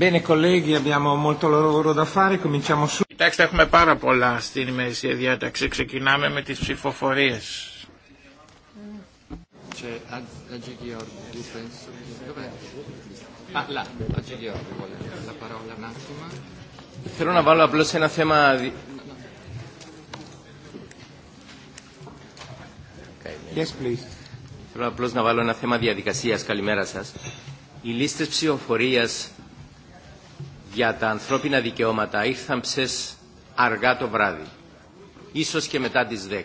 Bene, colleghi, abbiamo molto lavoro da fare. Cominciamo su. Κοιτάξτε, έχουμε πάρα πολλά στην ημερησία διάταξη. Ξεκινάμε με τις ψηφοφορίες. Ah, Θέλω να βάλω απλώς ένα θέμα... Yes, please. Θέλω απλώς να βάλω ένα θέμα διαδικασίας. Καλημέρα σας. Οι λίστες ψηφοφορίας για τα ανθρώπινα δικαιώματα ήρθαν ψες αργά το βράδυ, ίσως και μετά τις 10.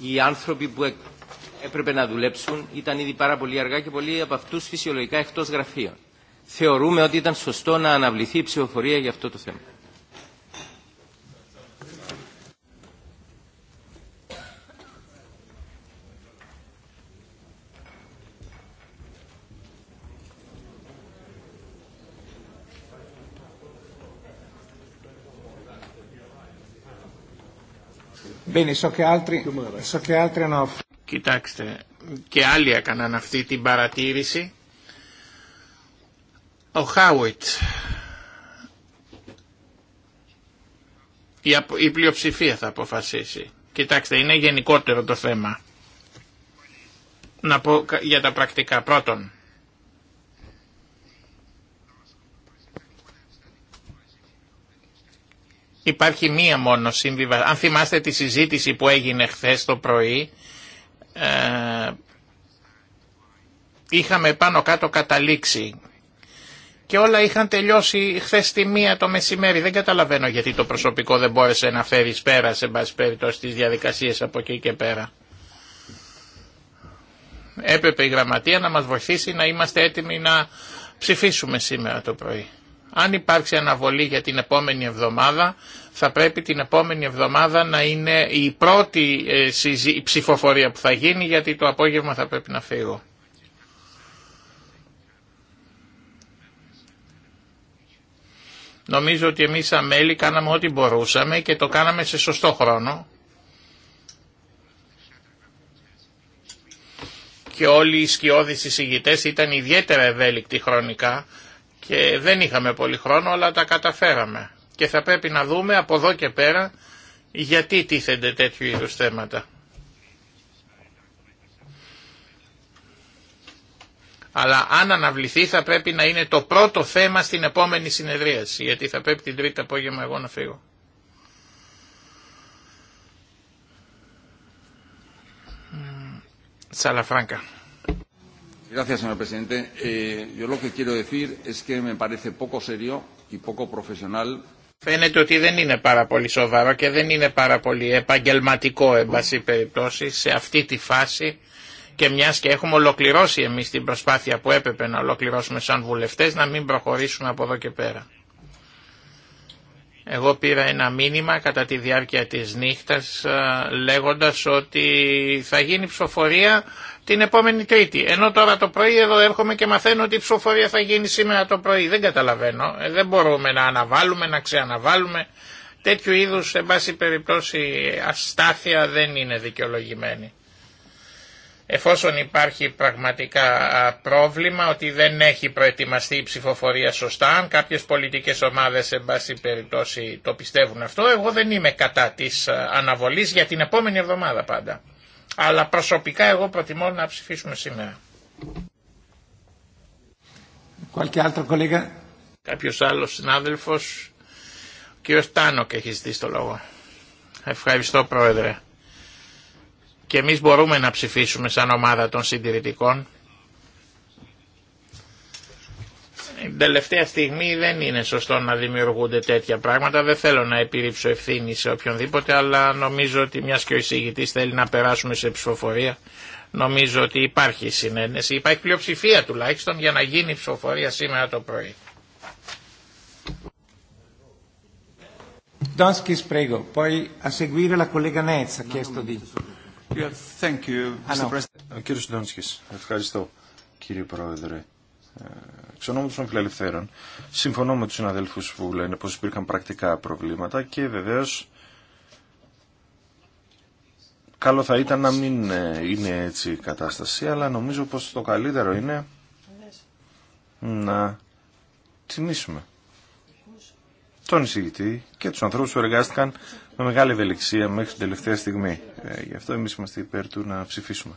Οι άνθρωποι που έπρεπε να δουλέψουν ήταν ήδη πάρα πολύ αργά και πολλοί από αυτούς φυσιολογικά εκτός γραφείων. Θεωρούμε ότι ήταν σωστό να αναβληθεί η ψηφοφορία για αυτό το θέμα. Κοιτάξτε, και άλλοι έκαναν αυτή την παρατήρηση. Ο Χάουιτ. Η, η πλειοψηφία θα αποφασίσει. Κοιτάξτε, είναι γενικότερο το θέμα. Να πω για τα πρακτικά. Πρώτον, Υπάρχει μία μόνο συμβιβασμό. Αν θυμάστε τη συζήτηση που έγινε χθε το πρωί, ε, είχαμε πάνω κάτω καταλήξει και όλα είχαν τελειώσει χθε τη μία το μεσημέρι. Δεν καταλαβαίνω γιατί το προσωπικό δεν μπόρεσε να φέρει πέρα σε μπάση περιπτώσει τι διαδικασίε από εκεί και πέρα. Έπρεπε η γραμματεία να μας βοηθήσει να είμαστε έτοιμοι να ψηφίσουμε σήμερα το πρωί. Αν υπάρξει αναβολή για την επόμενη εβδομάδα, θα πρέπει την επόμενη εβδομάδα να είναι η πρώτη ε, ψηφοφορία που θα γίνει, γιατί το απόγευμα θα πρέπει να φύγω. Νομίζω ότι εμείς σαν μέλη κάναμε ό,τι μπορούσαμε και το κάναμε σε σωστό χρόνο. Και όλοι οι σκιώδεις εισηγητές ήταν ιδιαίτερα ευέλικτοι χρονικά και δεν είχαμε πολύ χρόνο αλλά τα καταφέραμε και θα πρέπει να δούμε από εδώ και πέρα γιατί τίθενται τέτοιου είδους θέματα. Αλλά αν αναβληθεί θα πρέπει να είναι το πρώτο θέμα στην επόμενη συνεδρίαση, γιατί θα πρέπει την τρίτη απόγευμα εγώ να φύγω. Σαλαφράγκα. Gracias, señor presidente. Eh, yo lo que quiero decir es que me parece poco serio y poco profesional. Φαίνεται ότι δεν είναι πάρα πολύ σοβαρό και δεν είναι πάρα πολύ επαγγελματικό, εν πάση περιπτώσει, σε αυτή τη φάση και μιας και έχουμε ολοκληρώσει εμείς την προσπάθεια που έπρεπε να ολοκληρώσουμε σαν βουλευτές, να μην προχωρήσουμε από εδώ και πέρα. Εγώ πήρα ένα μήνυμα κατά τη διάρκεια της νύχτας ε, λέγοντας ότι θα γίνει ψηφοφορία την επόμενη Τρίτη. Ενώ τώρα το πρωί εδώ έρχομαι και μαθαίνω ότι η ψηφοφορία θα γίνει σήμερα το πρωί. Δεν καταλαβαίνω. Ε, δεν μπορούμε να αναβάλουμε, να ξαναβάλουμε. Τέτοιου είδου σε πάση περιπτώσει, αστάθεια δεν είναι δικαιολογημένη. Εφόσον υπάρχει πραγματικά πρόβλημα ότι δεν έχει προετοιμαστεί η ψηφοφορία σωστά, αν κάποιες πολιτικές ομάδες, σε πάση περιπτώσει, το πιστεύουν αυτό, εγώ δεν είμαι κατά της αναβολής για την επόμενη εβδομάδα πάντα. Αλλά προσωπικά εγώ προτιμώ να ψηφίσουμε σήμερα. Κάποιος άλλος συνάδελφος, ο κύριος Τάνοκ έχει ζητήσει το λόγο. Ευχαριστώ πρόεδρε. Και εμείς μπορούμε να ψηφίσουμε σαν ομάδα των συντηρητικών. τελευταία στιγμή δεν είναι σωστό να δημιουργούνται τέτοια πράγματα. Δεν θέλω να επιρρύψω ευθύνη σε οποιονδήποτε, αλλά νομίζω ότι μια και ο εισηγητή θέλει να περάσουμε σε ψηφοφορία, νομίζω ότι υπάρχει συνένεση. Υπάρχει πλειοψηφία τουλάχιστον για να γίνει ψηφοφορία σήμερα το πρωί νόμο των Φιλελευθέρων, συμφωνώ με τους συναδέλφους που λένε πως υπήρχαν πρακτικά προβλήματα και βεβαίως καλό θα ήταν να μην ε, είναι έτσι η κατάσταση, αλλά νομίζω πως το καλύτερο είναι να τιμήσουμε τον εισηγητή και τους ανθρώπους που εργάστηκαν με μεγάλη ευελιξία μέχρι την τελευταία στιγμή. Ε, γι' αυτό εμείς είμαστε υπέρ του να ψηφίσουμε.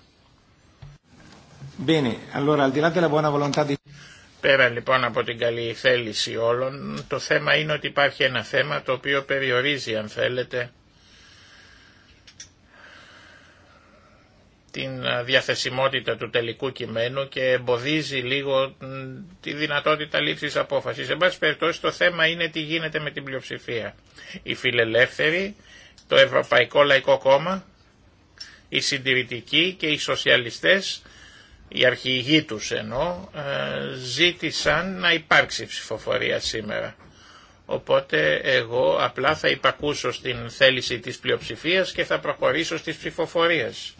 Πέρα λοιπόν από την καλή θέληση όλων, το θέμα είναι ότι υπάρχει ένα θέμα το οποίο περιορίζει αν θέλετε την διαθεσιμότητα του τελικού κειμένου και εμποδίζει λίγο τη δυνατότητα λήψης απόφασης. Εν πάση περιπτώσει το θέμα είναι τι γίνεται με την πλειοψηφία. Οι φιλελεύθεροι, το Ευρωπαϊκό Λαϊκό Κόμμα, οι συντηρητικοί και οι σοσιαλιστές οι αρχηγοί του ενώ, ε, ζήτησαν να υπάρξει ψηφοφορία σήμερα. Οπότε εγώ απλά θα υπακούσω στην θέληση της πλειοψηφίας και θα προχωρήσω στις ψηφοφορίες.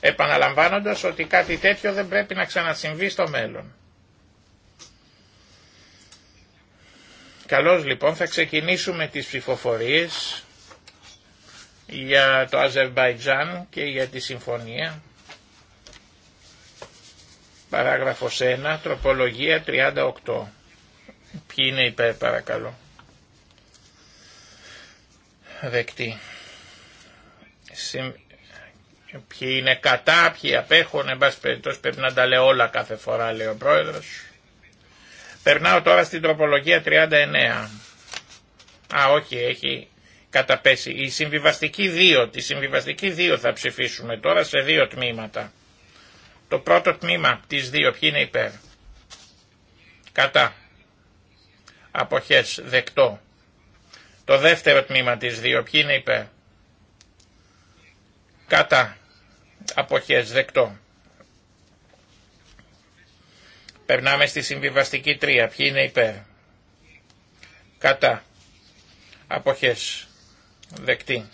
Επαναλαμβάνοντας ότι κάτι τέτοιο δεν πρέπει να ξανασυμβεί στο μέλλον. Καλώς λοιπόν θα ξεκινήσουμε τις ψηφοφορίες για το Αζερβαϊτζάν και για τη συμφωνία. Παράγραφος 1, τροπολογία 38. Ποιοι είναι υπέρ παρακαλώ. Δεκτή. Ποιοι είναι κατά, ποιοι απέχουν, εν πάση περιπτώσει πρέπει να τα λέω όλα κάθε φορά, λέει ο πρόεδρος. Περνάω τώρα στην τροπολογία 39. Α, όχι, έχει καταπέσει. Η συμβιβαστική 2, τη συμβιβαστική 2 θα ψηφίσουμε τώρα σε δύο τμήματα. Το πρώτο τμήμα της δύο ποιοι είναι υπέρ. Κατά. Αποχές δεκτό. Το δεύτερο τμήμα της δύο ποιοι είναι υπέρ. Κατά. Αποχές δεκτό. Περνάμε στη συμβιβαστική 3. Ποιοι είναι υπέρ. Κατά. Αποχές. Δεκτή.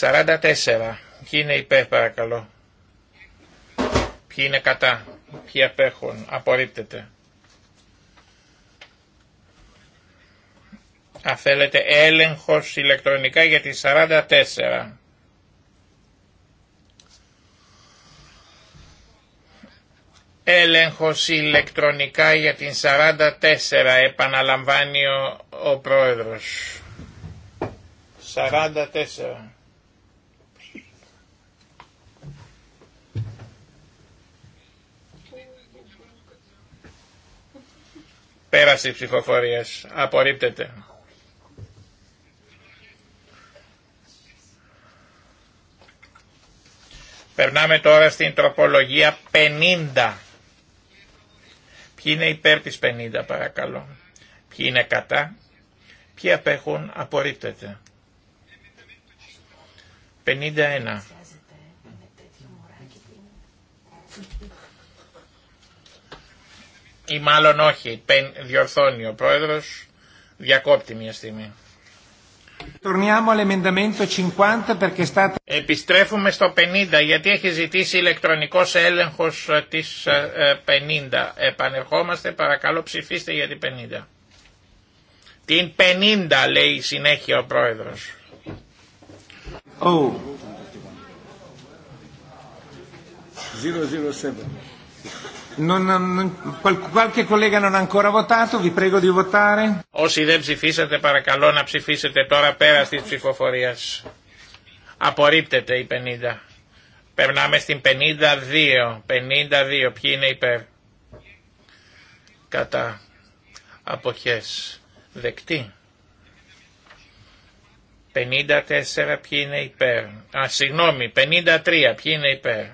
44. Ποιοι είναι υπέρ παρακαλώ. Ποιοι είναι κατά. Ποιοι απέχουν. Απορρίπτεται. Αν θέλετε έλεγχος ηλεκτρονικά για τη 44. Έλεγχος ηλεκτρονικά για την 44 επαναλαμβάνει ο, ο πρόεδρος. 44. Πέραση ψηφοφορία. Απορρίπτεται. Περνάμε τώρα στην τροπολογία 50. Ποιοι είναι υπέρ της 50 παρακαλώ. Ποιοι είναι κατά. Ποιοι απέχουν απορρίπτεται. 51. ή μάλλον όχι, διορθώνει ο πρόεδρο, διακόπτει μια στιγμή. Επιστρέφουμε στο 50 γιατί έχει ζητήσει ηλεκτρονικός έλεγχο ε, της 50. Ε, ε, Επανερχόμαστε παρακαλώ ψηφίστε για την 50. Την 50 λέει συνέχεια ο πρόεδρος. Oh. 007. Όσοι δεν ψηφίσατε παρακαλώ να ψηφίσετε τώρα πέρα τη ψηφοφορία. Απορρίπτεται η 50. Περνάμε στην 52. 52. Ποιοι είναι υπέρ. Κατά. Αποχές. Δεκτή. 54. Ποιοι είναι υπέρ. Α, συγγνώμη. 53. Ποιοι είναι υπέρ.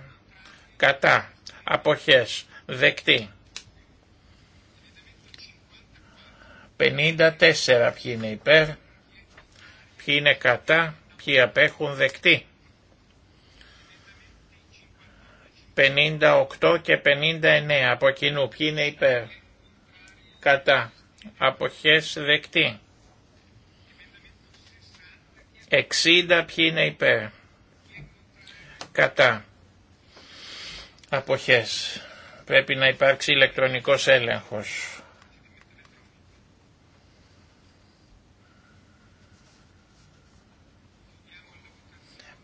Κατά. Αποχές Δεκτή. 54 ποιοι είναι υπέρ, ποιοι είναι κατά, ποιοι απέχουν δεκτή. 58 και 59 από κοινού, ποιοι είναι υπέρ, κατά, αποχές δεκτή. 60 ποιοι είναι υπέρ, κατά, αποχές Πρέπει να υπάρξει ηλεκτρονικός έλεγχος.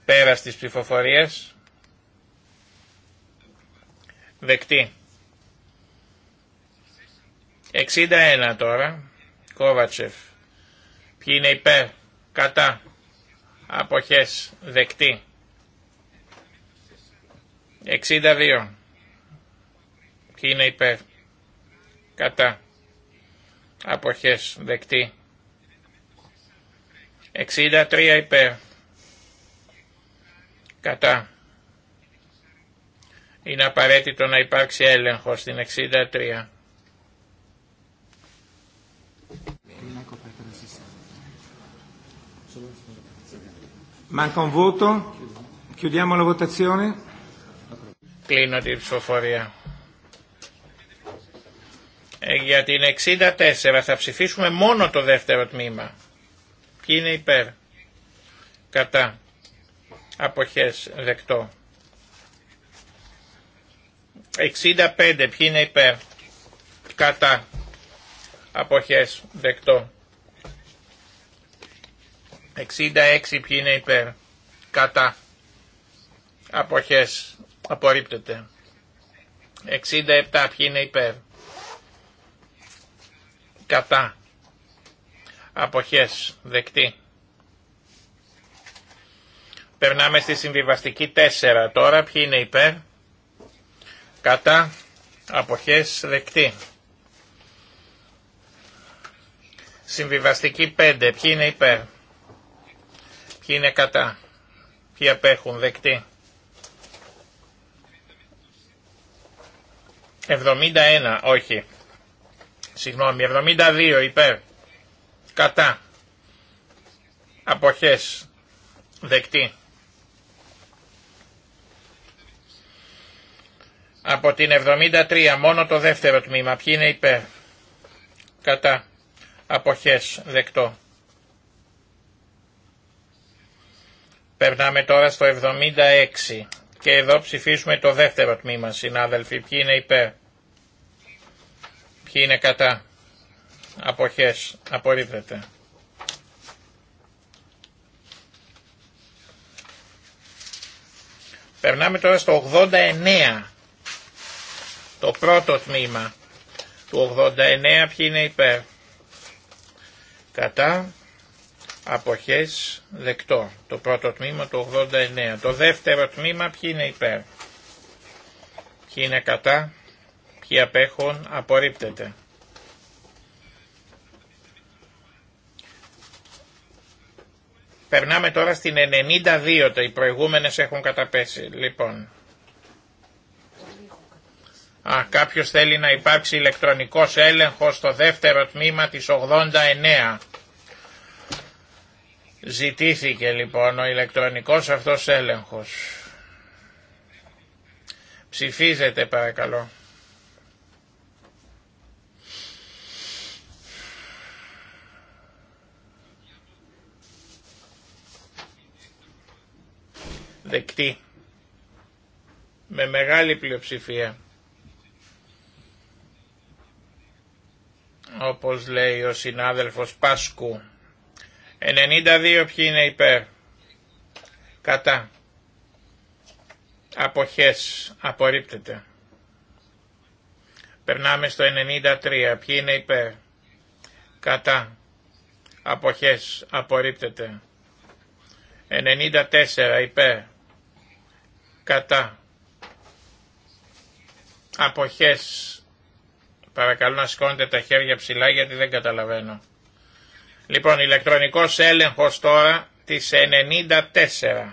Πέρας της ψηφοφορίας. Δεκτή. 61 τώρα. Κόβατσεφ. Ποιοι είναι υπέρ. Κατά. Αποχές. Δεκτή. 62 είναι υπέρ. Κατά. Αποχές δεκτή. 63 υπέρ. Κατά. Είναι απαραίτητο να υπάρξει έλεγχο στην 63. Manca un voto. Chiudiamo la votazione. Κλείνω την ψηφοφορία. Ε, για την 64 θα ψηφίσουμε μόνο το δεύτερο τμήμα. Ποιοι είναι υπέρ. Κατά. Αποχές δεκτό. 65 ποιοι είναι υπέρ. Κατά. Αποχές δεκτό. 66 ποιοι είναι υπέρ. Κατά. Αποχές απορρίπτεται. 67 ποιοι είναι υπέρ κατά αποχές δεκτή. Περνάμε στη συμβιβαστική 4 τώρα, ποιοι είναι υπέρ, κατά αποχές δεκτή. Συμβιβαστική 5, ποιοι είναι υπέρ, ποιοι είναι κατά, ποιοι απέχουν δεκτή. 71, όχι, συγγνώμη, 72 υπέρ, κατά, αποχές, δεκτή. Από την 73 μόνο το δεύτερο τμήμα, ποιοι είναι υπέρ, κατά, αποχές, δεκτό. Περνάμε τώρα στο 76 και εδώ ψηφίσουμε το δεύτερο τμήμα, συνάδελφοι, ποιοι είναι υπέρ Ποιοι είναι κατά. Αποχές. Απορρίπτεται. Περνάμε τώρα στο 89. Το πρώτο τμήμα του 89 ποιοι είναι υπέρ. Κατά αποχές δεκτό. Το πρώτο τμήμα του 89. Το δεύτερο τμήμα ποιοι είναι υπέρ. Ποιοι είναι κατά Ποιοι απέχουν απορρίπτεται. Περνάμε τώρα στην 92, το οι προηγούμενες έχουν καταπέσει. Λοιπόν. Α, κάποιος θέλει να υπάρξει ηλεκτρονικός έλεγχος στο δεύτερο τμήμα της 89. Ζητήθηκε λοιπόν ο ηλεκτρονικός αυτός έλεγχος. Ψηφίζετε παρακαλώ. δεκτή με μεγάλη πλειοψηφία. Όπως λέει ο συνάδελφος Πάσκου. 92 ποιοι είναι υπέρ. Κατά. Αποχές. Απορρίπτεται. Περνάμε στο 93. Ποιοι είναι υπέρ. Κατά. Αποχές. Απορρίπτεται. 94 υπέρ κατά αποχές παρακαλώ να σηκώνετε τα χέρια ψηλά γιατί δεν καταλαβαίνω λοιπόν ηλεκτρονικός έλεγχος τώρα της 94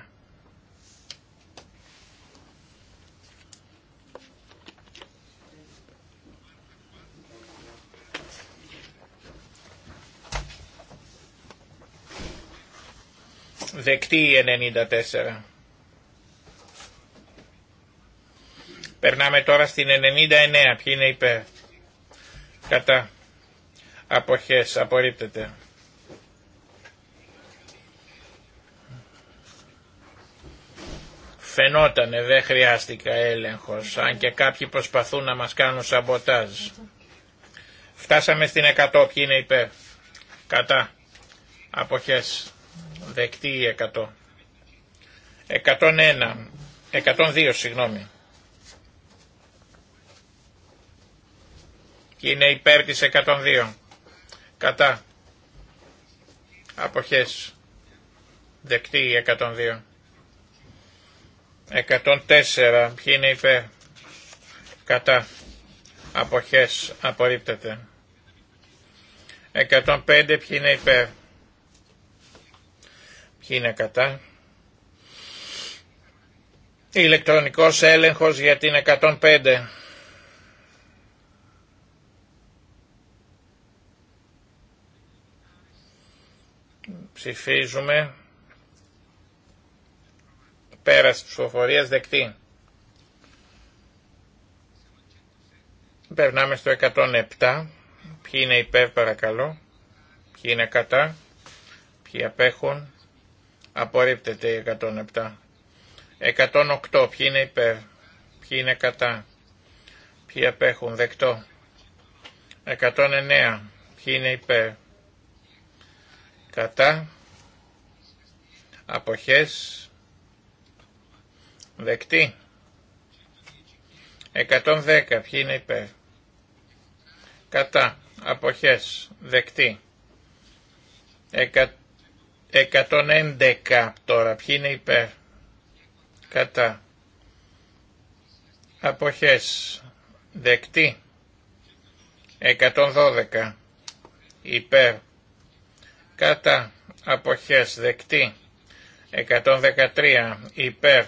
δεκτή η 94. Περνάμε τώρα στην 99. Ποιοι είναι υπέρ. Κατά. Αποχές. Απορρίπτεται. Φαινότανε, δεν χρειάστηκα έλεγχος, αν και κάποιοι προσπαθούν να μας κάνουν σαμποτάζ. Φτάσαμε στην 100, ποιοι είναι υπέρ. Κατά. Αποχές. Δεκτή η 100. 101. 102, συγγνώμη. Και είναι υπέρ της 102. Κατά. Αποχές. Δεκτή η 102. 104. Ποιοι είναι υπέρ. Κατά. Αποχές. Απορρίπτεται. 105. Ποιοι είναι υπέρ. Ποιοι είναι κατά. Ηλεκτρονικός έλεγχος για την 105. Ψηφίζουμε. πέραση ψηφοφορίας δεκτή. Περνάμε στο 107. Ποιοι είναι υπέρ παρακαλώ. Ποιοι είναι κατά. Ποιοι απέχουν. Απορρίπτεται η 107. 108. Ποιοι είναι υπέρ. Ποιοι είναι κατά. Ποιοι απέχουν. Δεκτό. 109. Ποιοι είναι υπέρ κατά αποχές δεκτή 110 ποιοι είναι υπέρ κατά αποχές δεκτή 111 τώρα ποιοι είναι υπέρ κατά αποχές δεκτή 112 υπέρ κατά αποχές δεκτή 113 υπέρ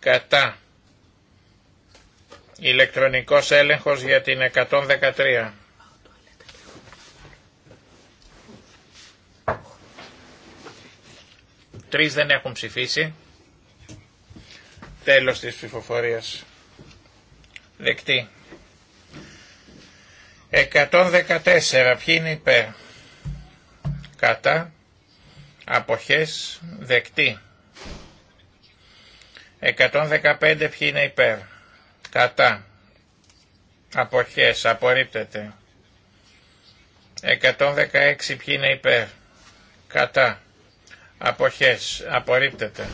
κατά ηλεκτρονικός έλεγχος για την 113 Τρεις δεν έχουν ψηφίσει. Τέλος της ψηφοφορίας. Δεκτή. 114. Ποιοι είναι υπέρ κατά αποχές δεκτή. 115 ποιοι είναι υπέρ κατά αποχές απορρίπτεται. 116 ποιοι είναι υπέρ κατά αποχές απορρίπτεται.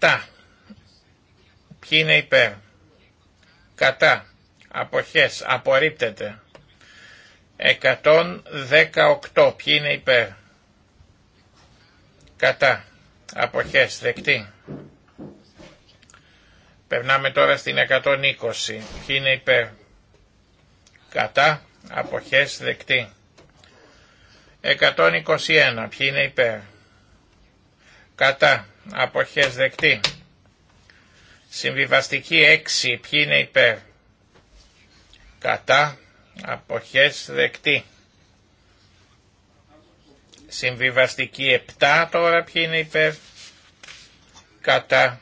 117 ποιοι είναι υπέρ κατά αποχές απορρίπτεται 118 ποιοι είναι υπέρ κατά αποχές δεκτή περνάμε τώρα στην 120 ποιοι είναι υπέρ κατά αποχές δεκτή 121 ποιοι είναι υπέρ κατά αποχές δεκτή συμβιβαστική 6 ποιοι είναι υπέρ κατά αποχές δεκτή. Συμβιβαστική 7 τώρα ποιοι είναι υπέρ κατά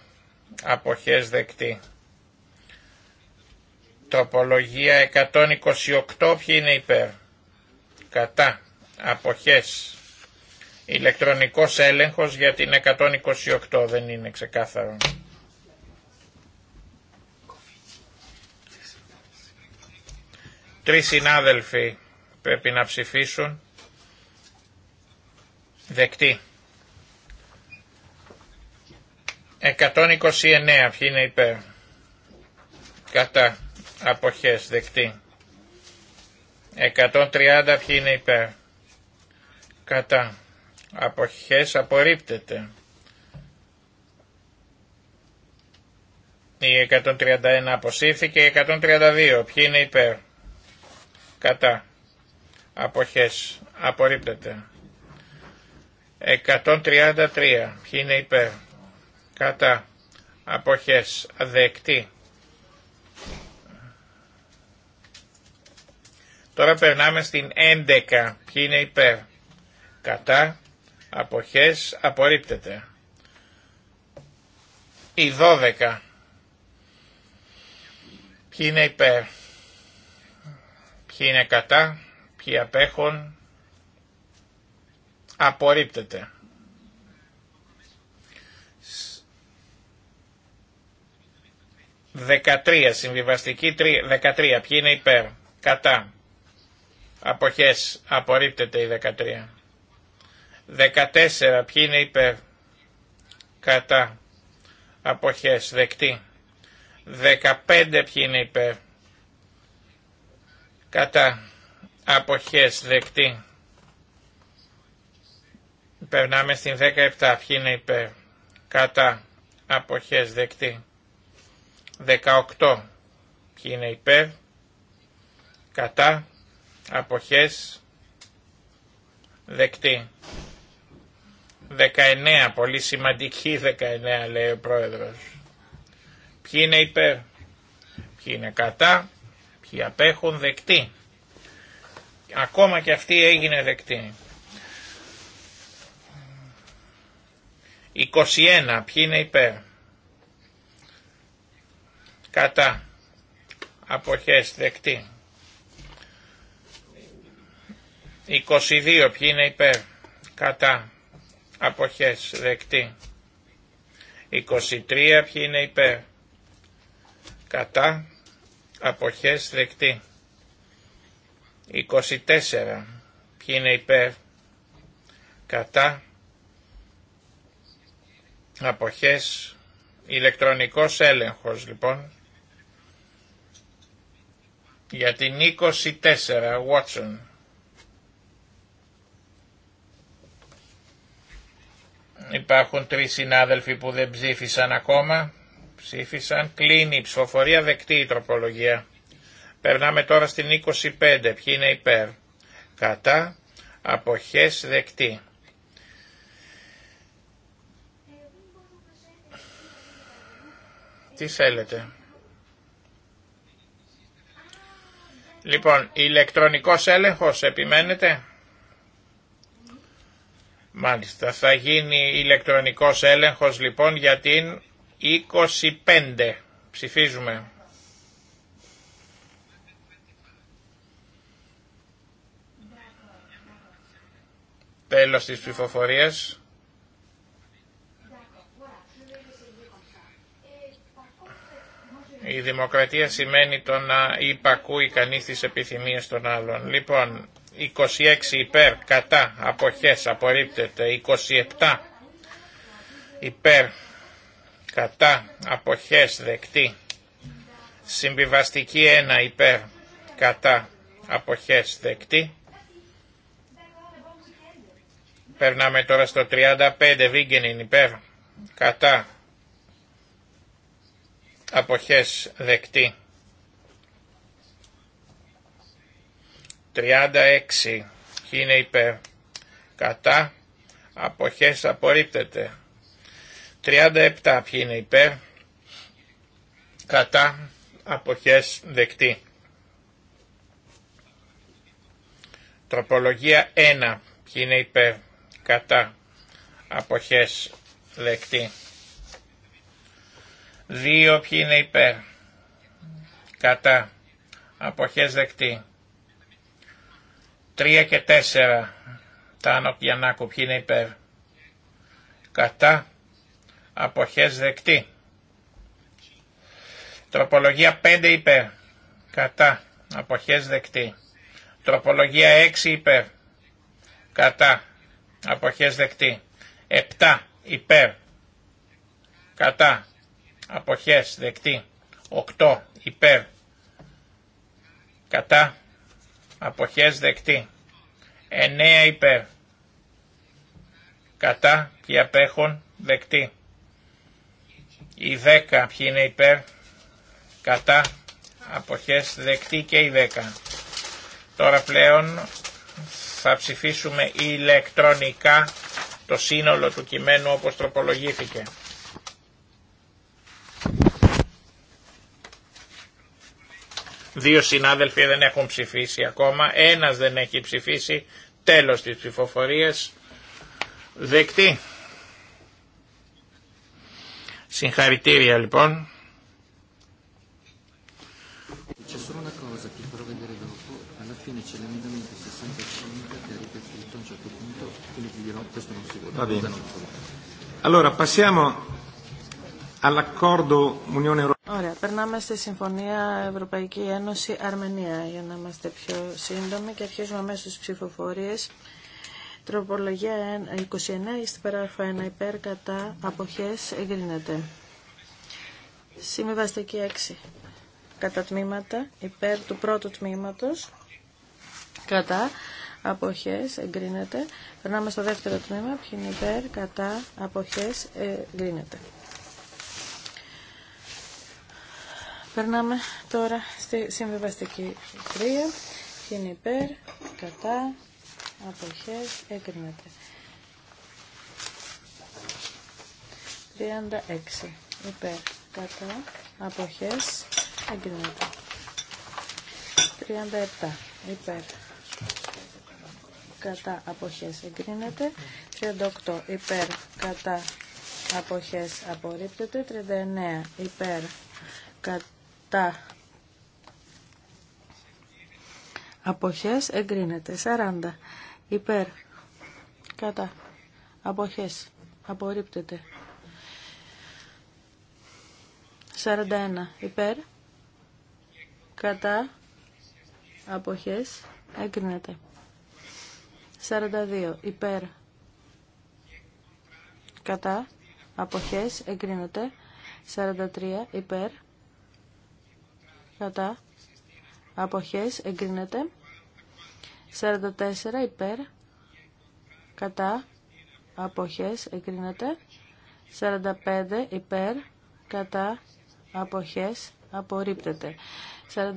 αποχές δεκτή. Τροπολογία 128 ποιοι είναι υπέρ κατά αποχές. Ηλεκτρονικός έλεγχος για την 128 δεν είναι ξεκάθαρο. Τρεις συνάδελφοι πρέπει να ψηφίσουν. Δεκτή. 129 ποιοι είναι υπέρ. Κατά. Αποχές. Δεκτή. 130 ποιοι είναι υπέρ. Κατά. Αποχές απορρίπτεται. Η 131 αποσύρθηκε, η 132. Ποιοι είναι υπέρ κατά αποχές απορρίπτεται 133 ποιοι είναι υπέρ κατά αποχές δεκτή Τώρα περνάμε στην 11. Ποιοι είναι υπέρ. Κατά. Αποχές. Απορρίπτεται. Η 12. Ποιοι είναι υπέρ. Ποιοι είναι κατά, ποιοι απέχουν, απορρίπτεται. 13, συμβιβαστική 13, ποιοι είναι υπέρ, κατά, αποχές, απορρίπτεται η 13. 14. Ποιοι είναι υπέρ. Κατά. Αποχές. Δεκτή. 15. Ποιοι είναι υπέρ κατά αποχές δεκτή. Περνάμε στην 17, ποιοι είναι υπέρ, κατά αποχές δεκτή. 18, ποιοι είναι υπέρ, κατά αποχές δεκτή. 19, πολύ σημαντική 19 λέει ο πρόεδρος. Ποιοι είναι υπέρ, ποιοι είναι κατά, όχι, απέχουν δεκτή. Ακόμα και αυτή έγινε δεκτή. 21. Ποιοι είναι υπέρ. Κατά. Αποχές δεκτή. 22. Ποιοι είναι υπέρ. Κατά. Αποχές δεκτή. 23. Ποιοι είναι υπέρ. Κατά αποχές δεκτή. 24. Ποιοι είναι υπέρ, κατά, αποχές, ηλεκτρονικός έλεγχος λοιπόν. Για την 24, Watson. Υπάρχουν τρεις συνάδελφοι που δεν ψήφισαν ακόμα. Ψήφισαν κλείνει η ψηφοφορία δεκτή η τροπολογία. Περνάμε τώρα στην 25. Ποιοι είναι υπέρ. Κατά. Αποχές δεκτή. Τι θέλετε. Λοιπόν, ηλεκτρονικός έλεγχος επιμένετε. Μάλιστα, θα γίνει ηλεκτρονικός έλεγχος λοιπόν για την 25. Ψηφίζουμε. Τέλος της ψηφοφορίας. Η δημοκρατία σημαίνει το να υπακούει κανείς τις επιθυμίες των άλλων. Λοιπόν, 26 υπέρ, κατά, αποχές, απορρίπτεται. 27 υπέρ, κατά αποχές δεκτή. Συμβιβαστική ένα υπέρ κατά αποχές δεκτή. Περνάμε τώρα στο 35 βίγγενιν υπέρ κατά αποχές δεκτή. 36 είναι υπέρ κατά αποχές απορρίπτεται. 37 ποιοι είναι υπέρ, κατά, αποχές, δεκτή. Τροπολογία 1 ποιοι είναι υπέρ, κατά, αποχές, δεκτή. 2 ποιοι είναι υπέρ, κατά, αποχές, δεκτή. 3 και 4 τα Τάνο πιανάκου ποιοι είναι υπέρ, κατά, αποχές δεκτή. Τροπολογία 5 υπέρ, κατά, αποχές δεκτή. Τροπολογία 6 υπέρ, κατά, αποχές δεκτή. 7 υπέρ, κατά, αποχές δεκτή. 8 υπέρ, κατά, αποχές δεκτή. 9 υπέρ, κατά, και απέχον δεκτή. Η 10 ποιοι είναι υπέρ, κατά, αποχές δεκτή και η 10. Τώρα πλέον θα ψηφίσουμε ηλεκτρονικά το σύνολο του κειμένου όπως τροπολογήθηκε. Δύο συνάδελφοι δεν έχουν ψηφίσει ακόμα, ένας δεν έχει ψηφίσει, τέλος της ψηφοφορίας, δεκτή. Συγχαρητήρια λοιπόν. Ωραία, περνάμε στη Συμφωνία Ευρωπαϊκή Ένωση Αρμενία για να είμαστε πιο σύντομοι και αρχίζουμε αμέσως τις ψηφοφορίες. Τροπολογία 29 στην παράφα 1 υπέρ κατά αποχές εγκρίνεται. Συμβιβαστική 6 κατά τμήματα υπέρ του πρώτου τμήματος κατά αποχές εγκρίνεται. Περνάμε στο δεύτερο τμήμα ποιο είναι υπέρ κατά αποχές εγκρίνεται. Περνάμε τώρα στη συμβιβαστική 3 ποιο είναι υπέρ κατά αποχές εγκρίνεται. 36 υπέρ κατά αποχές εγκρίνεται. 37 υπέρ κατά αποχές εγκρίνεται. 38 υπέρ κατά αποχές απορρίπτεται. 39 υπέρ κατά αποχές εγκρίνεται. 40 υπέρ, κατά, αποχές, απορρίπτεται. 41 υπέρ, κατά, αποχές, έγκρινεται. 42 υπέρ, κατά, αποχές, εγκρίνεται. 43 υπέρ, κατά, αποχές, εγκρίνεται. 44 υπέρ κατά αποχές εγκρίνεται 45 υπέρ κατά αποχές απορρίπτεται 47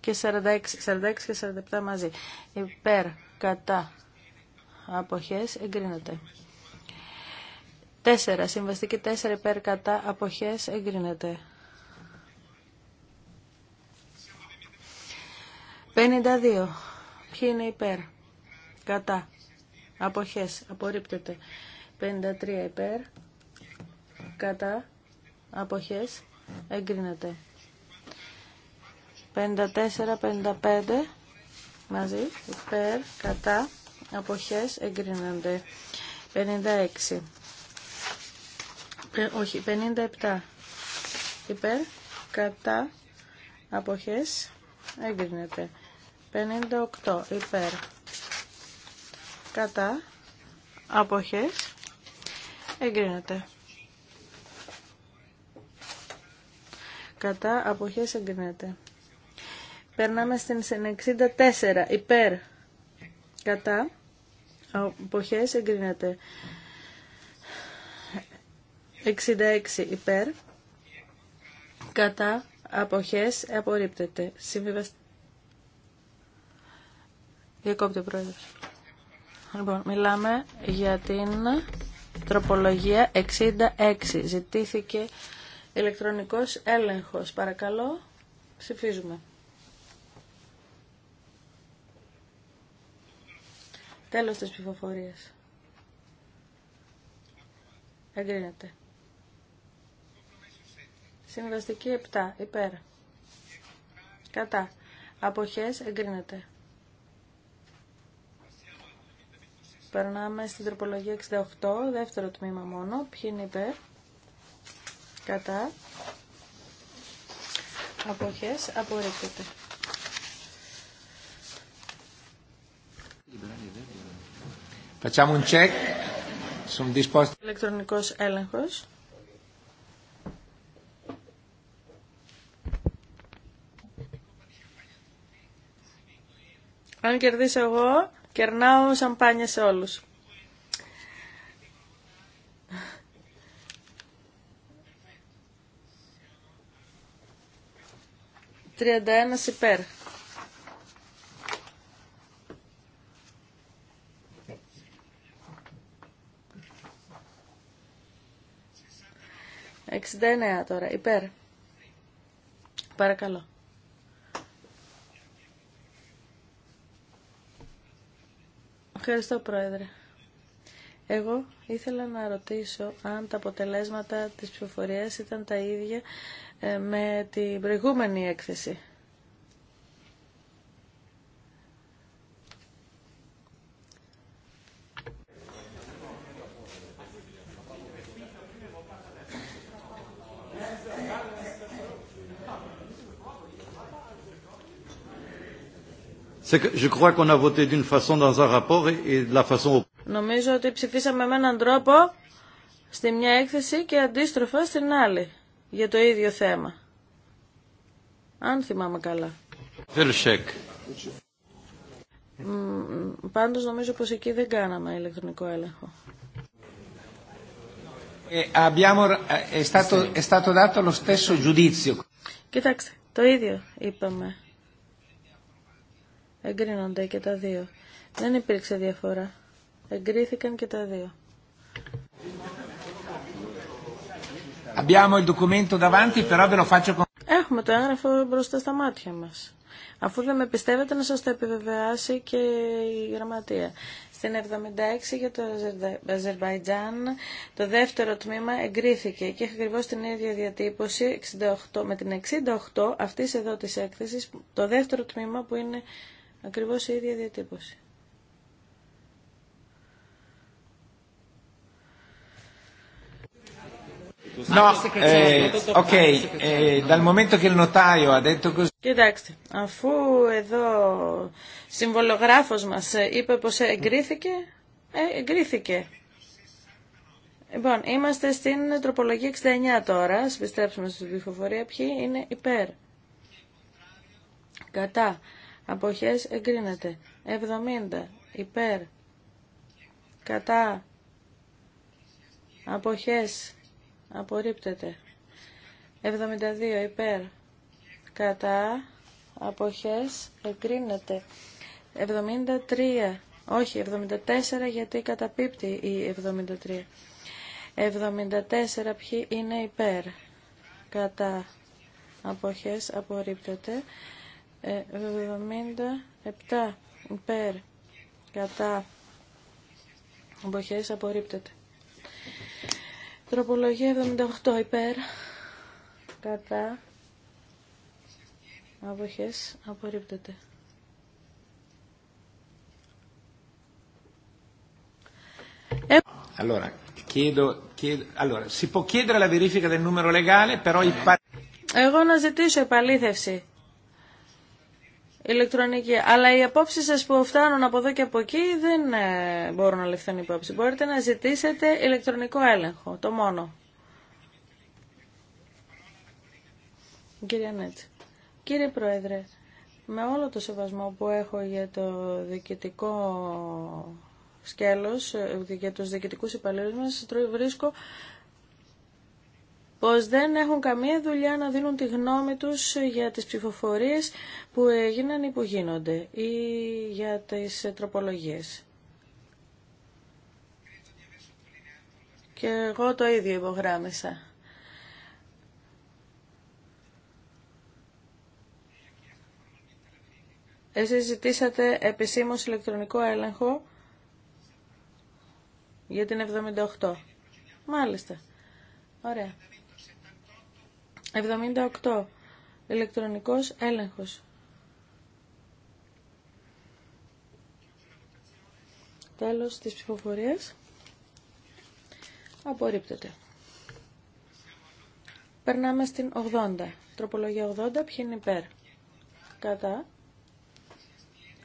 και 46, 46 και 47 μαζί υπέρ κατά αποχές εγκρίνεται 4 συμβαστική 4 υπέρ κατά αποχές εγκρίνεται 52 Ποιοι είναι υπέρ. Κατά. Αποχές. Απορρίπτεται. 53 υπέρ. Κατά. Αποχές. Εγκρίνεται. 54-55 μαζί. Υπέρ. Κατά. Αποχές. Εγκρίνονται. 56. Ε, όχι. 57. Υπέρ. Κατά. Αποχές. Εγκρίνεται. 58 υπέρ κατά αποχές εγκρίνεται. Κατά αποχές εγκρίνεται. Περνάμε στην 64 υπέρ κατά αποχές εγκρίνεται. 66 υπέρ κατά αποχές απορρίπτεται. Συμβιβαστή. Διακόπτε ο πρόεδρος. Λοιπόν, μιλάμε για την τροπολογία 66. Ζητήθηκε ηλεκτρονικός έλεγχος. Παρακαλώ, ψηφίζουμε. Τέλος της ψηφοφορίας. Εγκρίνεται. Συμβαστική 7. Υπέρ. Κατά. Αποχές εγκρίνεται. Περνάμε στην τροπολογία 68, δεύτερο τμήμα μόνο. Ποιοι είναι υπέρ. Κατά. Αποχές. Απορρίπτεται. Facciamo un check. έλεγχος. Αν κερδίσω εγώ, Κερνάω σαμπάνια σε όλους. Τριάντα ένα υπέρ. Εξήντα εννέα τώρα, υπέρ. Παρακαλώ. Ευχαριστώ, Πρόεδρε. Εγώ ήθελα να ρωτήσω αν τα αποτελέσματα της ψηφοφορίας ήταν τα ίδια ε, με την προηγούμενη έκθεση. Νομίζω ότι ψηφίσαμε με έναν τρόπο στη μια έκθεση και αντίστροφα στην άλλη για το ίδιο θέμα. Αν θυμάμαι καλά. Πάντως νομίζω πως εκεί δεν κάναμε ηλεκτρονικό έλεγχο. Ε, ε, Κοιτάξτε, το ίδιο είπαμε. Εγκρίνονται και τα δύο. Δεν υπήρξε διαφορά. Εγκρίθηκαν και τα δύο. Έχουμε το έγγραφο μπροστά στα μάτια μας. Αφού δεν με πιστεύετε να σας το επιβεβαιάσει και η γραμματεία. Στην 76 για το Αζερβαϊτζάν το δεύτερο τμήμα εγκρίθηκε και έχει ακριβώ την ίδια διατύπωση 68, με την 68 αυτής εδώ της έκθεσης το δεύτερο τμήμα που είναι Ακριβώς η ίδια διατύπωση. No, eh, eh, dal momento che il notaio ha detto così... Κοιτάξτε, αφού εδώ συμβολογράφος μας ε, είπε πως εγκρίθηκε, ε, εγκρίθηκε. Λοιπόν, είμαστε στην τροπολογία 69 τώρα, συμπιστρέψουμε στην ψηφοφορία ποιοι είναι υπέρ. Κατά, Αποχές εγκρίνεται. 70 υπέρ. Κατά. Αποχές απορρίπτεται. 72 υπέρ. Κατά. Αποχές εγκρίνεται. 73. Όχι, 74 γιατί καταπίπτει η 73. 74 ποιοι είναι υπέρ. Κατά. Αποχές απορρίπτεται. 77 υπέρ κατά αποχές απορρίπτεται. Τροπολογία 78 υπέρ κατά αποχές απορρίπτεται. Ε- allora, chiedo, chiedo, allora, si può chiedere la verifica del numero legale, però i... Εγώ να ζητήσω επαλήθευση ηλεκτρονική. Αλλά οι απόψει σα που φτάνουν από εδώ και από εκεί δεν ε, μπορούν να ληφθούν υπόψη. Μπορείτε να ζητήσετε ηλεκτρονικό έλεγχο. Το μόνο. Κύριε Κύριε Πρόεδρε, με όλο το σεβασμό που έχω για το διοικητικό σκέλος, ε, για τους διοικητικούς υπαλλήλους μας, βρίσκω πως δεν έχουν καμία δουλειά να δίνουν τη γνώμη τους για τις ψηφοφορίες που έγιναν ή που γίνονται ή για τις τροπολογίες. Και εγώ το ίδιο υπογράμμισα. Εσείς ζητήσατε επισήμως ηλεκτρονικό έλεγχο για την 78. Μάλιστα. Ωραία. 78. Ηλεκτρονικός έλεγχος. Τέλος της ψηφοφορίας. Απορρίπτεται. Περνάμε στην 80. Τροπολογία 80. Ποιοι είναι υπέρ. Κατά.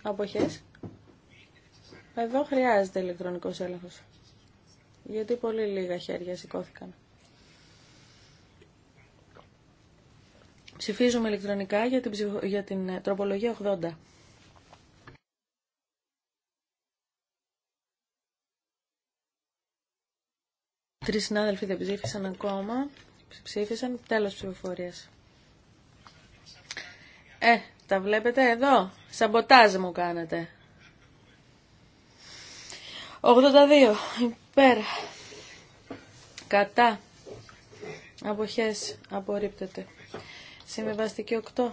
Αποχές. Εδώ χρειάζεται ηλεκτρονικός έλεγχος. Γιατί πολύ λίγα χέρια σηκώθηκαν. Ψηφίζουμε ηλεκτρονικά για την, για την ε, τροπολογία 80. Τρεις συνάδελφοι δεν ψήφισαν ακόμα. Ψήφισαν τέλος ψηφοφορίας. Ε, τα βλέπετε εδώ. Σαμποτάζ μου κάνετε. 82. Υπέρ. Κατά. Αποχές. Απορρίπτεται. Συμβιβαστική 8.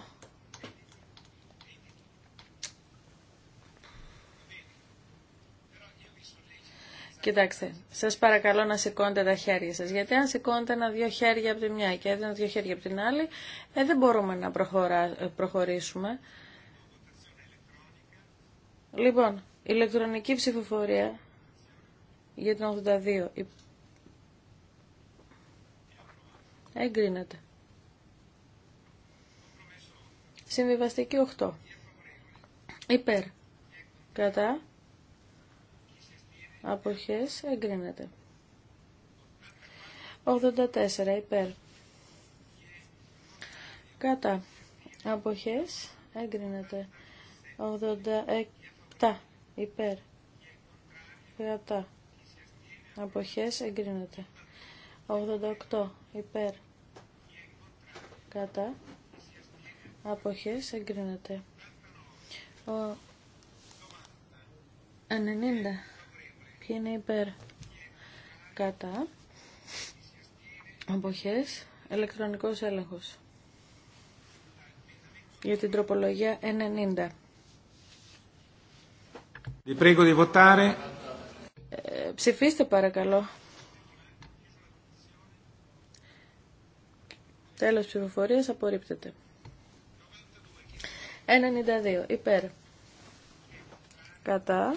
Κοιτάξτε, σα παρακαλώ να σηκώνετε τα χέρια σα. Γιατί αν σηκώνετε ένα-δύο χέρια από τη μια και ένα-δύο χέρια από την άλλη, ε, δεν μπορούμε να προχωρά, ε, προχωρήσουμε. Λοιπόν, ηλεκτρονική ψηφοφορία για την 82. Εγκρίνεται. Συμβιβαστική 8. Υπέρ. Κατά. Αποχές εγκρίνεται. 84 υπέρ. Κατά. Αποχές εγκρίνεται. 87 υπέρ. Κατά. Αποχές εγκρίνεται. 88 υπέρ. Κατά αποχές εγκρίνεται. Ο 90 ποιοι είναι υπέρ κατά αποχές ηλεκτρονικός έλεγχος για την τροπολογία 90. Ε, ψηφίστε παρακαλώ. Τέλος ψηφοφορίας απορρίπτεται. 92 υπέρ. Κατά.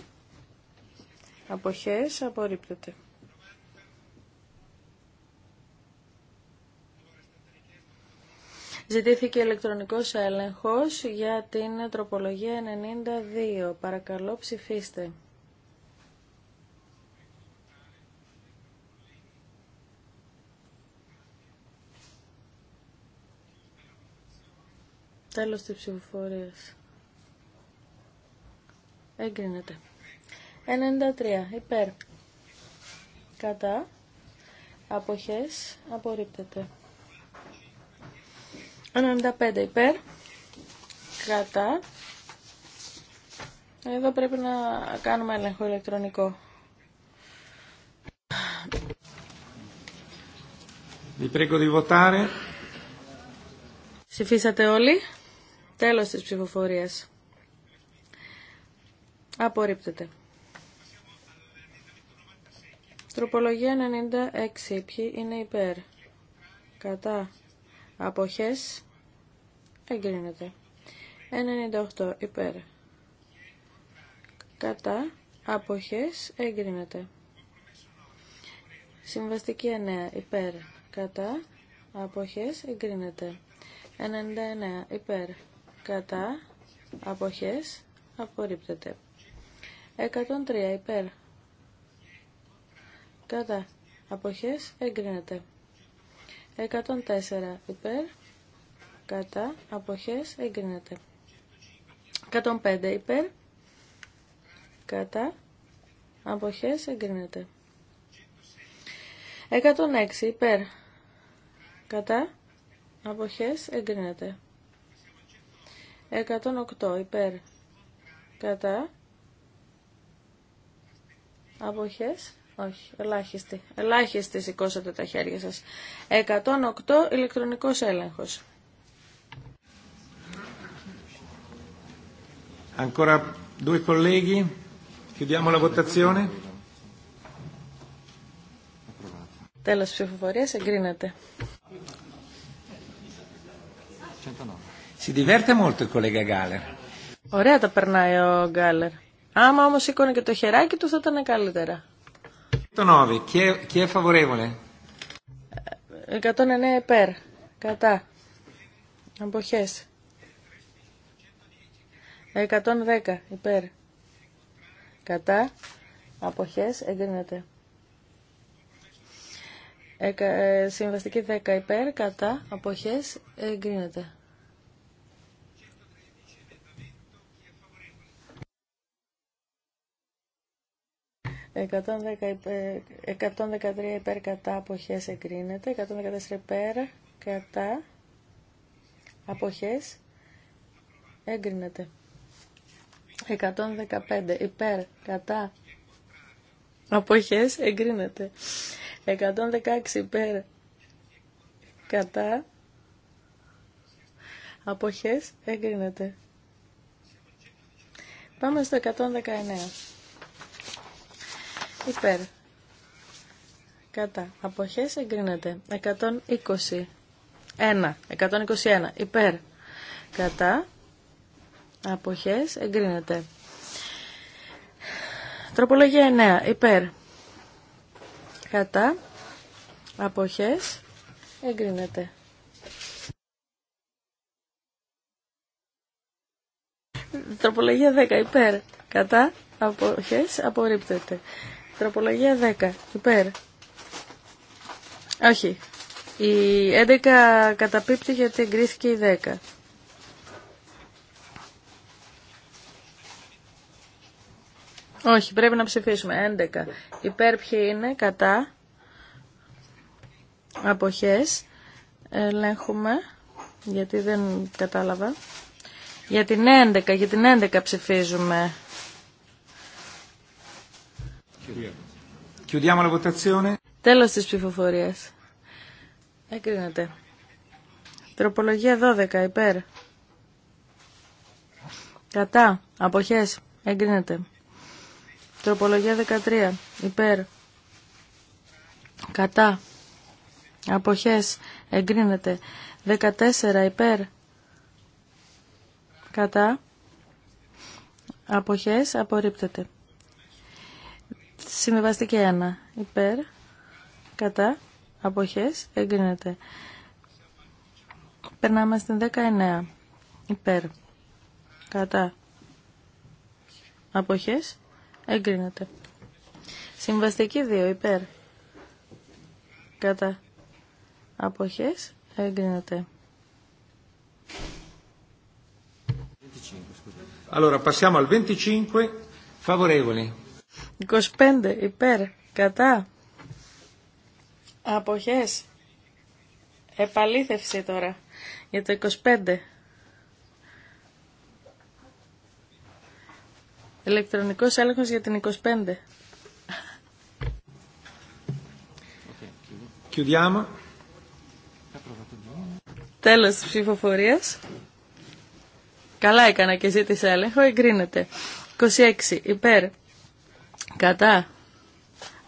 Αποχές απορρίπτεται. Ζητήθηκε ηλεκτρονικός έλεγχος για την τροπολογία 92. Παρακαλώ ψηφίστε. Τέλος της ψηφοφορίας. Έγκρινεται. 93. Υπέρ. Κατά. Αποχές. Απορρίπτεται. 95. Υπέρ. Κατά. Εδώ πρέπει να κάνουμε έλεγχο ηλεκτρονικό. Vi prego di όλοι. Τέλος της ψηφοφορίας. Απορρίπτεται. Τροπολογία 96. Ποιοι είναι υπέρ. Κατά. Αποχές. Εγκρίνεται. 98. Υπέρ. Κατά. Αποχές. Εγκρίνεται. Συμβαστική 9. Υπέρ. Κατά. Αποχές. Εγκρίνεται. 99. Υπέρ κατά αποχές απορρίπτεται 103 υπέρ κατά αποχές εγκρίνεται 104 υπέρ κατά αποχές εγκρίνεται 105 υπέρ κατά αποχές εγκρίνεται 106 υπέρ κατά αποχές εγκρίνεται 108 υπέρ κατά αποχές όχι, ελάχιστη. Ελάχιστη σηκώσατε τα χέρια σας. 108 ηλεκτρονικός έλεγχος. Ancora due colleghi. Chiudiamo la votazione. Τέλος ψηφοφορίας εγκρίνεται. 109. Si diverte molto il collega Galler. Ωραία τα περνάει ο Γκάλερ. Άμα όμως σήκωνε και το χεράκι του θα ήταν καλύτερα. Το νόβι, και favorevole? 109 υπέρ. Κατά. Αποχές. 110 υπέρ. Κατά. Αποχές εγκρίνεται. Ε, συμβαστική 10 υπέρ. Κατά. Αποχές εγκρίνεται. 113 υπέρ κατά αποχές εγκρίνεται, 114 υπέρ κατά αποχές εγκρίνεται. 115 υπέρ κατά αποχές εγκρίνεται. 116 υπέρ κατά αποχές εγκρίνεται. Πάμε στο 119 υπέρ κατά αποχές εγκρίνεται 120 121 υπέρ κατά αποχές εγκρίνεται τροπολογία 9 υπέρ κατά αποχές εγκρίνεται τροπολογία 10 υπέρ κατά αποχές απορρίπτεται Τροπολογία 10. Υπέρ. Όχι. Η 11 καταπίπτει γιατί εγκρίθηκε η 10. Όχι, πρέπει να ψηφίσουμε. 11. Υπέρ ποιοι είναι, κατά. Αποχές. Ελέγχουμε, γιατί δεν κατάλαβα. Για την 11, για την 11 ψηφίζουμε. Chiudiamo la votazione. Τέλο τη ψηφοφορία. Έκρινεται. Τροπολογία 12 υπέρ. Κατά. απόχέ. Έγκρινεται. Τροπολογία 13 υπέρ. Κατά. Αποχέ. Εγκρίνεται. 14 υπέρ. Κατά. Αποχέ, Απορρίπτεται. Συμβιβαστική 1. Υπέρ. Κατά. Αποχές. Εγκρίνεται. Περνάμε στην 19. Υπέρ. Κατά. Αποχές. Εγκρίνεται. Συμβαστική 2. Υπέρ. Κατά. Αποχές. Εγκρίνεται. Allora passiamo al 25. Favorevoli. 25 υπέρ κατά αποχές επαλήθευση τώρα για το 25 ηλεκτρονικός έλεγχος για την 25 Τέλο Τέλος της ψηφοφορίας. Καλά έκανα και ζήτησα έλεγχο, εγκρίνεται. 26 υπέρ κατά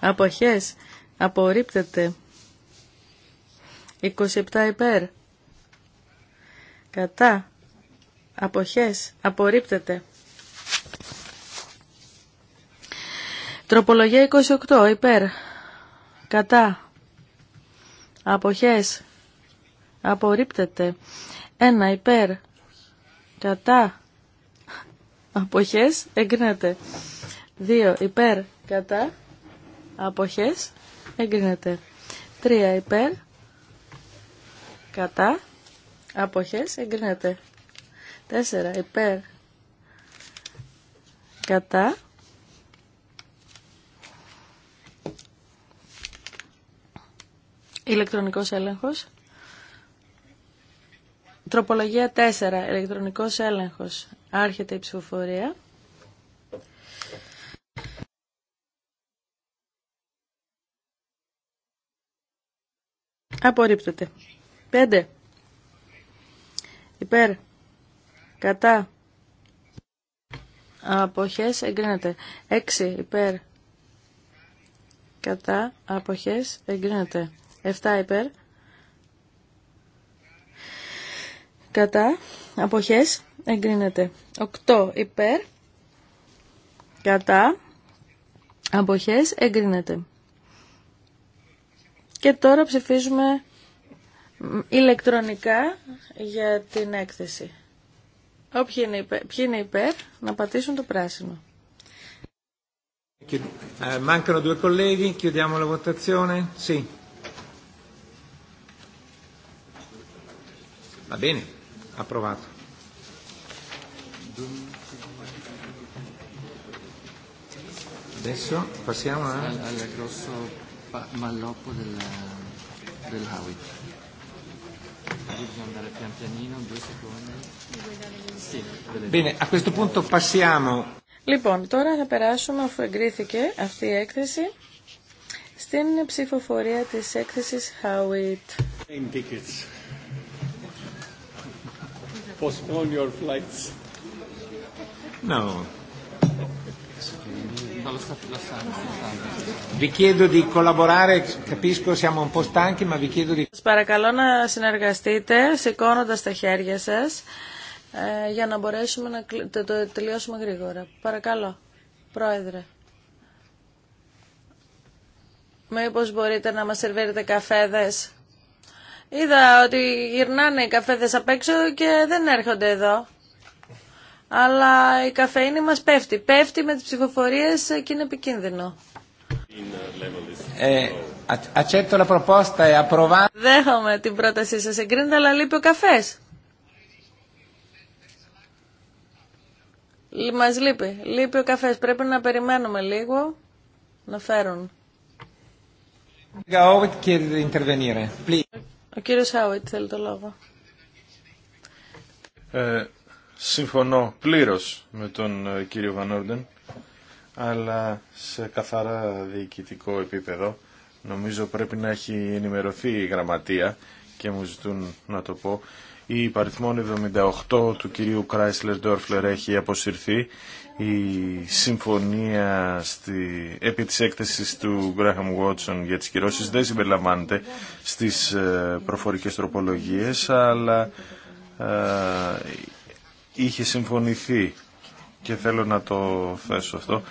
αποχές απορρίπτεται 27 υπέρ κατά αποχές απορρίπτεται Τροπολογία 28 υπέρ κατά αποχές απορρίπτεται 1 υπέρ κατά αποχές εγκρίνεται 2 υπέρ κατά αποχές εγκρίνεται 3 υπέρ κατά αποχές εγκρίνεται 4 υπέρ κατά ηλεκτρονικός έλεγχος Τροπολογία 4. Ηλεκτρονικός έλεγχος. Άρχεται η ψηφοφορία. Απορρίπτεται. 5. Υπέρ. Κατά. Αποχές εγκρίνεται. 6. Υπέρ. Κατά. Αποχές εγκρίνεται. 7. Υπέρ. Κατά. Αποχές εγκρίνεται. 8. Υπέρ. Κατά. Αποχές εγκρίνεται. Και τώρα ψηφίζουμε ηλεκτρονικά για την έκθεση. Όποιοι είναι υπέρ, ποιοι είναι υπέρ να πατήσουν το πράσινο. Mancano due colleghi, chiudiamo la votazione. Sì. Va bene, approvato. Adesso passiamo al grosso Λοιπόν, τώρα θα περάσουμε, αφού εγκρίθηκε αυτή η έκθεση, στην ψηφοφορία της έκθεσης Howitt. your σας παρακαλώ να συνεργαστείτε σηκώνοντας τα χέρια σας ε, για να μπορέσουμε να το, τελειώσουμε γρήγορα. Παρακαλώ, Πρόεδρε. Μήπως μπορείτε να μας σερβίρετε καφέδες. Είδα ότι γυρνάνε οι καφέδες απ' έξω και δεν έρχονται εδώ αλλά η καφέινη μας πέφτει. Πέφτει με τις ψηφοφορίες και είναι επικίνδυνο. Ε, Δέχομαι την πρότασή σας. Εγκρίνεται, αλλά λείπει ο καφές. Μας λείπει. Λείπει ο καφές. Πρέπει να περιμένουμε λίγο να φέρουν. Ο κύριος Χάουιτ θέλει το λόγο. Ε, συμφωνώ πλήρως με τον ε, κύριο Βανόρντεν, αλλά σε καθαρά διοικητικό επίπεδο νομίζω πρέπει να έχει ενημερωθεί η γραμματεία και μου ζητούν να το πω. Η παριθμόν 78 του κυρίου Κράισλερ Ντόρφλερ έχει αποσυρθεί. Η συμφωνία στη... επί της έκθεσης του Γκράχαμ Βότσον για τις κυρώσεις δεν συμπεριλαμβάνεται στις ε, προφορικές τροπολογίες, αλλά ε, είχε συμφωνηθεί και θέλω να το θέσω αυτό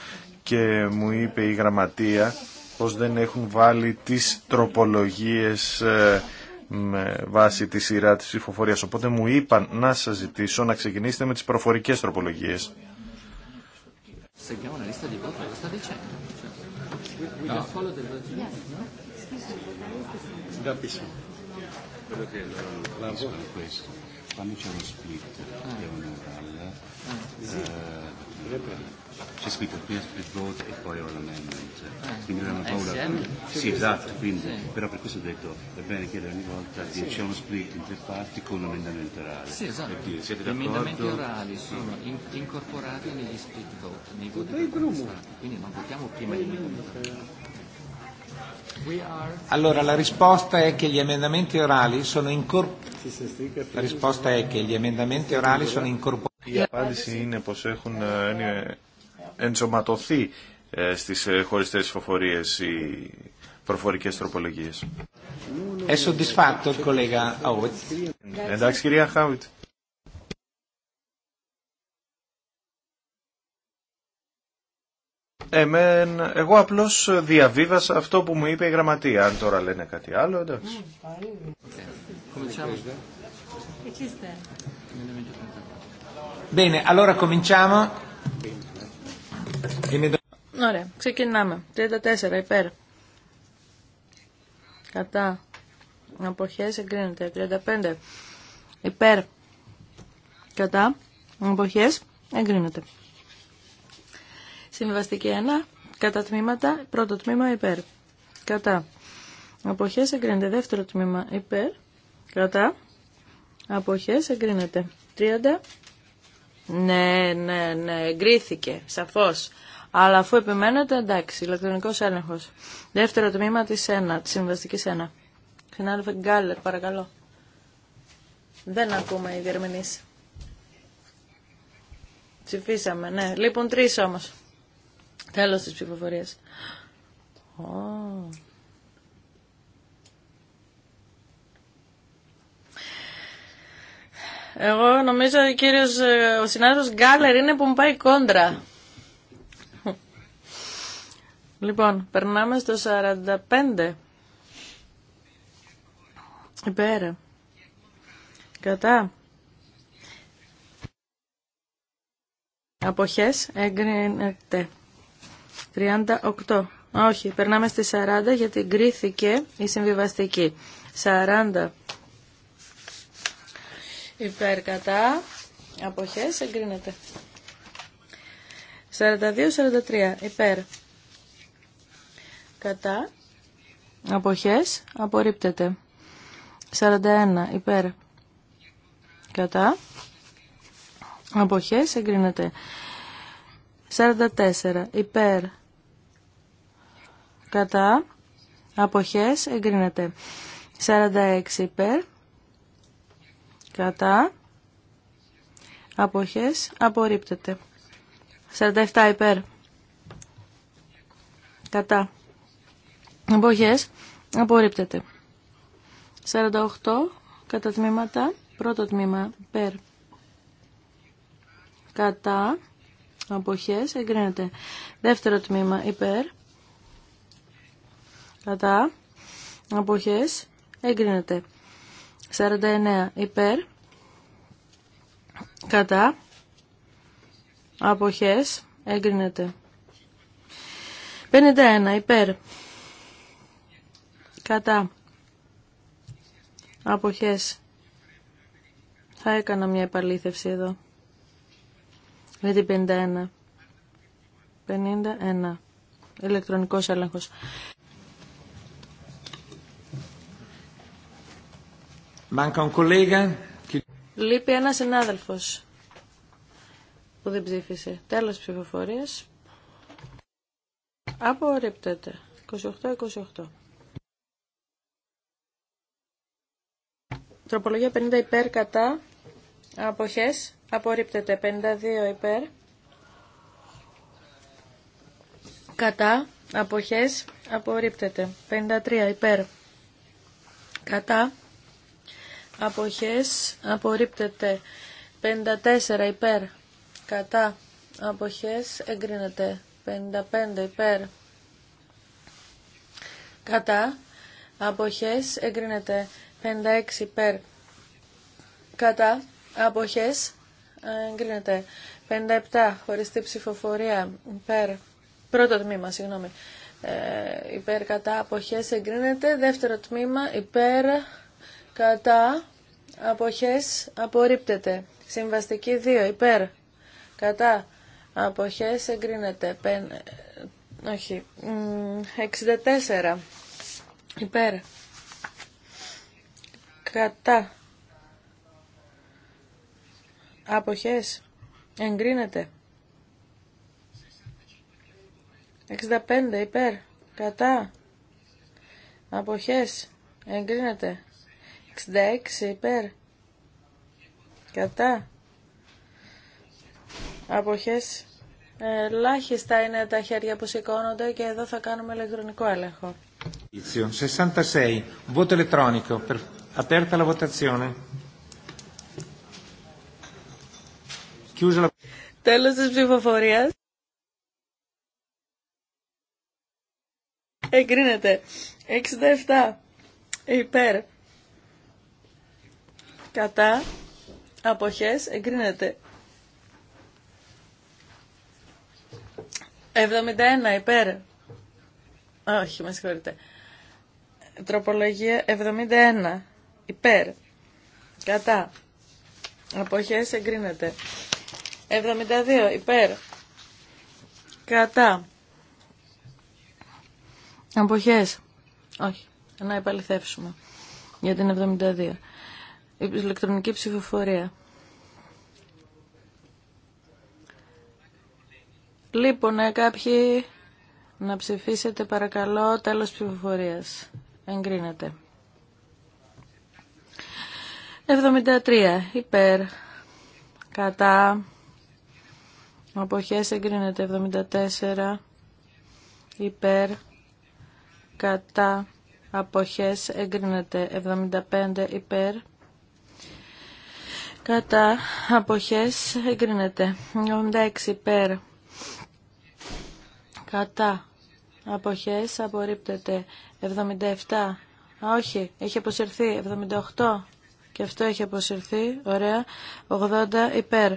και μου είπε η γραμματεία πως δεν έχουν βάλει τις τροπολογίες με βάση τη σειρά της ψηφοφορία. Οπότε μου είπαν να σας ζητήσω να ξεκινήσετε με τις προφορικές τροπολογίες quando c'è uno split che è un oral c'è scritto prima split vote e poi oral amendment sì esatto quindi però per questo ho detto è bene chiedere ogni volta che c'è uno split in tre parti con un emendamento orale sì esatto gli emendamenti orali sono incorporati negli split vote nei voti quindi non votiamo prima di emendamenti Allora la risposta è che gli emendamenti orali sono incorporati. La risposta è che gli emendamenti orali sono incorporati. Η απάντηση είναι πως έχουν ενσωματωθεί στις χωριστές ψηφοφορίες οι προφορικές τροπολογίες. È soddisfatto il collega Εντάξει κυρία Χάουιτ. εγώ απλώς διαβίβασα αυτό που μου είπε η γραμματεία. Αν τώρα λένε κάτι άλλο, εντάξει. Ναι, Ωραία, ξεκινάμε. 34 υπέρ. Κατά. Αποχές εγκρίνεται. 35 υπέρ. Κατά. Αποχές εγκρίνεται. Συμβαστική 1. Κατά τμήματα. Πρώτο τμήμα υπέρ. Κατά. Αποχές εγκρίνεται. Δεύτερο τμήμα υπέρ. Κατά. Αποχές εγκρίνεται. 30. Ναι, ναι, ναι, εγκρίθηκε, σαφώς. Αλλά αφού επιμένετε, εντάξει, ηλεκτρονικός έλεγχος. Δεύτερο τμήμα της 1, της συμβαστικής 1. Συνάδελφε Γκάλερ, παρακαλώ. Δεν ακούμε οι διερμηνείς. Ψηφίσαμε, ναι. Λείπουν λοιπόν, τρεις όμως. Τέλο τη ψηφοφορία. Εγώ νομίζω ο κύριος, ε, ο συνάδελφος Γκάλερ είναι που μου πάει κόντρα. Λοιπόν, περνάμε στο 45. Υπέρ. Κατά. Αποχές εγκρίνεται. 38. Όχι, περνάμε στη 40 γιατί γκρίθηκε η συμβιβαστική. 40 υπέρ κατά αποχές εγκρίνεται. 42-43 υπέρ κατά αποχές απορρίπτεται. 41 υπέρ κατά αποχές εγκρίνεται. 44 υπέρ κατά αποχές εγκρίνεται 46 υπέρ κατά αποχές απορρίπτεται 47 υπέρ κατά αποχές απορρίπτεται 48 κατά τμήματα πρώτο τμήμα υπέρ κατά αποχές εγκρίνεται δεύτερο τμήμα υπέρ κατά αποχές εγκρίνεται 49 υπέρ κατά αποχές εγκρίνεται 51 υπέρ κατά αποχές θα έκανα μια επαλήθευση εδώ Γιατί 51 51 ηλεκτρονικός έλεγχος Λείπει ένα συνάδελφο που δεν ψήφισε. τέλο ψηφοφορίας. Απορρίπτεται. 28-28. Τροπολογία 50 υπέρ κατά αποχές. Απορρίπτεται. 52 υπέρ κατά αποχές. Απορρίπτεται. 53 υπέρ κατά αποχές απορρίπτεται 54 υπέρ κατά αποχές εγκρίνεται 55 υπέρ κατά αποχές εγκρίνεται 56 υπέρ κατά αποχές εγκρίνεται 57 χωριστή ψηφοφορία υπέρ πρώτο τμήμα συγγνώμη ε, υπέρ κατά αποχές εγκρίνεται δεύτερο τμήμα υπέρ κατά, αποχές, απορρίπτεται. Συμβαστική 2, υπέρ, κατά, αποχές, εγκρίνεται. Πεν, όχι, 64, υπέρ, κατά, αποχές, εγκρίνεται. 65 υπέρ, κατά, αποχές, εγκρίνεται. 66 υπέρ. Κατά. Αποχές. Ελάχιστα είναι τα χέρια που σηκώνονται και εδώ θα κάνουμε ηλεκτρονικό έλεγχο. 66. Voto elettronico. Aperta la votazione. Τέλος της ψηφοφορίας. Εγκρίνεται. 67. Υπέρ κατά αποχές εγκρίνεται. 71 υπέρ. Όχι, με συγχωρείτε. Τροπολογία 71 υπέρ. Κατά. Αποχές εγκρίνεται. 72 υπέρ. Κατά. Αποχές. Όχι. Να επαληθεύσουμε. Για την 72 η ηλεκτρονική ψηφοφορία. Λοιπόν, ε, κάποιοι να ψηφίσετε παρακαλώ τέλος ψηφοφορίας. Εγκρίνεται. 73. Υπέρ. Κατά. Αποχές εγκρίνεται. 74. Υπέρ. Κατά. Αποχές εγκρίνεται. 75. Υπέρ κατά αποχές εγκρίνεται 76 υπέρ κατά αποχές απορρίπτεται 77 όχι έχει αποσυρθεί 78 και αυτό έχει αποσυρθεί ωραία 80 υπέρ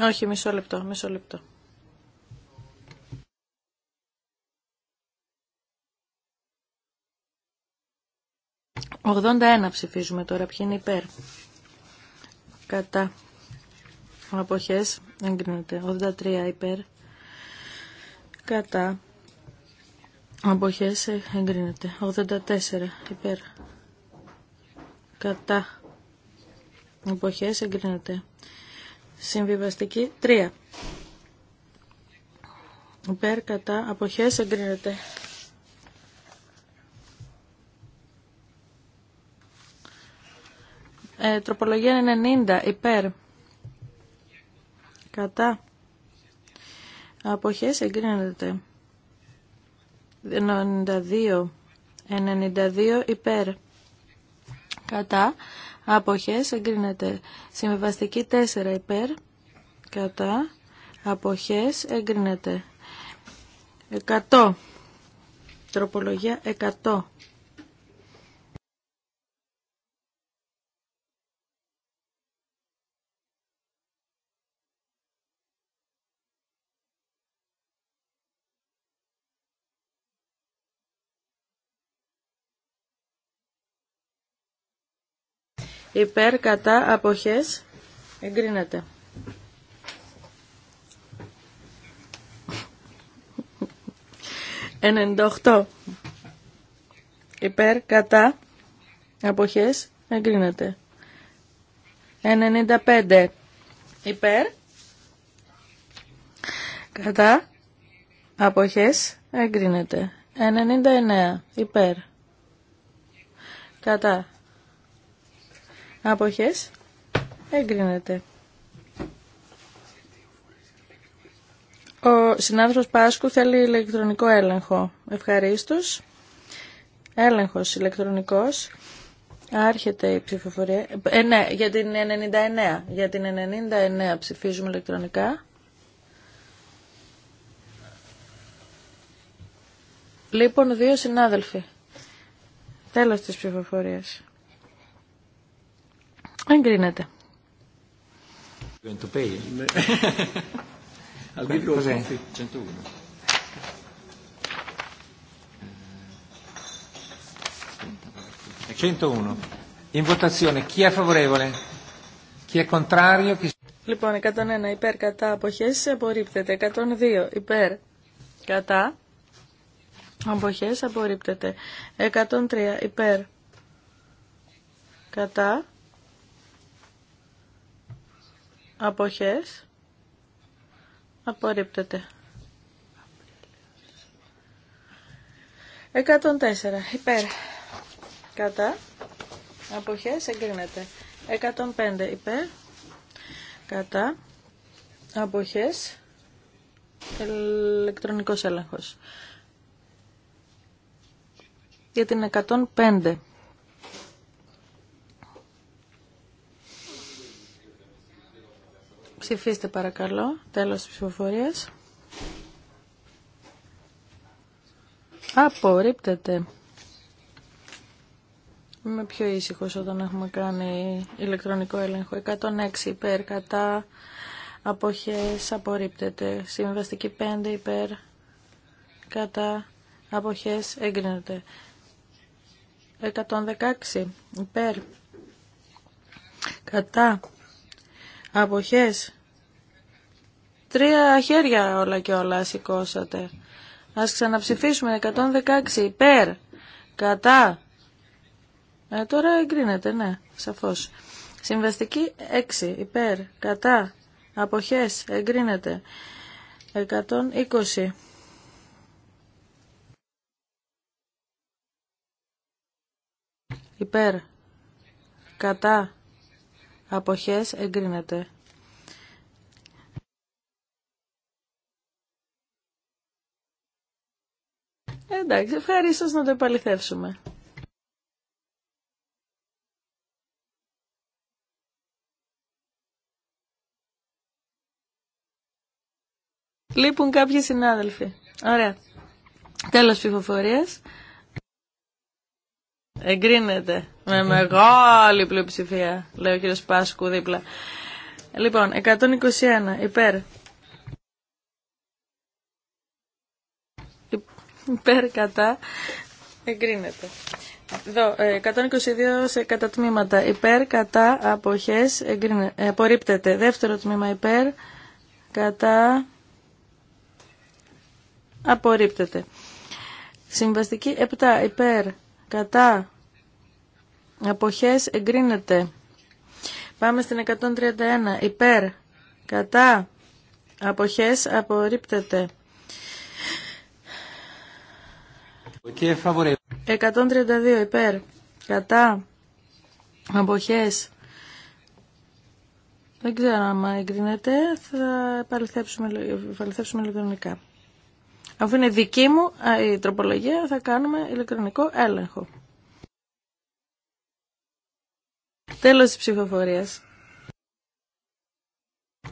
όχι μισό λεπτό μισό λεπτό 81 ψηφίζουμε τώρα. Ποιοι είναι υπέρ. Κατά. Αποχές. Εγκρίνεται. 83 υπέρ. Κατά. Αποχές. Εγκρίνεται. 84 υπέρ. Κατά. Αποχές. Εγκρίνεται. Συμβιβαστική 3. Υπέρ. Κατά. Αποχές. Εγκρίνεται. Ε, τροπολογία 90 υπέρ. Κατά. Αποχές εγκρίνεται. 92. 92 υπέρ. Κατά. Αποχές εγκρίνεται. Συμβεβαστική 4 υπέρ. Κατά. Αποχές εγκρίνεται. 100. Τροπολογία 100 υπέρ κατά αποχές εγκρίνεται. 98. υπέρ κατά αποχές εγκρίνεται. 95 υπέρ κατά αποχές εγκρίνεται. 99 υπέρ κατά Αποχές. Εγκρίνεται. Ο συνάδελφος Πάσκου θέλει ηλεκτρονικό έλεγχο. Ευχαριστώ. Έλεγχος ηλεκτρονικός. Άρχεται η ψηφοφορία. Ε, ναι, για την 99. Για την 99 ψηφίζουμε ηλεκτρονικά. Λοιπόν, δύο συνάδελφοι. Τέλος της ψηφοφορίας. Εγκρίνεται. Λοιπόν, 101 υπέρ κατά αποχές απορρίπτεται. 102 υπέρ κατά αποχές απορρίπτεται. 103 υπέρ κατά Αποχές. Απορρίπτεται. 104. Υπέρ. Κατά. Αποχές εγκρίνεται. 105. Υπέρ. Κατά. Αποχές. Ηλεκτρονικός έλεγχος. Για την 105. Ψηφίστε παρακαλώ. Τέλος της ψηφοφορίας. Απορρίπτεται. Είμαι πιο ήσυχο όταν έχουμε κάνει ηλεκτρονικό έλεγχο. 106 υπέρ, κατά, αποχές, απορρίπτεται. Συμβαστική 5 υπέρ, κατά, αποχές, έγκρινεται. 116 υπέρ, κατά, αποχές, Τρία χέρια όλα και όλα σηκώσατε. Ας ξαναψηφίσουμε 116 υπέρ, κατά. Ε, τώρα εγκρίνεται, ναι, σαφώς. Συμβαστική 6 υπέρ, κατά, αποχές, εγκρίνεται. 120. Υπέρ, κατά, αποχές, εγκρίνεται. Εντάξει, ευχαρίστω να το επαληθεύσουμε. Λείπουν κάποιοι συνάδελφοι. Ωραία. Τέλος ψηφοφορίας. Εγκρίνεται. Με μεγάλη πλειοψηφία, λέει ο κύριος Πάσκου δίπλα. Λοιπόν, 121 υπέρ. υπέρ κατά εγκρίνεται. 122 ε, σε κατά τμήματα. Υπέρ, κατά, αποχές, απορρίπτεται. Δεύτερο τμήμα υπέρ, κατά, απορρίπτεται. Συμβαστική 7 υπέρ, κατά, αποχές, εγκρίνεται. Πάμε στην 131. Υπέρ, κατά, αποχές, απορρίπτεται. 132 υπέρ. Κατά. Αποχές. Δεν ξέρω αν εγκρίνεται. Θα επαληθεύσουμε ηλεκτρονικά. Αφού είναι δική μου η τροπολογία, θα κάνουμε ηλεκτρονικό έλεγχο. Τέλος της ψηφοφορίας.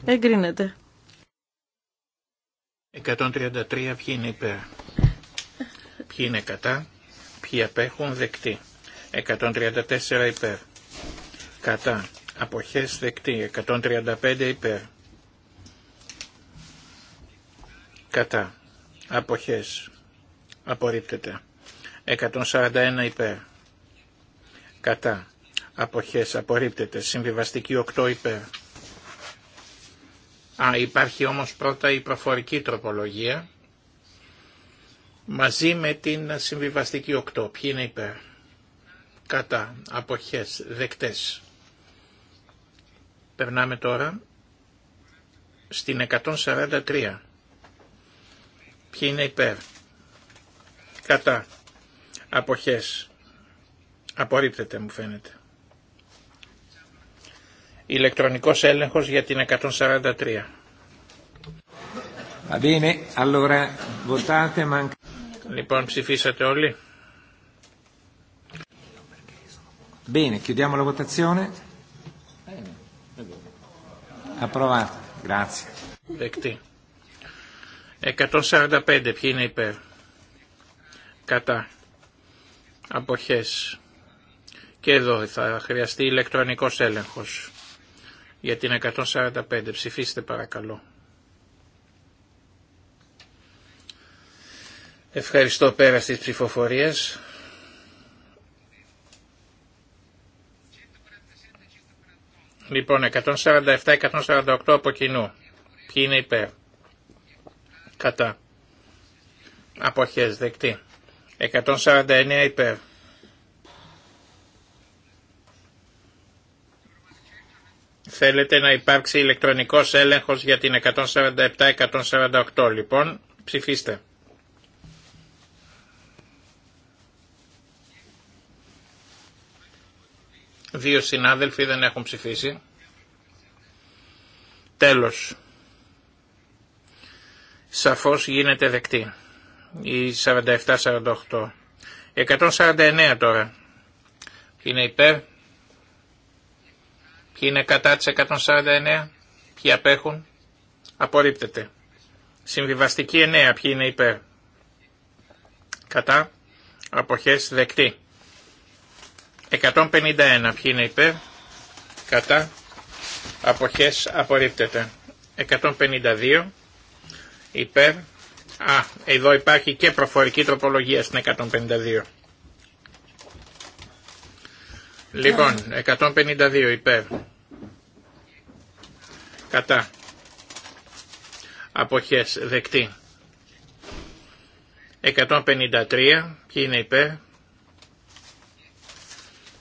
Εγκρίνεται. 133 ποιοι είναι υπέρ. Ποιοι είναι κατά. Ποιοι απέχουν δεκτή. 134 υπέρ. Κατά. Αποχές δεκτή. 135 υπέρ. Κατά. Αποχές. Απορρίπτεται. 141 υπέρ. Κατά. Αποχές. Απορρίπτεται. Συμβιβαστική 8 υπέρ. Α, υπάρχει όμως πρώτα η προφορική τροπολογία μαζί με την συμβιβαστική οκτώ. Ποιοι είναι υπέρ. Κατά. Αποχές. Δεκτές. Περνάμε τώρα στην 143. Ποιοι είναι υπέρ. Κατά. Αποχές. Απορρίπτεται μου φαίνεται. Ηλεκτρονικός έλεγχος για την 143. Va bene, allora votate Λοιπόν, ψηφίσατε όλοι. Bene, chiudiamo la 145. Ποιοι είναι υπέρ. Κατά. Αποχές. Και εδώ θα χρειαστεί ηλεκτρονικός έλεγχος. Για την 145. Ψηφίστε παρακαλώ. Ευχαριστώ πέρα στις ψηφοφορίες. λοιπόν, 147-148 από κοινού. Ποιοι είναι υπέρ. Κατά. Αποχές δεκτή. 149 υπέρ. Θέλετε να υπάρξει ηλεκτρονικός έλεγχος για την 147-148 λοιπόν. Ψηφίστε. Δύο συνάδελφοι δεν έχουν ψηφίσει. Τέλος. Σαφώς γίνεται δεκτή. Η 47-48. 149 τώρα. Ποιοι είναι υπέρ. Ποιοι είναι κατά τις 149. Ποιοι απέχουν. Απορρίπτεται. Συμβιβαστική 9. Ποιοι είναι υπέρ. Κατά. Αποχές δεκτή. 151 ποιοι είναι υπέρ, κατά, αποχές απορρίπτεται. 152 υπέρ, α, εδώ υπάρχει και προφορική τροπολογία στην 152. Λοιπόν, 152 υπέρ. Κατά. Αποχές δεκτή. 153, ποιοι είναι υπέρ.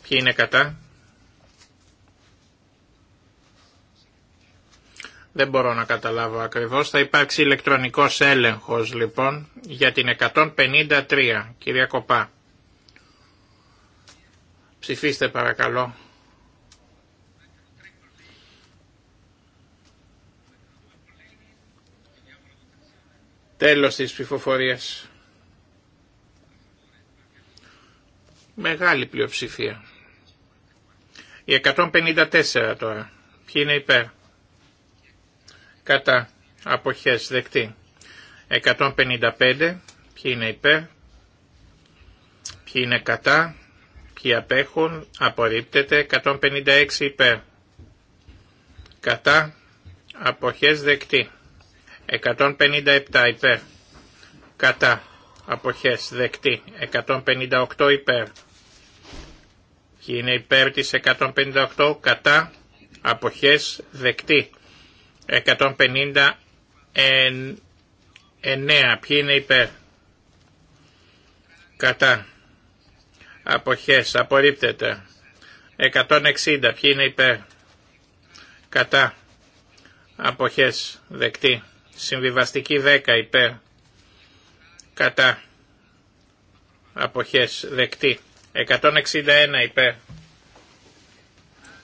Ποιοι είναι κατά. Δεν μπορώ να καταλάβω ακριβώς. Θα υπάρξει ηλεκτρονικός έλεγχος λοιπόν για την 153. Κυρία Κοπά. Ψηφίστε παρακαλώ. Τέλος της ψηφοφορίας. Μεγάλη πλειοψηφία. Η 154 τώρα. Ποιοι είναι υπέρ. Κατά. Αποχές δεκτή. 155. Ποιοι είναι υπέρ. Ποιοι είναι κατά. Ποιοι απέχουν. Απορρίπτεται. 156 υπέρ. Κατά. Αποχές δεκτή. 157 υπέρ. Κατά. Αποχές δεκτή. 158 υπέρ. Και είναι υπέρ της 158 κατά αποχές δεκτή. 159 ποιοι είναι υπέρ κατά αποχές απορρίπτεται. 160 ποιοι είναι υπέρ κατά αποχές δεκτή. Συμβιβαστική 10 υπέρ κατά αποχές δεκτή. 161 υπέρ.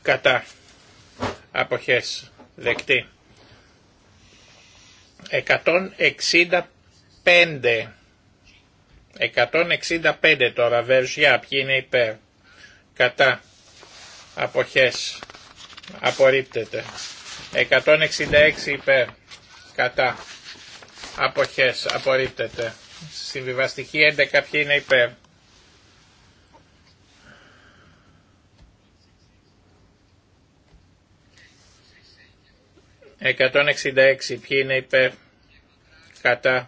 Κατά. Αποχές. Δεκτή. 165. 165 τώρα. Βερζιά. Ποιοι είναι υπέρ. Κατά. Αποχές. Απορρίπτεται. 166 υπέρ. Κατά. Αποχές. Απορρίπτεται. Συμβιβαστική 11. Ποιοι είναι υπέρ 166 ποιοι είναι υπέρ κατά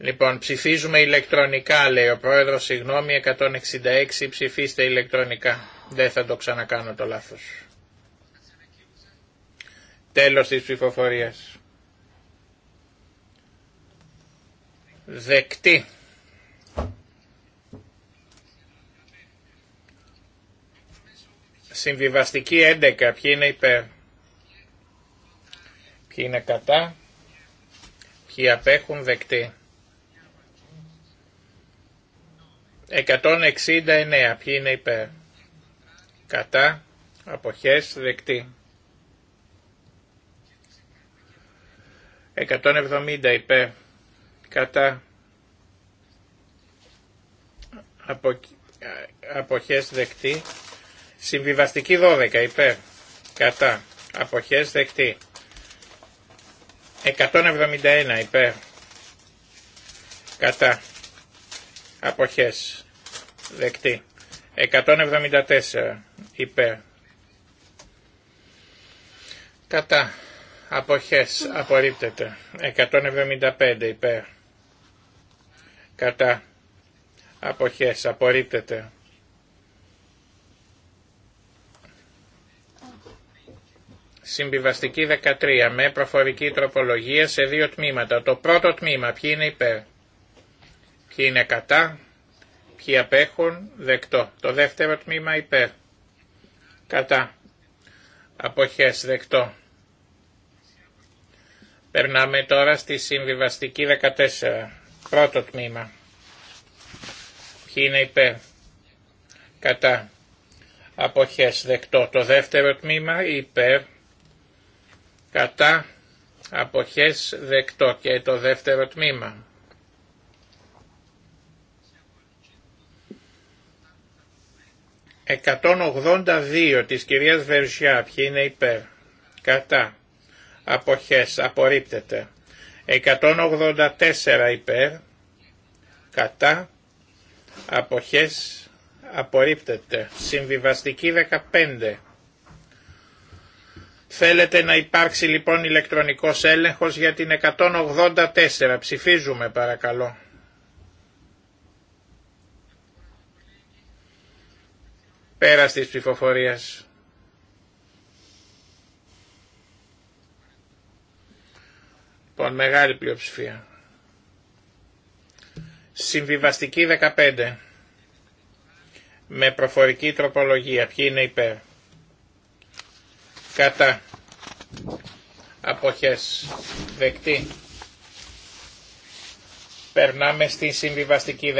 Λοιπόν, ψηφίζουμε ηλεκτρονικά, λέει ο πρόεδρος, συγγνώμη, 166, ψηφίστε ηλεκτρονικά. Δεν θα το ξανακάνω το λάθος. Τέλος της ψηφοφορίας. Δεκτή. Συμβιβαστική 11. Ποιοι είναι υπέρ. Ποιοι είναι κατά. Ποιοι απέχουν δεκτή. 169. Ποιοι είναι υπέρ. Κατά. Αποχές δεκτή. 170 υπέρ. Κατά. αποχές δεκτή Συμβιβαστική 12 υπέρ κατά αποχές δεκτή. 171 υπέρ κατά αποχές δεκτή. 174 υπέρ κατά αποχές απορρίπτεται. 175 υπέρ κατά αποχές απορρίπτεται. Συμβιβαστική 13 με προφορική τροπολογία σε δύο τμήματα. Το πρώτο τμήμα, ποιοι είναι υπέρ, ποιοι είναι κατά, ποιοι απέχουν, δεκτό. Το δεύτερο τμήμα υπέρ, κατά, αποχές, δεκτό. Περνάμε τώρα στη συμβιβαστική 14, πρώτο τμήμα. Ποιοι είναι υπέρ, κατά, αποχές, δεκτό. Το δεύτερο τμήμα υπέρ, κατά αποχές δεκτό και το δεύτερο τμήμα. «182» της κυρίας Βερζιά, ποιοι είναι υπέρ, κατά, αποχές, απορρίπτεται. «184» υπέρ, κατά, αποχές, απορρίπτεται. Συμβιβαστική 15 Θέλετε να υπάρξει λοιπόν ηλεκτρονικός έλεγχος για την 184. Ψηφίζουμε παρακαλώ. Πέρα της ψηφοφορίας. Λοιπόν, μεγάλη πλειοψηφία. Συμβιβαστική 15. Με προφορική τροπολογία. Ποιοι είναι υπέρ κατά αποχές δεκτή. Περνάμε στη συμβιβαστική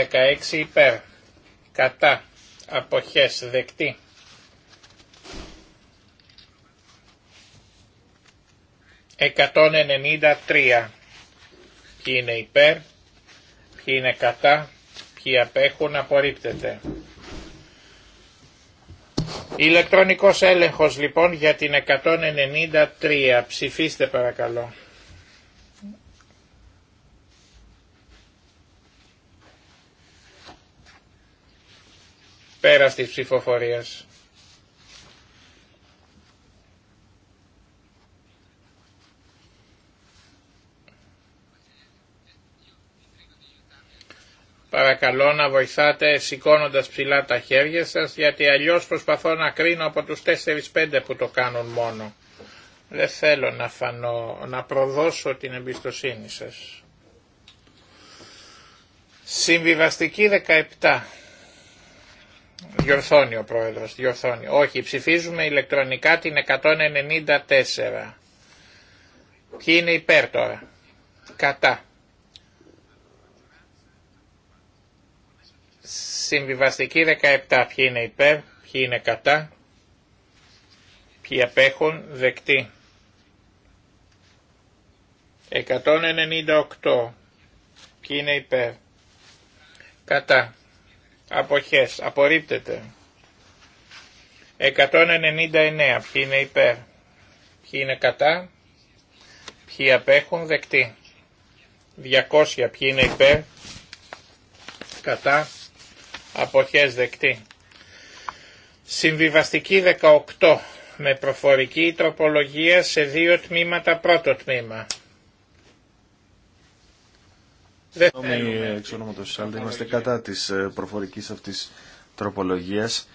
16 υπέρ κατά αποχές δεκτή. 193. Ποιοι είναι υπέρ, ποιοι είναι κατά, ποιοι απέχουν, απορρίπτεται. Ηλεκτρονικός έλεγχος λοιπόν για την 193. Ψηφίστε παρακαλώ. Πέρα της ψηφοφορίας. παρακαλώ να βοηθάτε σηκώνοντα ψηλά τα χέρια σας γιατί αλλιώς προσπαθώ να κρίνω από τους 4-5 που το κάνουν μόνο. Δεν θέλω να φανώ, να προδώσω την εμπιστοσύνη σας. Συμβιβαστική 17. Διορθώνει ο πρόεδρος, διορθώνει. Όχι, ψηφίζουμε ηλεκτρονικά την 194. Ποιοι είναι υπέρ τώρα. Κατά. Συμβιβαστική 17. Ποιοι είναι υπέρ, ποιοι είναι κατά, ποιοι απέχουν, δεκτή. 198. Ποιοι είναι υπέρ. Κατά. Αποχές. Απορρίπτεται. 199. Ποιοι είναι υπέρ. Ποιοι είναι κατά. Ποιοι απέχουν. Δεκτή. 200. Ποιοι είναι υπέρ. Κατά αποχές δεκτή. Συμβιβαστική 18 με προφορική τροπολογία σε δύο τμήματα πρώτο τμήμα. είμαστε κατά της ε, προφορικής αυτής τροπολογίας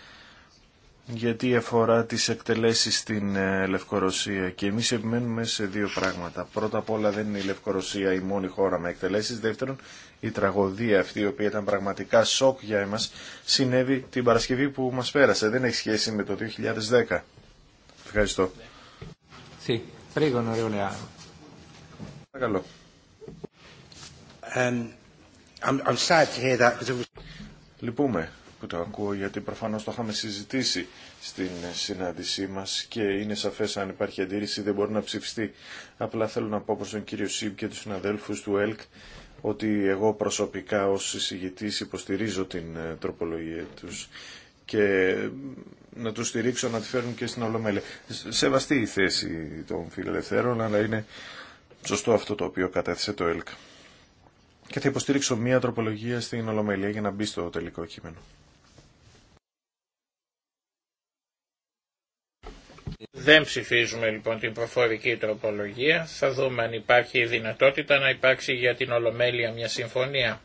γιατί αφορά τις εκτελέσεις στην ε, Λευκορωσία και εμείς επιμένουμε σε δύο πράγματα. Πρώτα απ' όλα δεν είναι η Λευκορωσία η μόνη χώρα με εκτελέσεις. Δεύτερον, η τραγωδία αυτή η οποία ήταν πραγματικά σοκ για εμάς συνέβη την Παρασκευή που μας πέρασε. Δεν έχει σχέση με το 2010. Ευχαριστώ. Sí, um, I'm, Λυπούμε που το ακούω γιατί προφανώ το είχαμε συζητήσει στην συνάντησή μα και είναι σαφέ αν υπάρχει αντίρρηση δεν μπορεί να ψηφιστεί. Απλά θέλω να πω προ τον κύριο Σιμπ και του συναδέλφου του ΕΛΚ ότι εγώ προσωπικά ω συζητητή υποστηρίζω την ε, τροπολογία του και να του στηρίξω να τη φέρουν και στην Ολομέλεια. Σεβαστή η θέση των φιλελευθέρων αλλά είναι σωστό αυτό το οποίο κατέθεσε το ΕΛΚ. Και θα υποστήριξω μία τροπολογία στην Ολομέλεια για να μπει στο τελικό κείμενο. Δεν ψηφίζουμε λοιπόν την προφορική τροπολογία. Θα δούμε αν υπάρχει η δυνατότητα να υπάρξει για την Ολομέλεια μια συμφωνία.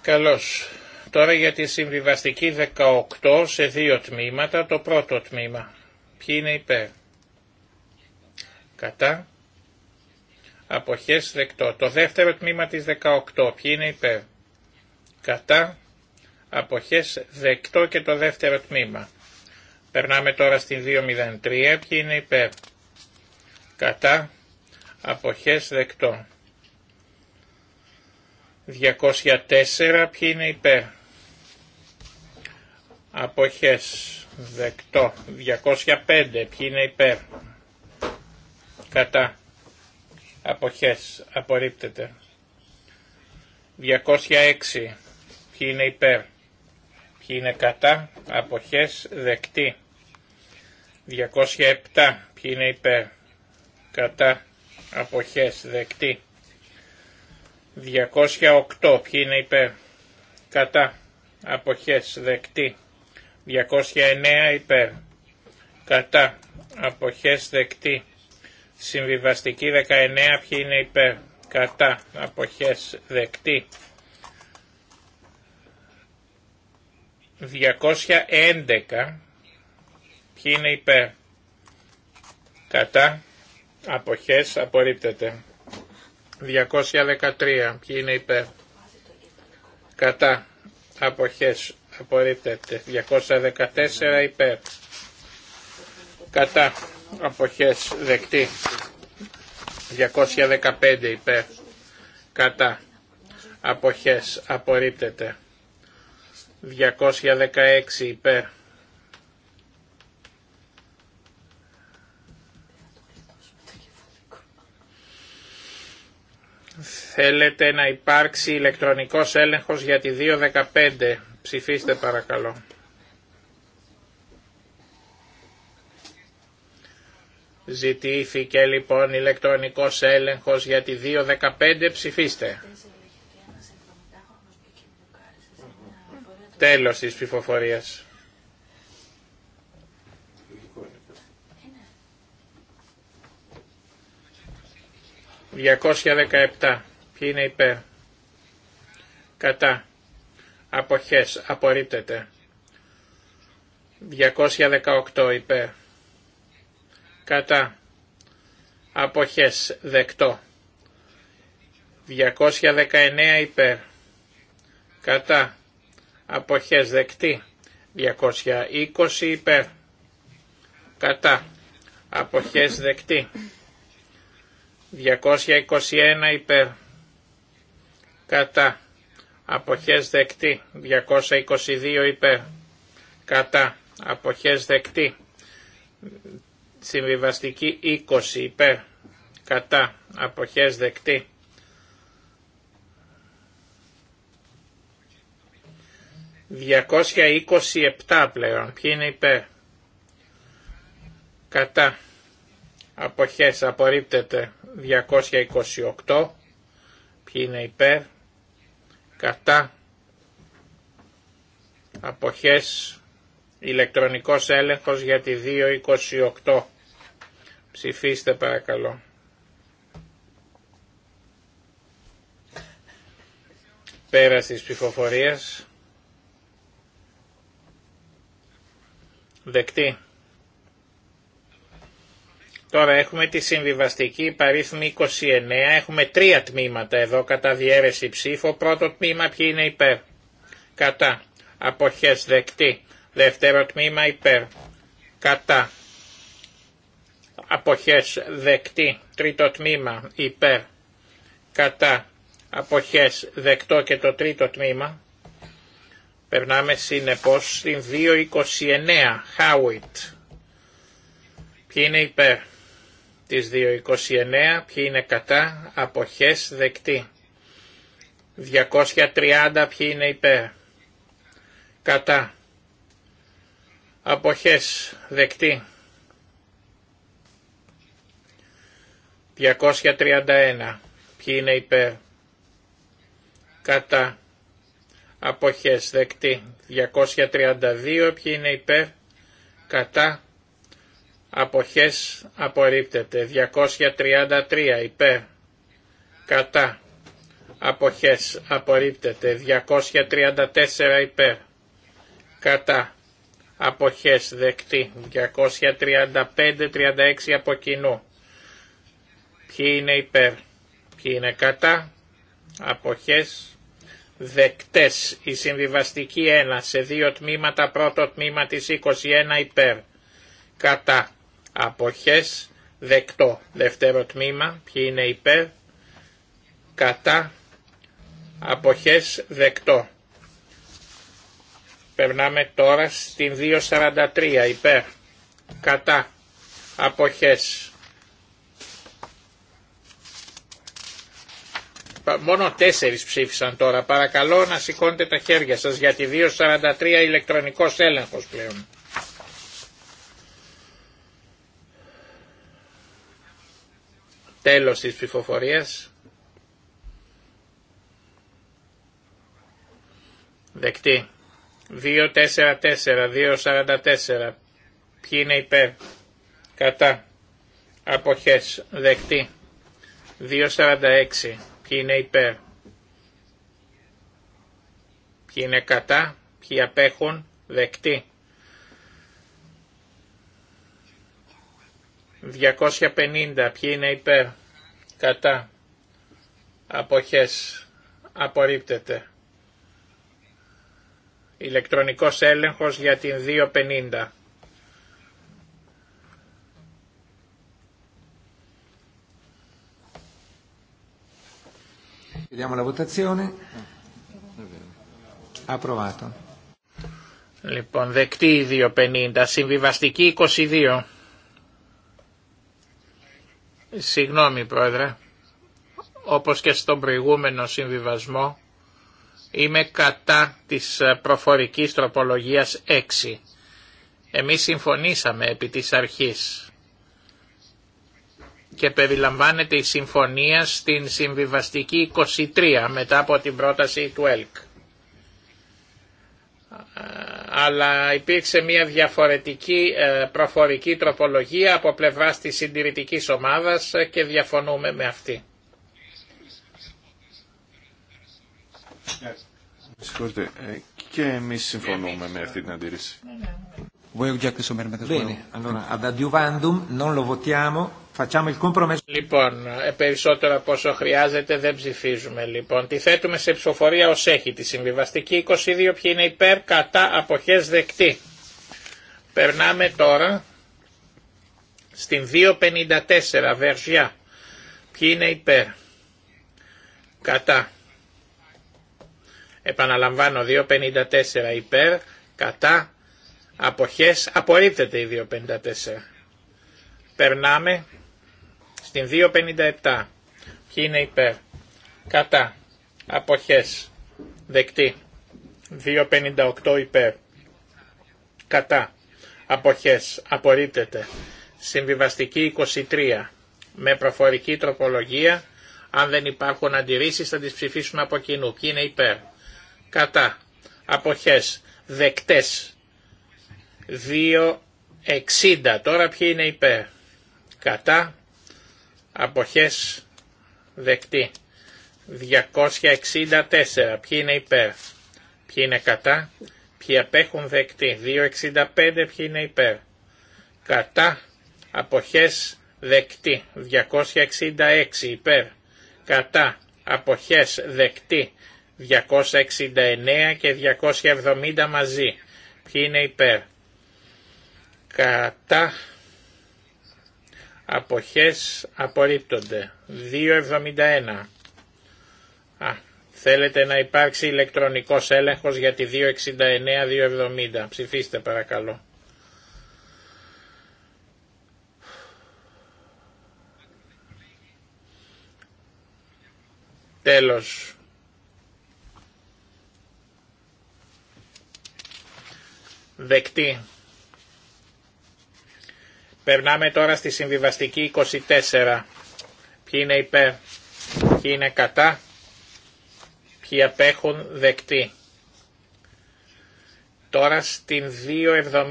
Καλώς. Τώρα για τη συμβιβαστική 18 σε δύο τμήματα. Το πρώτο τμήμα. Ποιοι είναι υπέρ. Κατά. Αποχές δεκτό. Το δεύτερο τμήμα της 18. Ποιοι είναι υπέρ. Κατά. Αποχές δεκτό και το δεύτερο τμήμα. Περνάμε τώρα στην 203. Ποιοι είναι υπέρ. Κατά. Αποχές δεκτό. 204. Ποιοι είναι υπέρ. Αποχές δεκτό. 205. Ποιοι είναι υπέρ. Κατά. Αποχές. Απορρίπτεται. 206. Ποιοι είναι υπέρ. Ποιοι είναι κατά. Αποχές δεκτή. 207 ποιοι είναι υπέρ κατά αποχές δεκτή 208 ποιοι είναι υπέρ κατά αποχές δεκτή 209 υπέρ κατά αποχές δεκτή συμβιβαστική 19 ποιοι είναι υπέρ κατά αποχές δεκτή 211 Ποιοι είναι υπέρ. Κατά. Αποχές απορρίπτεται. 213. Ποιοι είναι υπέρ. Κατά. Αποχές απορρίπτεται. 214 υπέρ. Κατά. Αποχές δεκτή. 215 υπέρ. Κατά. Αποχές απορρίπτεται. 216 υπέρ Θέλετε να υπάρξει ηλεκτρονικός έλεγχος για τη 2.15. Ψηφίστε παρακαλώ. Ζητήθηκε λοιπόν ηλεκτρονικός έλεγχος για τη 2.15. Ψηφίστε. Τέλος της ψηφοφορίας. 217. Ποιοι είναι υπέρ. Κατά. Αποχές. Απορρίπτεται. 218 υπέρ. Κατά. Αποχές. Δεκτό. 219 υπέρ. Κατά. Αποχές δεκτή. 220 υπέρ. Κατά. Αποχές δεκτή. 221 υπέρ κατά αποχές δεκτή 222 υπέρ κατά αποχές δεκτή συμβιβαστική 20 υπέρ κατά αποχές δεκτή ...227 πλέον. Ποιοι είναι υπέρ. Κατά αποχές απορρίπτεται 228 ποιοι είναι υπέρ κατά αποχές ηλεκτρονικός έλεγχος για τη 228 ψηφίστε παρακαλώ πέρας της ψηφοφορίας δεκτή Τώρα έχουμε τη συμβιβαστική παρήθμη 29, έχουμε τρία τμήματα εδώ κατά διέρεση ψήφο. Πρώτο τμήμα ποιοι είναι υπέρ, κατά, αποχές δεκτή. Δεύτερο τμήμα υπέρ, κατά, αποχές δεκτή. Τρίτο τμήμα υπέρ, κατά, αποχές δεκτό και το τρίτο τμήμα. Περνάμε συνεπώς στην 2.29, Howitt. Ποιοι είναι υπέρ της 229, ποιοι είναι κατά, αποχές δεκτή. 230, ποιοι είναι υπέρ, κατά, αποχές δεκτή. 231, ποιοι είναι υπέρ, κατά, αποχές δεκτή. 232, ποιοι είναι υπέρ, κατά, αποχές απορρίπτεται 233 υπέρ κατά αποχές απορρίπτεται 234 υπέρ κατά αποχές δεκτή 235-36 από κοινού ποιοι είναι υπέρ ποιοι είναι κατά αποχές δεκτές η συμβιβαστική 1 σε δύο τμήματα πρώτο τμήμα της 21 υπέρ κατά αποχές δεκτό. Δεύτερο τμήμα, ποιοι είναι υπέρ, κατά, αποχές δεκτό. Περνάμε τώρα στην 2.43 υπέρ, κατά, αποχές. Μόνο τέσσερις ψήφισαν τώρα. Παρακαλώ να σηκώνετε τα χέρια σας γιατί 2.43 ηλεκτρονικός έλεγχος πλέον. Τέλος της ψηφοφορίας. Δεκτή. 2-4-4, 2-44. Ποιοι είναι υπέρ. Κατά. Αποχές. Δεκτή. 2-46. Ποιοι είναι υπέρ. Ποιοι είναι κατά. Ποιοι απέχουν. Δεκτή. 250 ποιοι είναι υπέρ, κατά, αποχές, απορρίπτεται. Ηλεκτρονικός έλεγχος για την 250. Vediamo la votazione. Approvato. Λοιπόν, δεκτή 250. Συμβιβαστική 22. Συγγνώμη πρόεδρε, όπως και στον προηγούμενο συμβιβασμό, είμαι κατά της προφορικής τροπολογίας 6. Εμείς συμφωνήσαμε επί της αρχής και περιλαμβάνεται η συμφωνία στην συμβιβαστική 23 μετά από την πρόταση του ΕΛΚ αλλά υπήρξε μια διαφορετική ε, προφορική τροπολογία από πλευράς της συντηρητικής ομάδας ε, και διαφωνούμε με αυτή. Συγχωρείτε, ε, και εμείς συμφωνούμε με αυτή την αντίρρηση. Vuoi oggetto sommernamente Bene, allora ad non lo votiamo Λοιπόν, ε, περισσότερο από όσο χρειάζεται δεν ψηφίζουμε. Λοιπόν, τη θέτουμε σε ψηφοφορία ως έχει τη συμβιβαστική 22, ποιοι είναι υπέρ, κατά, αποχές, δεκτή. Περνάμε τώρα στην 254, βερσία Ποιοι είναι υπέρ, κατά. Επαναλαμβάνω, 254 υπέρ, κατά, αποχές, απορρίπτεται η 254. Περνάμε στην 2.57. Ποιοι είναι υπέρ. Κατά. Αποχές. Δεκτή. 2.58 υπέρ. Κατά. Αποχές. Απορρίπτεται. Συμβιβαστική 23. Με προφορική τροπολογία. Αν δεν υπάρχουν αντιρρήσεις θα τις ψηφίσουμε από κοινού. Ποιοι είναι υπέρ. Κατά. Αποχές. Δεκτές. 2.60. Τώρα ποιοι είναι υπέρ. Κατά αποχές δεκτή. 264. Ποιοι είναι υπέρ. Ποιοι είναι κατά. Ποιοι απέχουν δεκτή. 265. Ποιοι είναι υπέρ. Κατά. Αποχές δεκτή. 266. Υπέρ. Κατά. Αποχές δεκτή. 269 και 270 μαζί. Ποιοι είναι υπέρ. Κατά Αποχές απορρίπτονται. 2.71. Α, θέλετε να υπάρξει ηλεκτρονικός έλεγχος για τη 2.69-2.70. Ψηφίστε παρακαλώ. Τέλος. Δεκτή. Περνάμε τώρα στη συμβιβαστική 24. Ποιοι είναι υπέρ, ποιοι είναι κατά, ποιοι απέχουν δεκτή. Τώρα στην 276.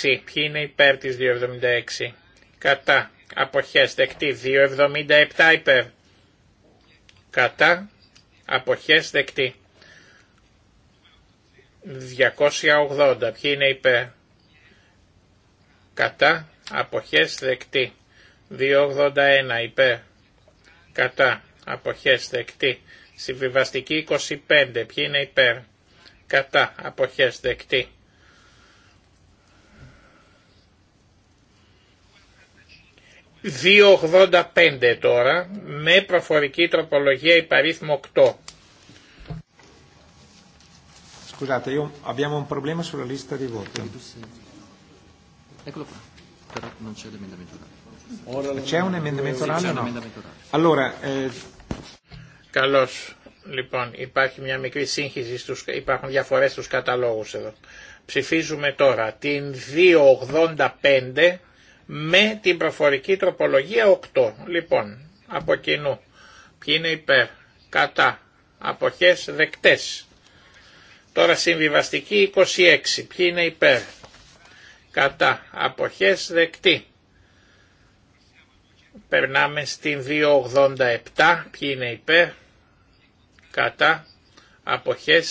Ποιοι είναι υπέρ της 276. Κατά. Αποχές δεκτή. 277 υπέρ. Κατά. Αποχές δεκτή. 280. Ποιοι είναι υπέρ. Κατά αποχές δεκτή. 281 υπέρ κατά αποχές δεκτή. Συμβιβαστική 25 ποιοι είναι υπέρ κατά αποχές δεκτή. 2.85 τώρα με προφορική τροπολογία υπαρίθμο 8. Scusate, io abbiamo un problema sulla lista di voti. Eccolo qua però non c'è l'emendamento orale. C'è un emendamento orale no? Allora, eh, Λοιπόν, υπάρχει μια μικρή σύγχυση, στους, υπάρχουν διαφορές στους καταλόγους εδώ. Ψηφίζουμε τώρα την 285 με την προφορική τροπολογία 8. Λοιπόν, από κοινού. Ποιοι είναι υπέρ, κατά, αποχές, δεκτές. Τώρα συμβιβαστική 26. Ποιοι είναι υπέρ, κατά αποχές δεκτή. Περνάμε στην 287, ποιοι είναι υπέρ, κατά αποχές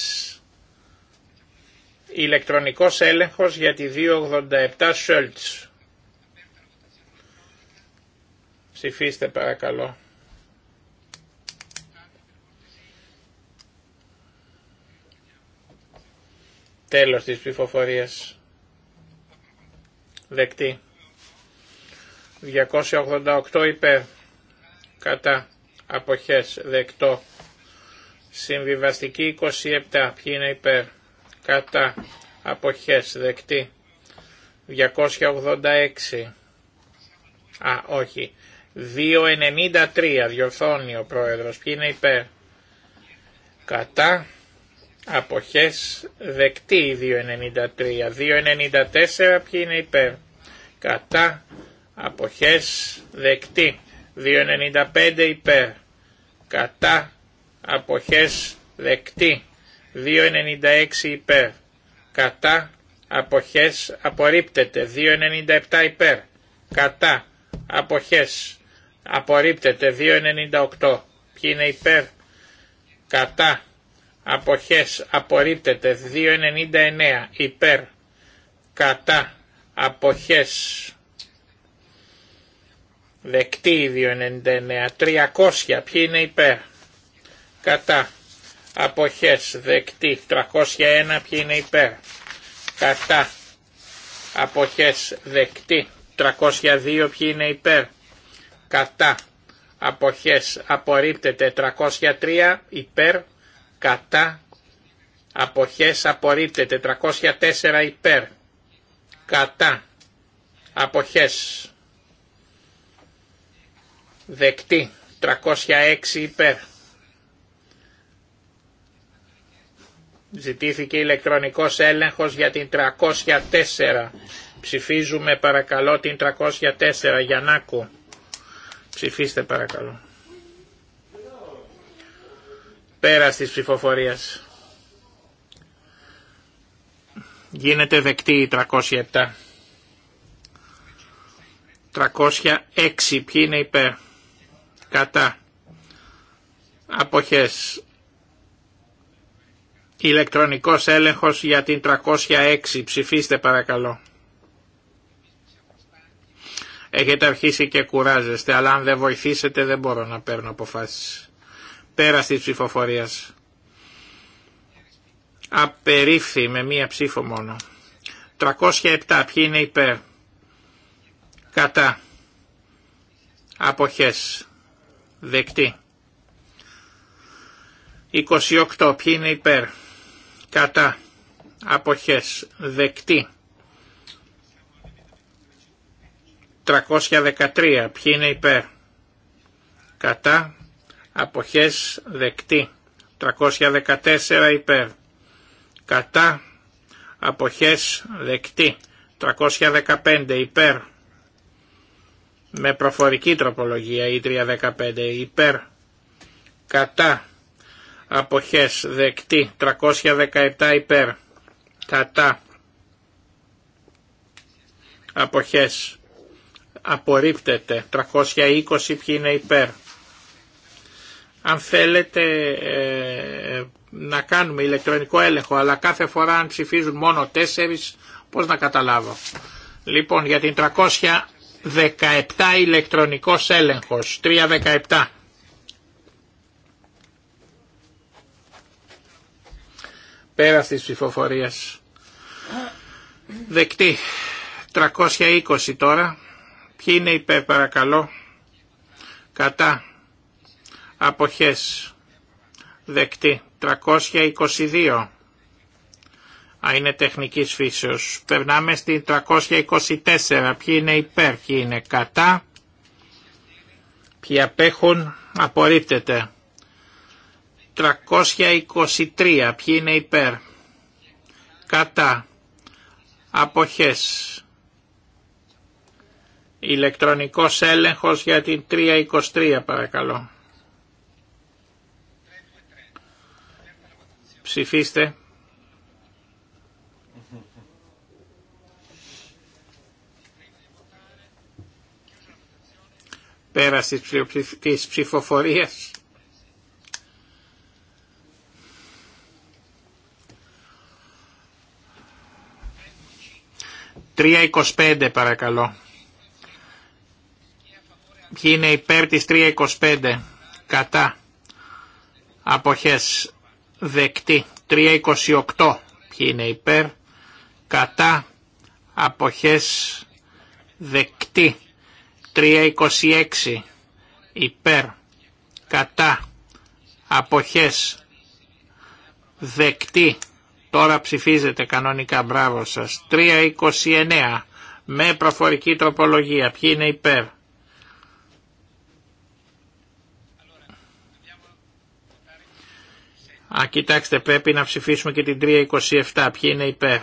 ηλεκτρονικός έλεγχος για τη 287 Σόλτς. Ψηφίστε παρακαλώ. Τέλος της ψηφοφορίας δεκτή. 288 υπέρ κατά αποχές δεκτό. Συμβιβαστική 27 ποιοι είναι υπέρ κατά αποχές δεκτή. 286 Α, όχι. 2.93 διορθώνει ο πρόεδρος. Ποιοι είναι υπέρ. Κατά αποχές δεκτή 2.93. 2.94 ποιοι είναι υπέρ. Κατά αποχές δεκτή. 2.95 υπέρ. Κατά αποχές δεκτή. 2.96 υπέρ. Κατά αποχές απορρίπτεται. 2.97 υπέρ. Κατά αποχές απορρίπτεται. 2.98 ποιοι είναι υπέρ. Κατά αποχές απορρίπτεται 2.99 υπέρ κατά αποχές δεκτή 2.99 300 ποιοι είναι υπέρ κατά αποχές δεκτή 301 ποιοι είναι υπέρ κατά αποχές δεκτή 302 ποιοι είναι υπέρ κατά αποχές απορρίπτεται 303 υπέρ κατά αποχές απορρίπτεται 304 υπέρ κατά αποχές δεκτή 306 υπέρ ζητήθηκε ηλεκτρονικός έλεγχος για την 304 ψηφίζουμε παρακαλώ την 304 Γιαννάκου ψηφίστε παρακαλώ Πέρα της ψηφοφορίας. Γίνεται δεκτή η 307. 306. Ποιοι είναι υπέρ. Κατά. Αποχές. Ηλεκτρονικός έλεγχος για την 306. Ψηφίστε παρακαλώ. Έχετε αρχίσει και κουράζεστε, αλλά αν δεν βοηθήσετε δεν μπορώ να παίρνω αποφάσεις τέραστη της ψηφοφορίας. Απερίφθη με μία ψήφο μόνο. 307. Ποιοι είναι υπέρ. Κατά. Αποχές. Δεκτή. 28. Ποιοι είναι υπέρ. Κατά. Αποχές. Δεκτή. 313. Ποιοι είναι υπέρ. Κατά αποχές δεκτή. 314 υπέρ. Κατά αποχές δεκτή. 315 υπέρ. Με προφορική τροπολογία η 315 υπέρ. Κατά αποχές δεκτή. 317 υπέρ. Κατά αποχές απορρίπτεται. 320 ποιοι είναι υπέρ αν θέλετε ε, να κάνουμε ηλεκτρονικό έλεγχο, αλλά κάθε φορά αν ψηφίζουν μόνο τέσσερις, πώς να καταλάβω. Λοιπόν, για την 317 ηλεκτρονικός έλεγχος, 317. Πέρα της ψηφοφορίας. Δεκτή. 320 τώρα. Ποιοι είναι υπέρ παρακαλώ. Κατά αποχές δεκτή 322 Α, είναι τεχνικής φύσεως. Περνάμε στην 324. Ποιοι είναι υπέρ, ποιοι είναι κατά. Ποιοι απέχουν, απορρίπτεται. 323. Ποιοι είναι υπέρ. Κατά. Αποχές. Ηλεκτρονικός έλεγχος για την 323 παρακαλώ. Ψηφίστε. πέρα της ψηφοφορίας. Τρία 25 παρακαλώ. Ποιοι είναι υπέρ της 325. Κατά. Αποχές δεκτή. 328 ποιοι είναι υπέρ, κατά αποχές δεκτή. 326 υπέρ, κατά αποχές δεκτή. Τώρα ψηφίζετε κανονικά, μπράβο σας. 329 με προφορική τροπολογία. Ποιοι είναι υπέρ. Α, κοιτάξτε, πρέπει να ψηφίσουμε και την 327. Ποιοι είναι υπέρ.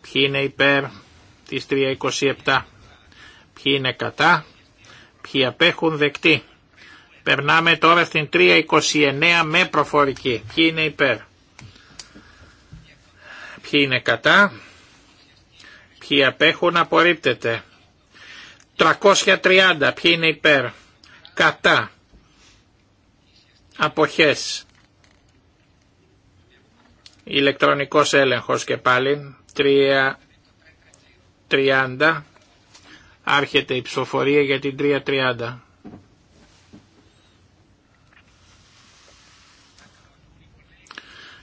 Ποιοι είναι υπέρ της 327. Ποιοι είναι κατά. Ποιοι απέχουν δεκτή. Περνάμε τώρα στην 329 με προφορική. Ποιοι είναι υπέρ. Ποιοι είναι κατά. Ποιοι απέχουν απορρίπτεται. 330. Ποιοι είναι υπέρ. Κατά Αποχές. Ηλεκτρονικός έλεγχος και πάλι. 3.30, Άρχεται η ψηφοφορία για την 3.30.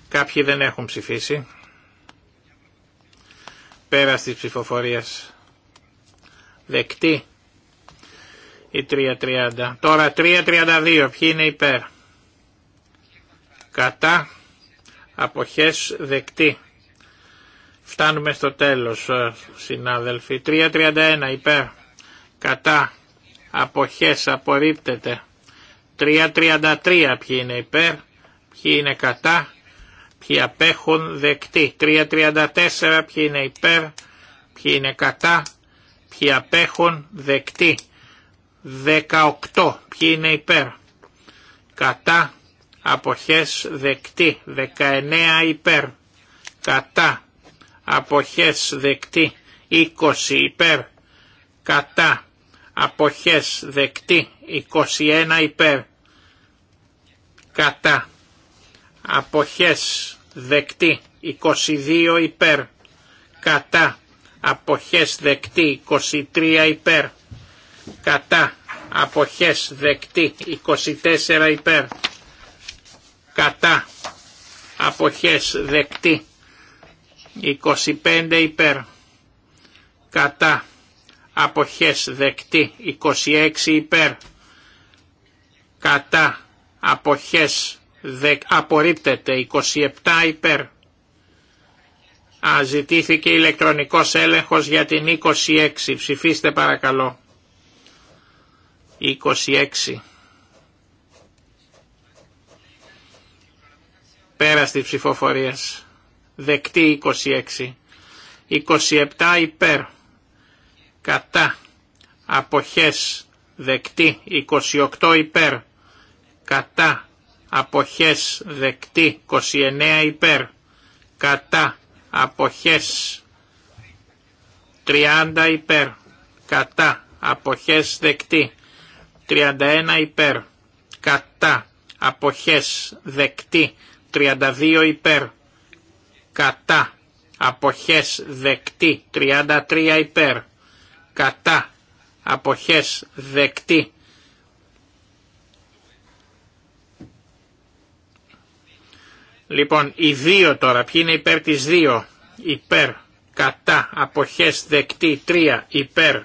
Κάποιοι δεν έχουν ψηφίσει. Πέρα της ψηφοφορίας. Δεκτή η 3.30. Τώρα 3.32. Ποιοι είναι υπέρ κατά αποχές δεκτή. Φτάνουμε στο τέλος ε, συνάδελφοι. 3.31 υπέρ κατά αποχές απορρίπτεται. 3.33 ποιοι είναι υπέρ, ποιοι είναι κατά, ποιοι απέχουν δεκτή. 3.34 ποιοι είναι υπέρ, ποιοι είναι κατά, ποιοι απέχουν δεκτή. 18 ποιοι είναι υπέρ, κατά αποχές δεκτή 19 υπέρ κατά αποχές δεκτή 20 υπέρ κατά αποχές δεκτή 21 υπέρ κατά αποχές δεκτή 22 υπέρ κατά αποχές δεκτή 23 υπέρ κατά αποχές δεκτή 24 υπέρ κατά αποχές δεκτή 25 υπέρ κατά αποχές δεκτή 26 υπέρ κατά αποχές δε, απορρίπτεται 27 υπέρ Αζητήθηκε ζητήθηκε ηλεκτρονικός έλεγχος για την 26. Ψηφίστε παρακαλώ. 26. Πέρας της ψηφοφορίας. Δεκτή 26. 27 υπέρ. Κατά. Αποχές. Δεκτή 28 υπέρ. Κατά. Αποχές. Δεκτή 29 υπέρ. Κατά. Αποχές. 30 υπέρ. Κατά. Αποχές δεκτή. 31 υπέρ. Κατά. Αποχές δεκτή. 32 υπέρ, κατά, αποχές δεκτή, 33 υπέρ, κατά, αποχές δεκτή. Λοιπόν, οι δύο τώρα, ποιοι είναι υπέρ της δύο, υπέρ, κατά, αποχές δεκτή, 3 υπέρ,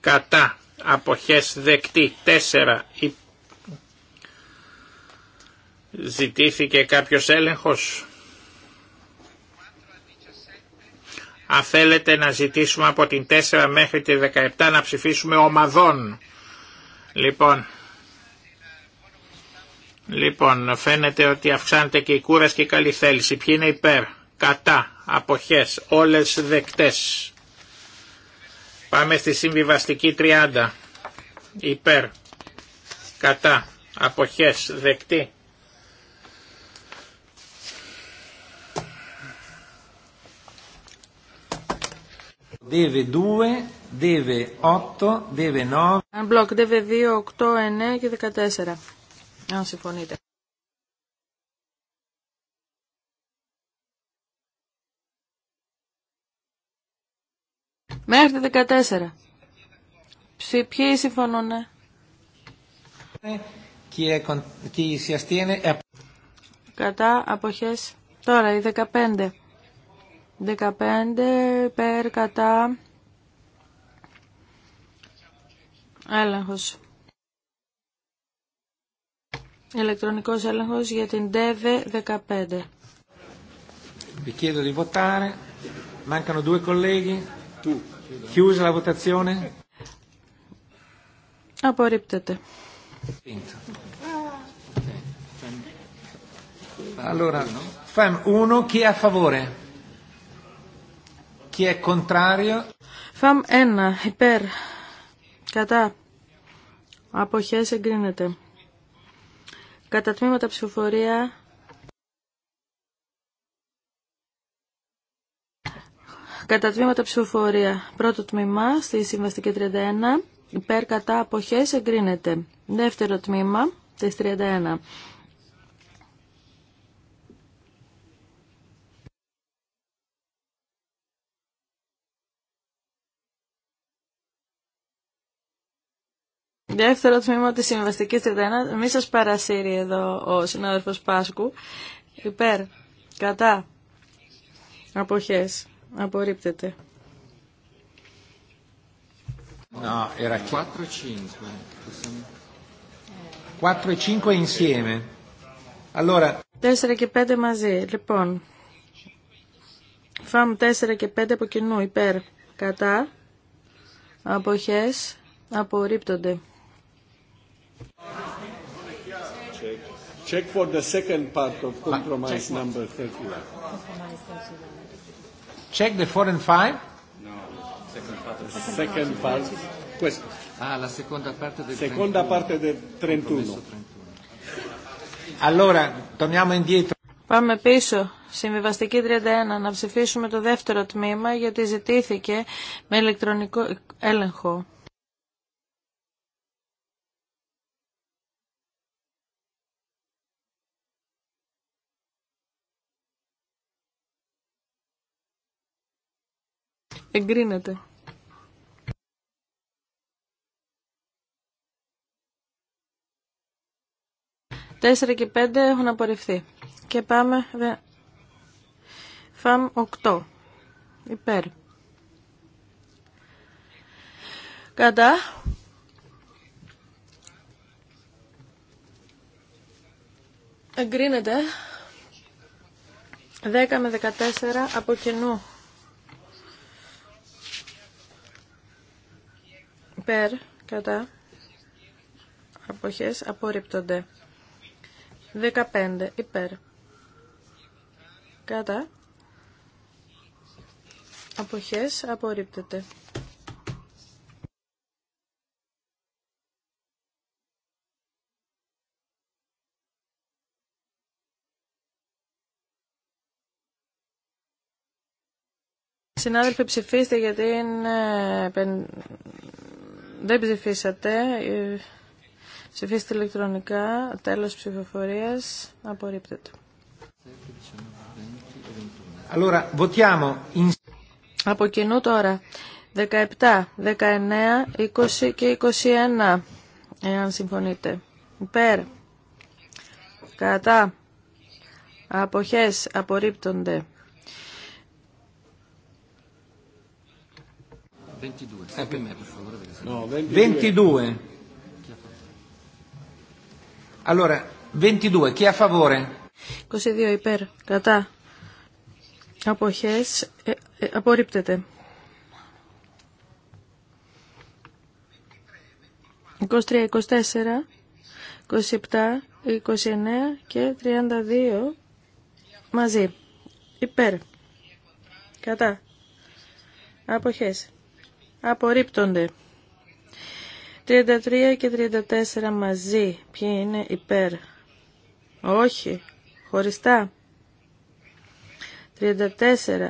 κατά, αποχές δεκτή, 4 υπέρ Ζητήθηκε κάποιος έλεγχος. Αν θέλετε να ζητήσουμε από την 4 μέχρι τη 17 να ψηφίσουμε ομαδών. Λοιπόν, λοιπόν φαίνεται ότι αυξάνεται και η κούρα και η καλή θέληση. Ποιοι είναι υπέρ, κατά, αποχές, όλες δεκτές. Πάμε στη συμβιβαστική 30. Υπέρ, κατά, αποχές, δεκτή. Deve 2, deve 8, deve 9. Αν μπλοκ, deve 2, 8, 9 και 14. Αν συμφωνείτε. Μέχρι τα 14. ποιοι συμφωνούν. Ναι. Ε, Κατά αποχές. Τώρα οι 15. 15 υπέρ κατά έλεγχος. Ηλεκτρονικός έλεγχος για την DEV 15. Vi chiedo di votare. Mancano due colleghi. Tu. Chiusa la votazione. Απορρίπτεται. Allora, fam 1 chi è a favore? Chi è contrario? Φαμ 1. Υπέρ. Κατά. Αποχές εγκρίνεται. Κατά τμήματα ψηφοφορία Κατά τμήματα ψηφοφορία. Πρώτο τμήμα στη Συμβαστική 31. Υπέρ κατά αποχές εγκρίνεται. Δεύτερο τμήμα της 31. δεύτερο τμήμα της συμβαστικής 31, μη σας παρασύρει εδώ ο συνάδελφος Πάσκου, υπέρ, κατά, αποχές, απορρίπτεται. No, era 4 e 5. 4 e 5 insieme. Allora... 4 και 5 μαζί, λοιπόν. Φαμ 4 e 5 από κοινού, υπέρ, κατά, αποχές, απορρίπτονται. Check for the second part of compromise number 31. Check the four and five? No, second part. Second part. Questo. Ah, la seconda parte del Seconda parte del 31. Allora, torniamo indietro. Πάμε πίσω. Συμβιβαστική 31. Να ψηφίσουμε το δεύτερο τμήμα γιατί ζητήθηκε με ηλεκτρονικό έλεγχο. Εγκρίνεται. 4 και πέντε έχουν απορριφθεί. Και πάμε... Φαμ 8. Υπέρ. Κατά. Εγκρίνεται. 10 με 14 από κοινού. υπέρ, κατά, αποχές απορρίπτονται. 15 υπέρ, κατά, αποχές απορρίπτονται. Συνάδελφοι, ψηφίστε γιατί είναι δεν ψηφίσατε. Ε, ψηφίστε ηλεκτρονικά. Τέλος ψηφοφορίας. Απορρίπτεται. Allora, Από κοινού τώρα. 17, 19, 20 και 21. Εάν συμφωνείτε. Υπέρ. Κατά. Αποχές απορρίπτονται. 22, eh, sempre me per favore. No, 22. Allora, 22, chi è a favore? 22 υπέρ, κατά. Αποχές, ε, ε, απορρίπτεται. 23, 24, 27, 29 και 32 μαζί. Υπέρ. Κατά. Αποχές απορρίπτονται. 33 και 34 μαζί. Ποιοι είναι υπέρ. Όχι. Χωριστά. 34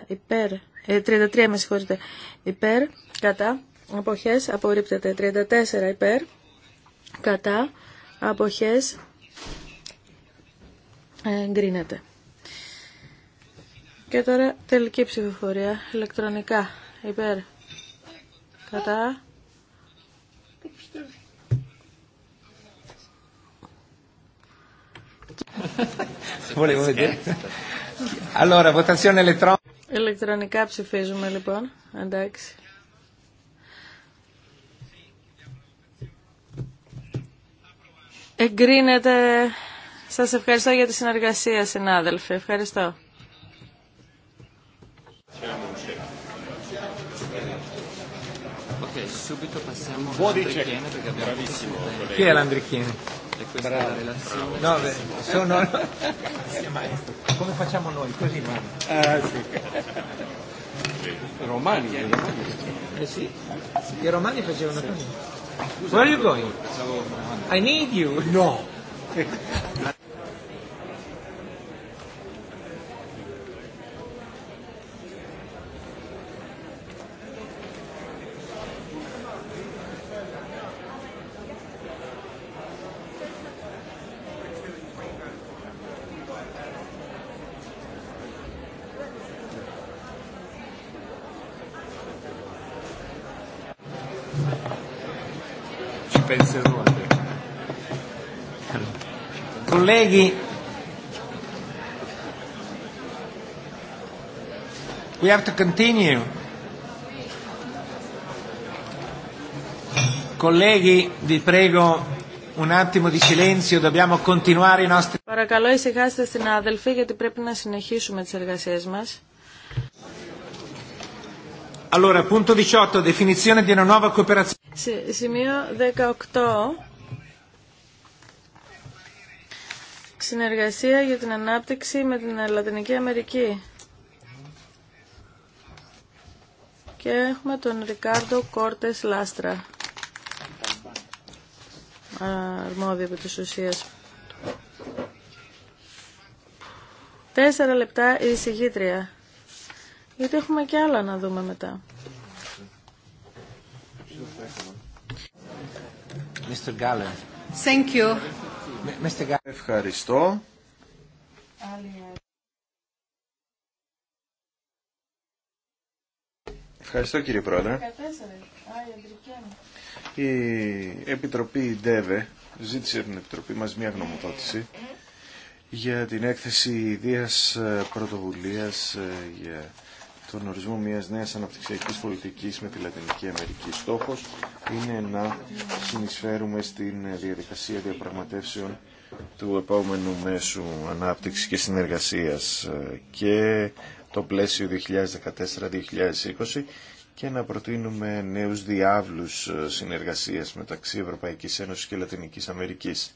υπέρ. Ε, 33 με συγχωρείτε. Υπέρ. Κατά. Αποχές. Απορρίπτεται. 34 υπέρ. Κατά. Αποχές. Εγκρίνεται. Και τώρα τελική ψηφοφορία ηλεκτρονικά. Υπέρ. Κατά. ψηφίζουμε λοιπόν. Εντάξει. Εγκρίνεται. Σας ευχαριστώ για τη συνεργασία, συνάδελφοι. Ευχαριστώ. subito passiamo all'Andrichiene perché abbiamo Bravissimo, Chi è l'Andrichiene? E questa bravo, la relazione. No, beh, sono... Come facciamo noi? Così, ma... Ah, sì. Romani, i romani. Eh sì, i romani facevano così. Where are you going? I need you. No. colleghi, we have to continue. Colleghi, vi prego un attimo di silenzio, dobbiamo continuare i nostri... Παρακαλώ ησυχάστε συνάδελφοι γιατί πρέπει να συνεχίσουμε τις εργασίες μας. Allora, punto 18, definizione di una nuova cooperazione. Σημείο 18 συνεργασία για την ανάπτυξη με την Λατινική Αμερική. Και έχουμε τον Ρικάρντο Κόρτες Λάστρα. Αρμόδιο επί της ουσίας. Τέσσερα λεπτά η εισηγήτρια. Γιατί έχουμε και άλλα να δούμε μετά. Mr. Thank you. Ευχαριστώ. Ευχαριστώ κύριε Πρόεδρε. Η Επιτροπή ΔΕΒΕ ζήτησε από την Επιτροπή μας μια γνωμοδότηση για την έκθεση ιδίας ε, πρωτοβουλίας ε, για τον ορισμό μιας νέας αναπτυξιακής πολιτικής με τη Λατινική Αμερική. Στόχος είναι να συνεισφέρουμε στην διαδικασία διαπραγματεύσεων του επόμενου μέσου ανάπτυξης και συνεργασίας ε, και το πλαίσιο 2014-2020 και να προτείνουμε νέους διάβλους ε, συνεργασίας μεταξύ Ευρωπαϊκής Ένωσης και Λατινικής Αμερικής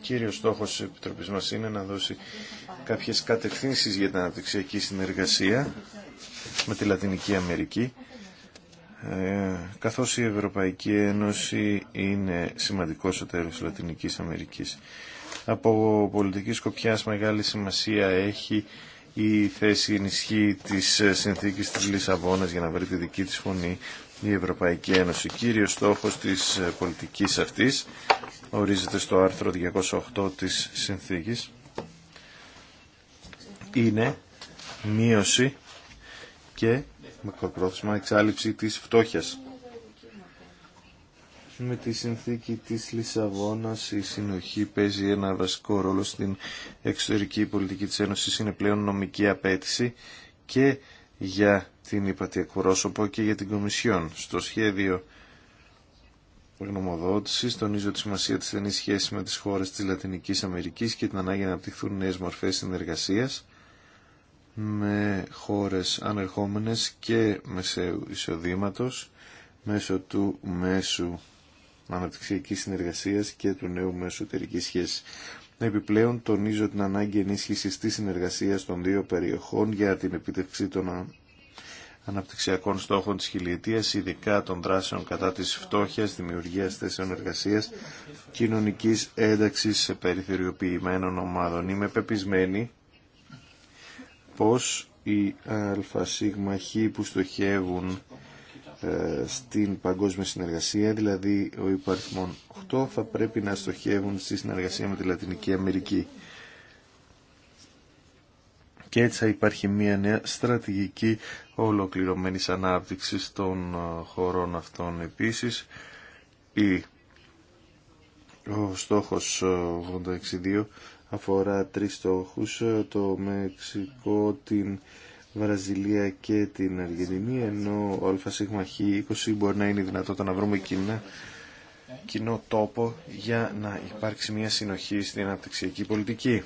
κύριος στόχος της Επιτροπής μας είναι να δώσει κάποιες κατευθύνσεις για την αναπτυξιακή συνεργασία με τη Λατινική Αμερική ε, καθώς η Ευρωπαϊκή Ένωση είναι σημαντικός εταίρος της Λατινικής Αμερικής. Από πολιτική σκοπιά μεγάλη σημασία έχει η θέση ενισχύ της συνθήκης της Λισαβόνας για να βρει τη δική της φωνή η Ευρωπαϊκή Ένωση. Κύριος στόχος της πολιτικής αυτής ορίζεται στο άρθρο 208 της συνθήκης είναι μείωση και μακροπρόθεσμα εξάλληψη της φτώχειας. Με τη συνθήκη της Λισαβόνας η συνοχή παίζει ένα βασικό ρόλο στην εξωτερική πολιτική της Ένωσης. Είναι πλέον νομική απέτηση και για την υπατιακό πρόσωπο και για την Κομισιόν. Στο σχέδιο τονίζω τη σημασία της ενίσχυσης με τις χώρες της Λατινικής Αμερικής και την ανάγκη να αναπτυχθούν νέες μορφές συνεργασία με χώρες ανερχόμενε και μεσαίου εισοδήματο μέσω του μέσου αναπτυξιακή συνεργασία και του νέου μέσου εταιρική σχέση. Επιπλέον τονίζω την ανάγκη ενίσχυση της συνεργασία των δύο περιοχών για την επίτευξη των αναπτυξιακών στόχων της χιλιετίας, ειδικά των δράσεων κατά της φτώχειας, δημιουργίας θέσεων εργασίας, κοινωνικής ένταξης σε περιθωριοποιημένων ομάδων. Είμαι πεπισμένη πως οι αλφασίγμαχοί που στοχεύουν ε, στην παγκόσμια συνεργασία, δηλαδή ο υπαριθμόν 8, θα πρέπει να στοχεύουν στη συνεργασία με τη Λατινική Αμερική. Και έτσι θα υπάρχει μια νέα στρατηγική ολοκληρωμένης ανάπτυξης των ε, χωρών αυτών επίσης ή ο στόχος 86.2 ε, αφορά τρεις στόχους ε, το Μεξικό, την Βραζιλία και την Αργεντινή ενώ ο ΑΣΧ 20 μπορεί να είναι δυνατότητα να βρούμε κοινά κοινό τόπο για να υπάρξει μια συνοχή στην αναπτυξιακή πολιτική.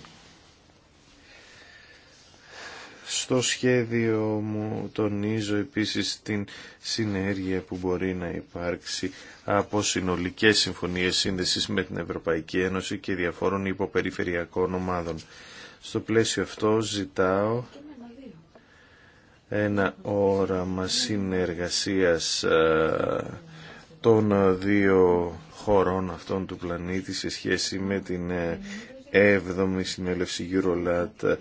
Στο σχέδιο μου τονίζω επίσης την συνέργεια που μπορεί να υπάρξει από συνολικές συμφωνίες σύνδεσης με την Ευρωπαϊκή Ένωση και διαφόρων υποπεριφερειακών ομάδων. Στο πλαίσιο αυτό ζητάω ένα όραμα συνεργασίας ε, των δύο χωρών αυτών του πλανήτη σε σχέση με την 7η ε, συνέλευση Eurolat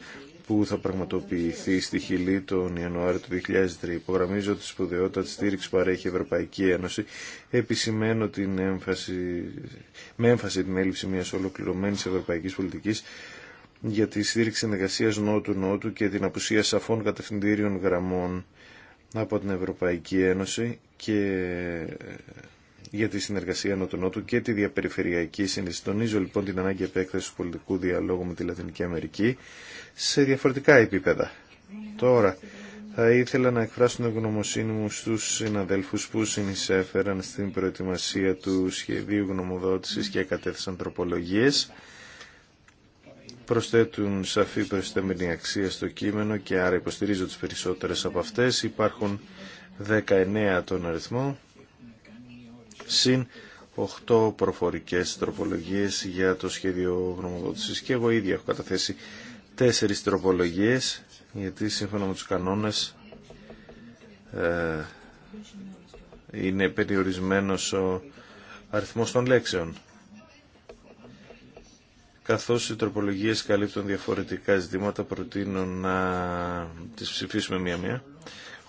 που θα πραγματοποιηθεί στη Χιλή τον Ιανουάριο του 2003. Υπογραμμίζω τη σπουδαιότητα τη στήριξη που παρέχει η Ευρωπαϊκή Ένωση. Επισημαίνω την έμφαση, με έμφαση την έλλειψη μιας ολοκληρωμένη ευρωπαϊκής πολιτικής για τη στηριξη συνεργασια συνεργασίας Νότου-Νότου και την απουσία σαφών κατευθυντήριων γραμμών από την Ευρωπαϊκή Ένωση και για τη συνεργασία Νότου-Νότου και τη διαπεριφερειακή σύνδεση. Τονίζω λοιπόν την ανάγκη επέκταση του πολιτικού διαλόγου με τη Λατινική Αμερική σε διαφορετικά επίπεδα. Τώρα, θα ήθελα να εκφράσω την ευγνωμοσύνη μου στους συναδέλφους που συνεισέφεραν στην προετοιμασία του σχεδίου γνωμοδότησης και κατέθεσαν τροπολογίες. Προσθέτουν σαφή προσθέμενη αξία στο κείμενο και άρα υποστηρίζω τις περισσότερες από αυτές. Υπάρχουν 19 τον αριθμό συν 8 προφορικές τροπολογίες για το σχέδιο γνωμοδότησης και εγώ ίδια έχω καταθέσει 4 τροπολογίες γιατί σύμφωνα με τους κανόνες ε, είναι περιορισμένος ο αριθμός των λέξεων καθώς οι τροπολογίες καλύπτουν διαφορετικά ζητήματα προτείνω να τις ψηφίσουμε μία-μία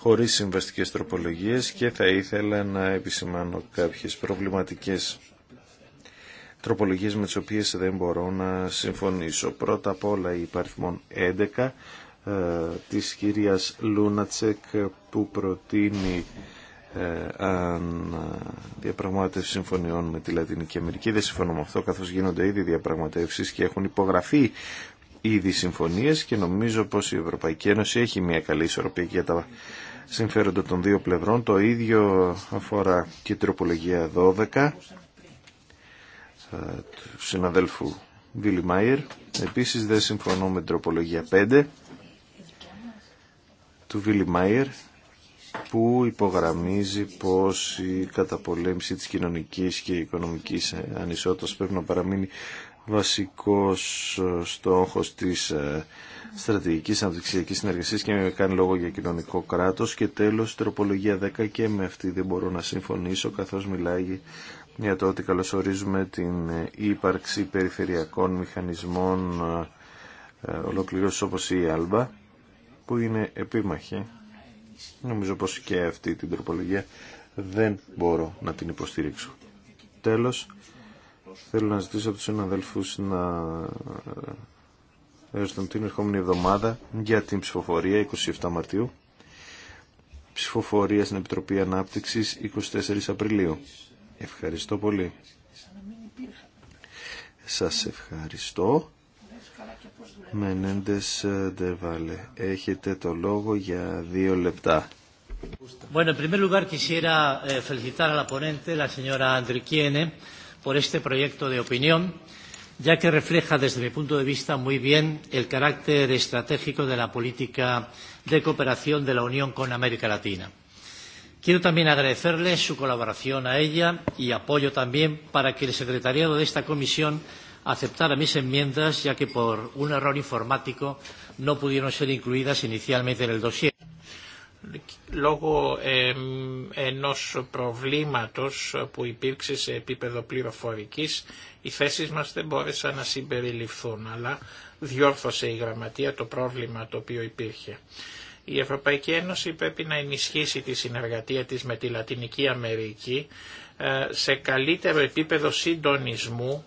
χωρίς συμβαστικές τροπολογίες και θα ήθελα να επισημάνω κάποιες προβληματικές τροπολογίες με τις οποίες δεν μπορώ να συμφωνήσω. Πρώτα απ' όλα η υπαριθμόν 11 ε, της κυρίας Λούνατσεκ που προτείνει ε, αν διαπραγμάτευση συμφωνιών με τη Λατινική Αμερική. Δεν συμφωνώ με αυτό καθώς γίνονται ήδη διαπραγματεύσεις και έχουν υπογραφεί ήδη συμφωνίες και νομίζω πως η Ευρωπαϊκή Ένωση έχει μια καλή ισορροπία για τα συμφέροντα των δύο πλευρών. Το ίδιο αφορά και τροπολογία 12 ε, του συναδέλφου Βίλι Μάιερ. Επίσης δεν συμφωνώ με την τροπολογία 5 του Βίλι Μάιερ που υπογραμμίζει πως η καταπολέμηση της κοινωνικής και οικονομικής ανισότητας πρέπει να παραμείνει βασικός ε, στόχος της ε, στρατηγικής αναπτυξιακής συνεργασίας και με κάνει λόγο για κοινωνικό κράτος και τέλος τροπολογία 10 και με αυτή δεν μπορώ να συμφωνήσω καθώς μιλάει για το ότι καλωσορίζουμε την ε, ύπαρξη περιφερειακών μηχανισμών ολοκληρώσει όπως η ΑΛΜΑ που είναι επίμαχη νομίζω πως και αυτή την τροπολογία δεν μπορώ να την υποστηρίξω τέλος Θέλω να ζητήσω από τους συναδέλφους να ε, έρθουν την ερχόμενη εβδομάδα για την ψηφοφορία 27 Μαρτίου. Ψηφοφορία στην Επιτροπή Ανάπτυξης 24 Απριλίου. Ευχαριστώ πολύ. Σας ευχαριστώ. Μενέντες ε, Ντεβάλε, έχετε το λόγο για δύο λεπτά. Bueno, en primer lugar quisiera eh, felicitar a la la señora Andriquiene, por este proyecto de opinión, ya que refleja desde mi punto de vista muy bien el carácter estratégico de la política de cooperación de la Unión con América Latina. Quiero también agradecerle su colaboración a ella y apoyo también para que el secretariado de esta comisión aceptara mis enmiendas, ya que por un error informático no pudieron ser incluidas inicialmente en el dossier λόγω ε, ενός προβλήματος που υπήρξε σε επίπεδο πληροφορικής οι θέσεις μας δεν μπόρεσαν να συμπεριληφθούν αλλά διόρθωσε η γραμματεία το πρόβλημα το οποίο υπήρχε. Η Ευρωπαϊκή Ένωση πρέπει να ενισχύσει τη συνεργατία της με τη Λατινική Αμερική ε, σε καλύτερο επίπεδο συντονισμού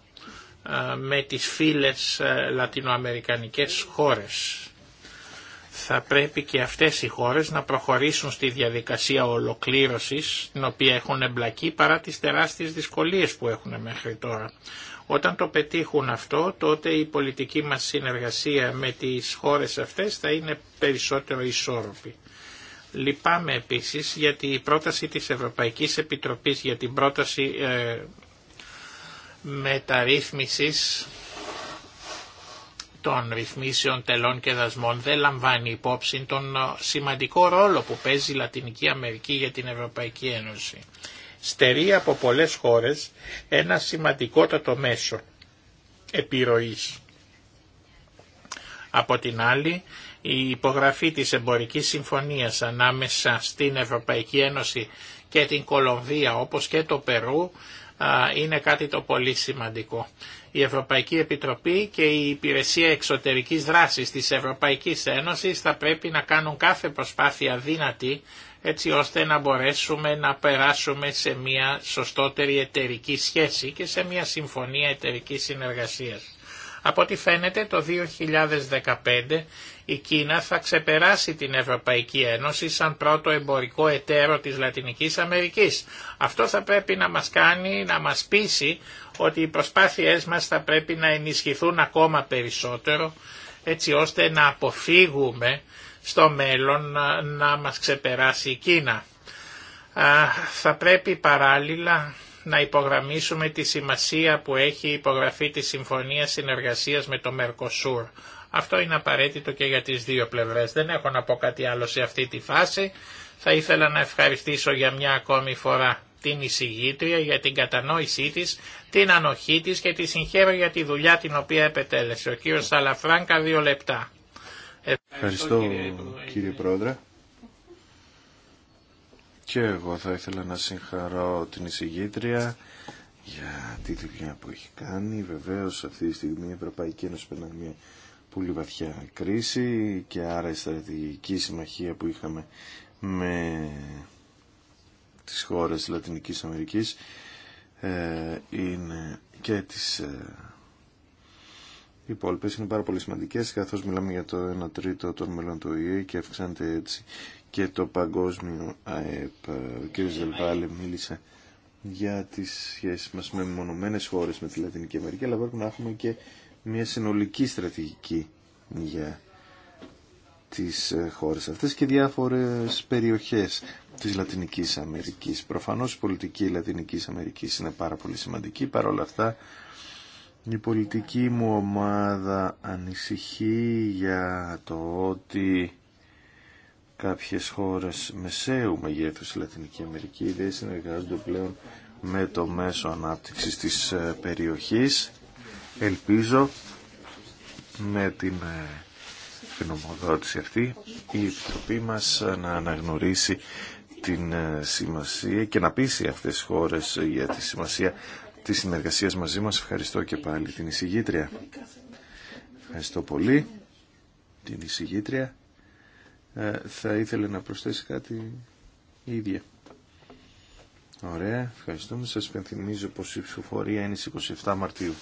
ε, με τις φίλες ε, λατινοαμερικανικές χώρες θα πρέπει και αυτές οι χώρες να προχωρήσουν στη διαδικασία ολοκλήρωσης την οποία έχουν εμπλακεί παρά τις τεράστιες δυσκολίες που έχουν μέχρι τώρα. Όταν το πετύχουν αυτό τότε η πολιτική μας συνεργασία με τις χώρες αυτές θα είναι περισσότερο ισόρροπη. Λυπάμαι επίσης γιατί η πρόταση της Ευρωπαϊκής Επιτροπής για την πρόταση ε, μεταρρύθμισης των ρυθμίσεων τελών και δασμών δεν λαμβάνει υπόψη τον ε, σημαντικό ρόλο που παίζει η Λατινική Αμερική για την Ευρωπαϊκή Ένωση. Στερεί από πολλές χώρες ένα σημαντικότατο μέσο επιρροής. Από την άλλη, η υπογραφή της εμπορικής συμφωνίας ανάμεσα στην Ευρωπαϊκή Ένωση και την Κολομβία όπως και το Περού είναι κάτι το πολύ σημαντικό. Η Ευρωπαϊκή Επιτροπή και η Υπηρεσία Εξωτερικής Δράσης της Ευρωπαϊκής Ένωσης θα πρέπει να κάνουν κάθε προσπάθεια δύνατη έτσι ώστε να μπορέσουμε να περάσουμε σε μια σωστότερη εταιρική σχέση και σε μια συμφωνία εταιρικής συνεργασίας. Από ό,τι φαίνεται το 2015 η Κίνα θα ξεπεράσει την Ευρωπαϊκή Ένωση σαν πρώτο εμπορικό εταίρο της Λατινικής Αμερικής. Αυτό θα πρέπει να μας κάνει να μας πείσει ότι οι προσπάθειές μας θα πρέπει να ενισχυθούν ακόμα περισσότερο έτσι ώστε να αποφύγουμε στο μέλλον να, μας ξεπεράσει η Κίνα. θα πρέπει παράλληλα να υπογραμμίσουμε τη σημασία που έχει η υπογραφή συμφωνία Συμφωνίας Συνεργασίας με το Μερκοσούρ. Αυτό είναι απαραίτητο και για τις δύο πλευρές. Δεν έχω να πω κάτι άλλο σε αυτή τη φάση. Θα ήθελα να ευχαριστήσω για μια ακόμη φορά την εισηγήτρια για την κατανόησή της, την ανοχή της και τη συγχαίρω για τη δουλειά την οποία επετέλεσε. Ο κύριος Σαλαφράνκα, δύο λεπτά. Ευχαριστώ, κύριε, κύριε Πρόεδρε. Και εγώ θα ήθελα να συγχαρώ την εισηγήτρια για τη δουλειά που έχει κάνει. Βεβαίως αυτή τη στιγμή η Ευρωπαϊκή Ένωση περνάει μια πολύ βαθιά κρίση και άρα η στρατηγική συμμαχία που είχαμε με τις χώρες της Λατινικής Αμερικής ε, είναι και τις ε, οι είναι πάρα πολύ σημαντικές καθώς μιλάμε για το 1 τρίτο των μελών του ΟΗΕ και αυξάνεται έτσι και το παγκόσμιο ΑΕΠ. Ο κ. Ζελβάλε μίλησε για τις σχέσει μας με μονομενες χώρες με τη Λατινική Αμερική, αλλά πρέπει να έχουμε και μια συνολική στρατηγική για τις ε, χώρες αυτές και διάφορες περιοχές της Λατινικής Αμερικής. Προφανώς η πολιτική Λατινικής Αμερικής είναι πάρα πολύ σημαντική. Παρ' όλα αυτά η πολιτική μου ομάδα ανησυχεί για το ότι κάποιες χώρες μεσαίου μεγέθους στη Λατινική Αμερική δεν συνεργάζονται πλέον με το μέσο ανάπτυξης της ε, περιοχής. Ελπίζω με την ε, την ομοδότηση αυτή η Επιτροπή μας να αναγνωρίσει την ε, σημασία και να πείσει αυτές τις χώρες για τη σημασία της συνεργασίας μαζί μας. Ευχαριστώ και πάλι την εισηγήτρια. Ευχαριστώ πολύ την εισηγήτρια. Ε, θα ήθελε να προσθέσει κάτι η ίδια. Ωραία, ευχαριστούμε. Σας πενθυμίζω πως η ψηφοφορία είναι στις 27 Μαρτίου.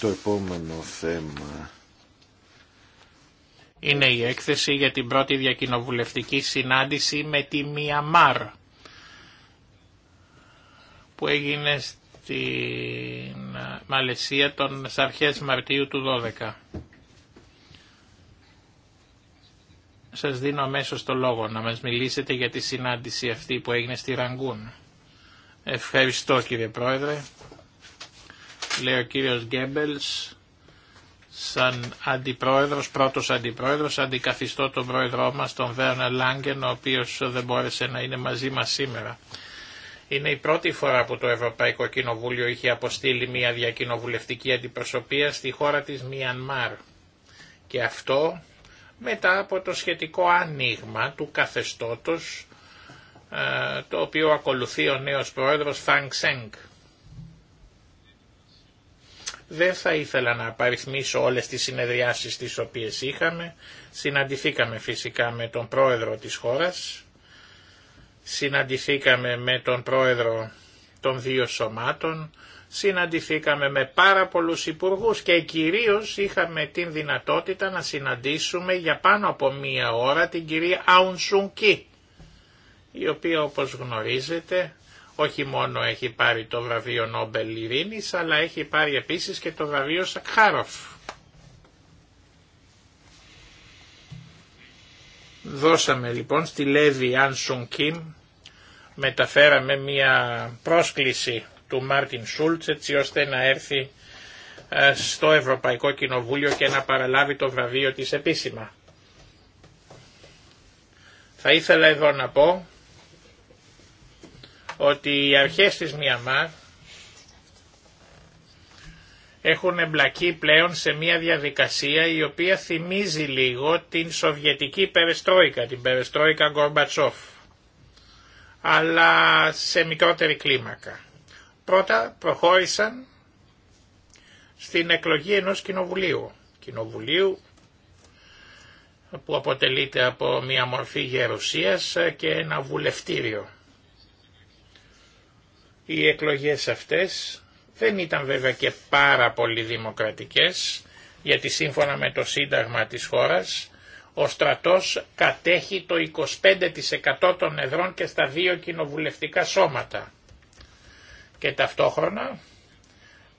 Το επόμενο θέμα είναι η έκθεση για την πρώτη διακοινοβουλευτική συνάντηση με τη Μιαμάρ που έγινε στη Μαλαισία των αρχές Μαρτίου του 12. Σας δίνω αμέσω το λόγο να μας μιλήσετε για τη συνάντηση αυτή που έγινε στη Ραγκούν. Ευχαριστώ κύριε Πρόεδρε λέει ο κύριος Γκέμπελς, σαν αντιπρόεδρος, πρώτος αντιπρόεδρος, αντικαθιστώ τον πρόεδρό μας, τον Βέρνα Λάγκεν, ο οποίος δεν μπόρεσε να είναι μαζί μας σήμερα. Είναι η πρώτη φορά που το Ευρωπαϊκό Κοινοβούλιο είχε αποστείλει μια διακοινοβουλευτική αντιπροσωπεία στη χώρα της Μιανμάρ. Και αυτό μετά από το σχετικό άνοιγμα του καθεστώτος, ε, το οποίο ακολουθεί ο νέος πρόεδρος Φανξέγκ. Δεν θα ήθελα να απαριθμίσω όλες τις συνεδριάσεις τις οποίες είχαμε. Συναντηθήκαμε φυσικά με τον πρόεδρο της χώρας, συναντηθήκαμε με τον πρόεδρο των δύο σωμάτων, συναντηθήκαμε με πάρα πολλούς υπουργούς και κυρίως είχαμε την δυνατότητα να συναντήσουμε για πάνω από μία ώρα την κυρία Αουνσουνκή, η οποία όπως γνωρίζετε όχι μόνο έχει πάρει το βραβείο Νόμπελ Ειρήνης, αλλά έχει πάρει επίσης και το βραβείο Σακχάροφ. Δώσαμε λοιπόν στη Λέβη Αν Σουν Κιμ, μεταφέραμε μια πρόσκληση του Μάρτιν Σούλτς έτσι ώστε να έρθει ε, στο Ευρωπαϊκό Κοινοβούλιο και να παραλάβει το βραβείο της επίσημα. Θα ήθελα εδώ να πω ότι οι αρχές της Μιαμάρ έχουν εμπλακεί πλέον σε μια διαδικασία η οποία θυμίζει λίγο την σοβιετική περεστρόικα, την περεστρόικα Γκορμπατσόφ, αλλά σε μικρότερη κλίμακα. Πρώτα προχώρησαν στην εκλογή ενός κοινοβουλίου, κοινοβουλίου που αποτελείται από μια μορφή γερουσίας και ένα βουλευτήριο. Οι εκλογές αυτές δεν ήταν βέβαια και πάρα πολύ δημοκρατικές, γιατί σύμφωνα με το Σύνταγμα της χώρας, ο στρατός κατέχει το 25% των εδρών και στα δύο κοινοβουλευτικά σώματα. Και ταυτόχρονα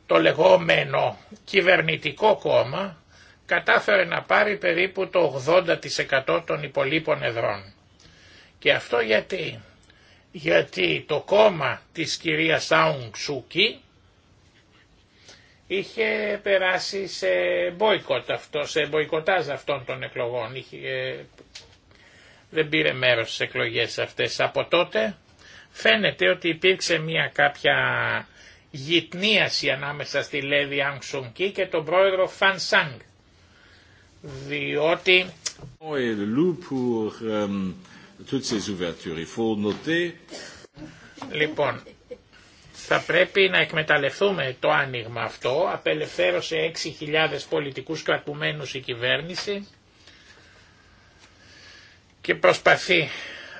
το λεγόμενο κυβερνητικό κόμμα κατάφερε να πάρει περίπου το 80% των υπολείπων εδρών. Και αυτό γιατί γιατί το κόμμα της κυρίας Σάουν είχε περάσει σε μποϊκοτ αυτό, σε μποϊκοτάζ αυτών των εκλογών. Ε, δεν πήρε μέρος στις εκλογές αυτές. Από τότε φαίνεται ότι υπήρξε μια κάποια γυτνίαση ανάμεσα στη Λέδη Αουνξούκη και τον πρόεδρο Φαν Σάνγκ. Διότι... Λοιπόν, θα πρέπει να εκμεταλλευτούμε το άνοιγμα αυτό. Απελευθέρωσε 6.000 πολιτικούς κρατουμένους η κυβέρνηση και προσπαθεί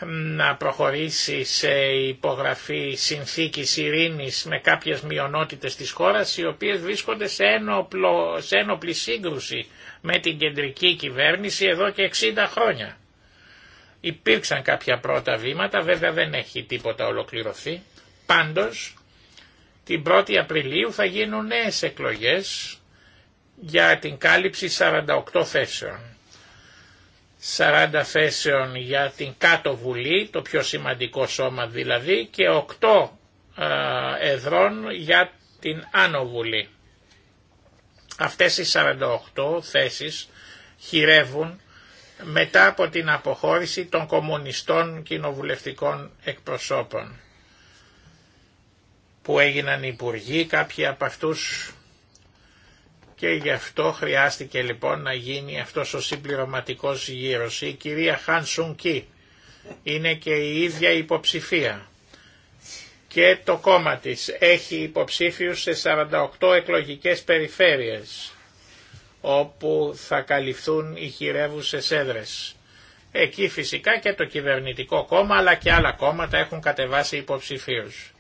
να προχωρήσει σε υπογραφή συνθήκης ειρήνης με κάποιες μειονότητες της χώρας οι οποίες βρίσκονται σε, ένοπλο, σε ένοπλη σύγκρουση με την κεντρική κυβέρνηση εδώ και 60 χρόνια. Υπήρξαν κάποια πρώτα βήματα, βέβαια δεν έχει τίποτα ολοκληρωθεί. Πάντως, την 1η Απριλίου θα γίνουν νέες εκλογές για την κάλυψη 48 θέσεων. 40 θέσεων για την κάτω βουλή, το πιο σημαντικό σώμα δηλαδή, και 8 ε, εδρών για την άνω βουλή. Αυτές οι 48 θέσεις χειρεύουν μετά από την αποχώρηση των κομμουνιστών κοινοβουλευτικών εκπροσώπων που έγιναν υπουργοί κάποιοι από αυτούς και γι' αυτό χρειάστηκε λοιπόν να γίνει αυτός ο συμπληρωματικός γύρος. Η κυρία Χάν Σουν Κι είναι και η ίδια υποψηφία και το κόμμα της έχει υποψήφιους σε 48 εκλογικές περιφέρειες όπου θα καλυφθούν οι χειρεύουσες έδρες. Εκεί φυσικά και το κυβερνητικό κόμμα αλλά και άλλα κόμματα έχουν κατεβάσει υποψηφίους.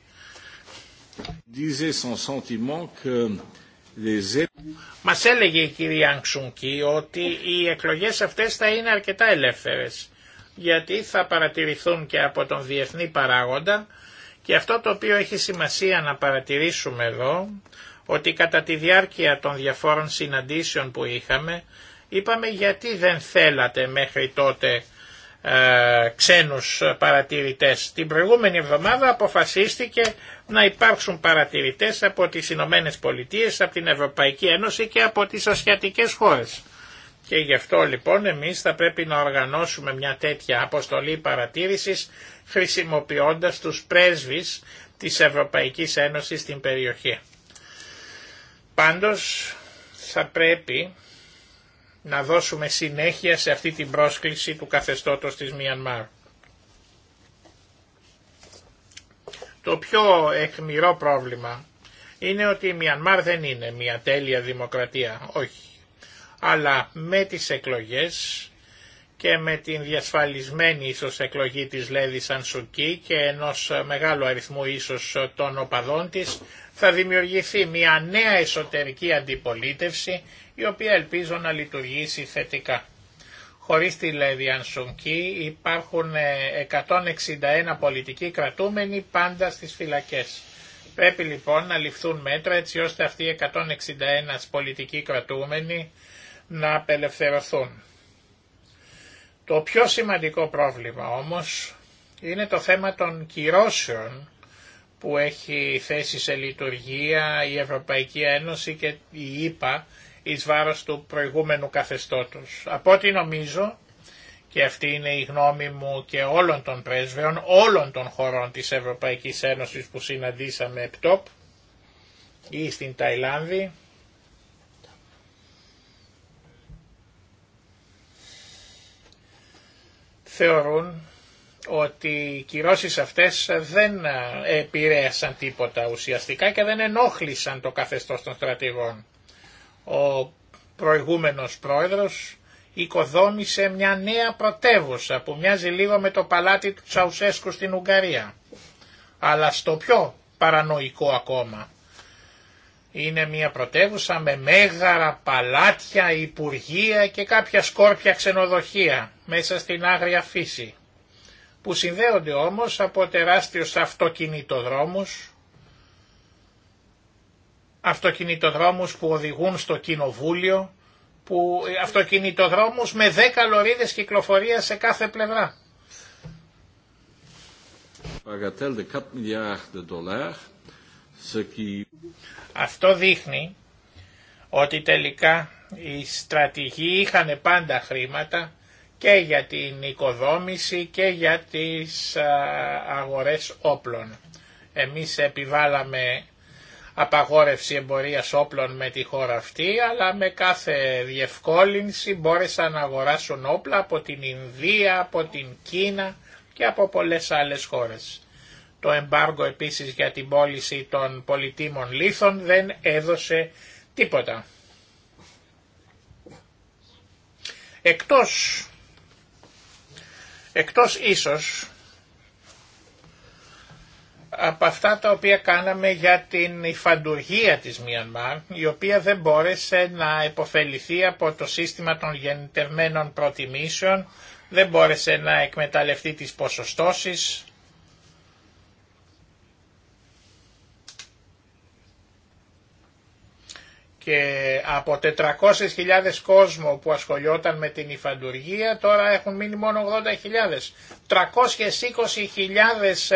Μας έλεγε η κυρία Αγξουνκή ότι οι εκλογές αυτές θα είναι αρκετά ελεύθερες γιατί θα παρατηρηθούν και από τον διεθνή παράγοντα και αυτό το οποίο έχει σημασία να παρατηρήσουμε εδώ ότι κατά τη διάρκεια των διαφόρων συναντήσεων που είχαμε είπαμε γιατί δεν θέλατε μέχρι τότε ε, ξένους παρατηρητές. Την προηγούμενη εβδομάδα αποφασίστηκε να υπάρξουν παρατηρητές από τις Ηνωμένε Πολιτείες, από την Ευρωπαϊκή Ένωση και από τις ασιατικές χώρες. Και γι' αυτό λοιπόν εμείς θα πρέπει να οργανώσουμε μια τέτοια αποστολή παρατήρησης χρησιμοποιώντας τους πρέσβεις της Ευρωπαϊκής Ένωσης στην περιοχή. Πάντως θα πρέπει να δώσουμε συνέχεια σε αυτή την πρόσκληση του καθεστώτος της Μιανμάρ. Το πιο εχμηρό πρόβλημα είναι ότι η Μιανμάρ δεν είναι μια τέλεια δημοκρατία, όχι. Αλλά με τις εκλογές και με την διασφαλισμένη ίσως εκλογή της Λέδη Σανσουκή και ενός μεγάλου αριθμού ίσως των οπαδών της θα δημιουργηθεί μια νέα εσωτερική αντιπολίτευση η οποία ελπίζω να λειτουργήσει θετικά. Χωρίς τη σουνκή υπάρχουν 161 ε, πολιτικοί κρατούμενοι πάντα στις φυλακές. Πρέπει λοιπόν να ληφθούν μέτρα έτσι ώστε αυτοί οι 161 πολιτικοί κρατούμενοι να απελευθερωθούν. Το πιο σημαντικό πρόβλημα όμως είναι το θέμα των κυρώσεων που έχει θέσει σε λειτουργία η Ευρωπαϊκή Ένωση και η ΕΠΑ εις βάρος του προηγούμενου καθεστώτος. Από ό,τι νομίζω, και αυτή είναι η γνώμη μου και όλων των πρέσβεων, όλων των χωρών της Ευρωπαϊκής Ένωσης που συναντήσαμε επτόπ ή στην Ταϊλάνδη, θεωρούν ότι οι κυρώσεις αυτές δεν επηρέασαν τίποτα ουσιαστικά και δεν ενόχλησαν το καθεστώς των στρατηγών. Ο προηγούμενος πρόεδρος οικοδόμησε μια νέα πρωτεύουσα που μοιάζει λίγο με το παλάτι του Τσαουσέσκου στην Ουγγαρία, αλλά στο πιο παρανοϊκό ακόμα. Είναι μια πρωτεύουσα με μέγαρα, παλάτια, υπουργεία και κάποια σκόρπια ξενοδοχεία μέσα στην άγρια φύση που συνδέονται όμως από τεράστιους αυτοκινητοδρόμους, αυτοκινητοδρόμους που οδηγούν στο κοινοβούλιο, που ε, αυτοκινητοδρόμους με 10 λωρίδες κυκλοφορίας σε κάθε πλευρά. Αυτό δείχνει ότι τελικά οι στρατηγοί είχαν πάντα χρήματα και για την οικοδόμηση και για τις αγορές όπλων. Εμείς επιβάλαμε απαγόρευση εμπορίας όπλων με τη χώρα αυτή, αλλά με κάθε διευκόλυνση μπόρεσαν να αγοράσουν όπλα από την Ινδία, από την Κίνα και από πολλές άλλες χώρες. Το εμπάργκο επίσης για την πώληση των πολιτήμων λίθων δεν έδωσε τίποτα. Εκτός Εκτός ίσως από αυτά τα οποία κάναμε για την υφαντουργία της Μιανμάρ, η οποία δεν μπόρεσε να επωφεληθεί από το σύστημα των γεννητευμένων προτιμήσεων, δεν μπόρεσε να εκμεταλλευτεί τις ποσοστώσεις, και από 400.000 κόσμο που ασχολιόταν με την υφαντουργία τώρα έχουν μείνει μόνο 80.000. 320.000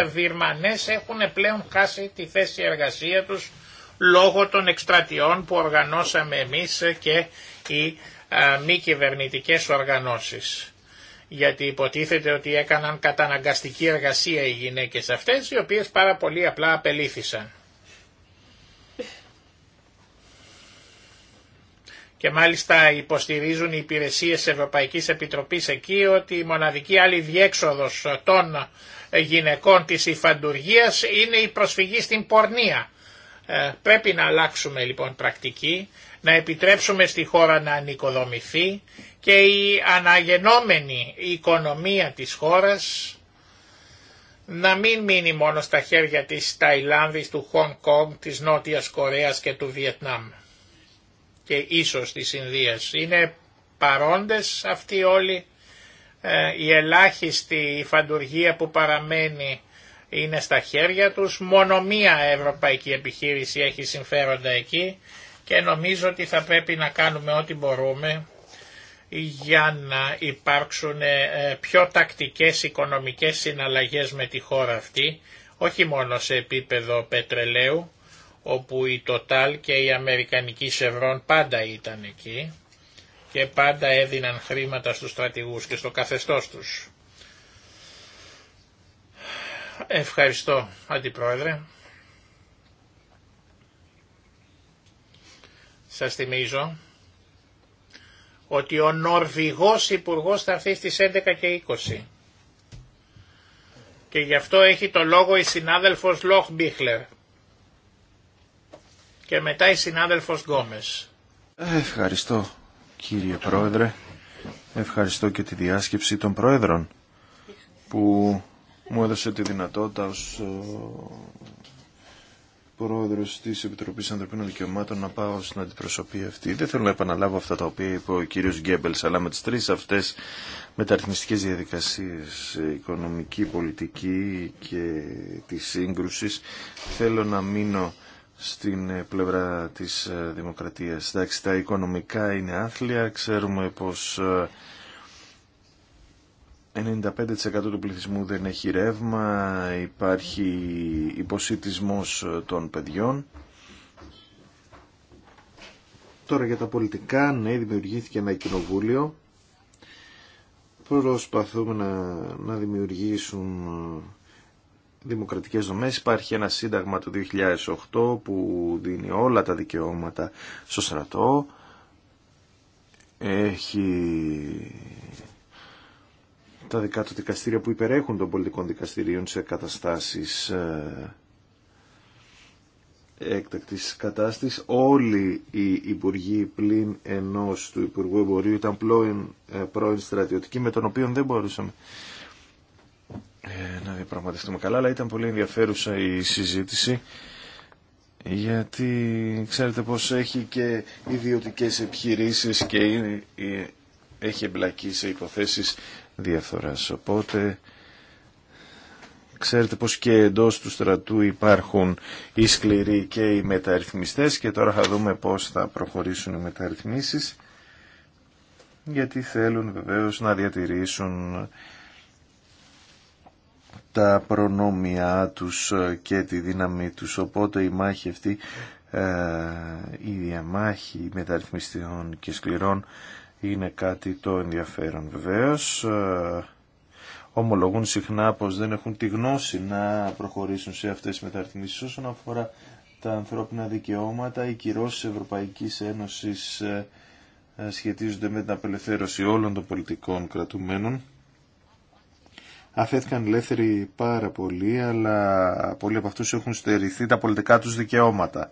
Βιρμανές έχουν πλέον χάσει τη θέση εργασία τους λόγω των εκστρατιών που οργανώσαμε εμείς και οι α, μη κυβερνητικέ οργανώσεις. Γιατί υποτίθεται ότι έκαναν καταναγκαστική εργασία οι γυναίκες αυτές οι οποίες πάρα πολύ απλά απελήθησαν. και μάλιστα υποστηρίζουν οι υπηρεσίες Ευρωπαϊκής Επιτροπής εκεί ότι η μοναδική άλλη διέξοδος των γυναικών της υφαντουργίας είναι η προσφυγή στην πορνεία. Ε, πρέπει να αλλάξουμε λοιπόν πρακτική, να επιτρέψουμε στη χώρα να ανοικοδομηθεί και η αναγενόμενη οικονομία της χώρας να μην μείνει μόνο στα χέρια της Ταϊλάνδης, του Χονγκ Κόνγκ, της Νότιας Κορέας και του Βιετνάμ και ίσως της Ινδίας. Είναι παρόντες αυτοί όλοι, ε, η ελάχιστη φαντουργία που παραμένει είναι στα χέρια τους, μόνο μία ευρωπαϊκή επιχείρηση έχει συμφέροντα εκεί και νομίζω ότι θα πρέπει να κάνουμε ό,τι μπορούμε για να υπάρξουν ε, πιο τακτικές οικονομικές συναλλαγές με τη χώρα αυτή, όχι μόνο σε επίπεδο πετρελαίου, όπου η Total και η Αμερικανική Σευρών πάντα ήταν εκεί και πάντα έδιναν χρήματα στους στρατηγούς και στο καθεστώς τους. Ευχαριστώ, Αντιπρόεδρε. Σας θυμίζω ότι ο Νορβηγός Υπουργός θα έρθει στις 11 και 20. Και γι' αυτό έχει το λόγο η συνάδελφος Λόχ Μπίχλερ. Και μετά η συνάδελφος Γκόμες. Ευχαριστώ κύριε Πρόεδρε. Ευχαριστώ και τη διάσκεψη των Πρόεδρων που μου έδωσε τη δυνατότητα ως ε, Πρόεδρος της Επιτροπής Ανθρωπίνων Δικαιωμάτων να πάω στην αντιπροσωπή αυτή. Δεν θέλω να επαναλάβω αυτά τα οποία είπε ο κύριος Γκέμπελς, αλλά με τις τρεις αυτές μεταρρυθμιστικές διαδικασίες, οικονομική, πολιτική και τη σύγκρουση, θέλω να μείνω στην ε, πλευρά της ε, δημοκρατίας. Εντάξει, τα οικονομικά είναι άθλια, ξέρουμε πως 95% ε, του πληθυσμού δεν έχει ρεύμα, υπάρχει υποσυτισμός των παιδιών. Τώρα για τα πολιτικά, ναι, δημιουργήθηκε ένα κοινοβούλιο. Προσπαθούμε να, να δημιουργήσουν δημοκρατικές δομές υπάρχει ένα σύνταγμα του 2008 που δίνει όλα τα δικαιώματα στο στρατό έχει τα δικά του δικαστήρια που υπερέχουν των πολιτικών δικαστηρίων σε καταστάσεις ε, έκτακτης κατάστασης. Όλοι οι υπουργοί πλην ενός του Υπουργού Εμπορίου ήταν ε, πρώην στρατιωτικοί με τον οποίο δεν μπορούσαμε ε, να διαπραγματευτούμε καλά, αλλά ήταν πολύ ενδιαφέρουσα η συζήτηση γιατί ξέρετε πως έχει και ιδιωτικές επιχειρήσεις και ε, έχει εμπλακεί σε υποθέσεις διαφθοράς. Οπότε ξέρετε πως και εντός του στρατού υπάρχουν οι σκληροί και οι μεταρρυθμιστές και τώρα θα δούμε πως θα προχωρήσουν οι μεταρρυθμίσεις γιατί θέλουν βεβαίως να διατηρήσουν τα προνόμια τους και τη δύναμή τους. Οπότε η μάχη αυτή, ε, η διαμάχη μεταρρυθμιστικών και σκληρών είναι κάτι το ενδιαφέρον. Βεβαίως ε, ομολογούν συχνά πως δεν έχουν τη γνώση να προχωρήσουν σε αυτές τις μεταρρυθμίσεις όσον αφορά τα ανθρώπινα δικαιώματα, οι κυρώσεις Ευρωπαϊκής Ένωσης ε, σχετίζονται με την απελευθέρωση όλων των πολιτικών κρατουμένων αφέθηκαν ελεύθεροι πάρα πολλοί, αλλά πολλοί από αυτούς έχουν στερηθεί τα πολιτικά τους δικαιώματα.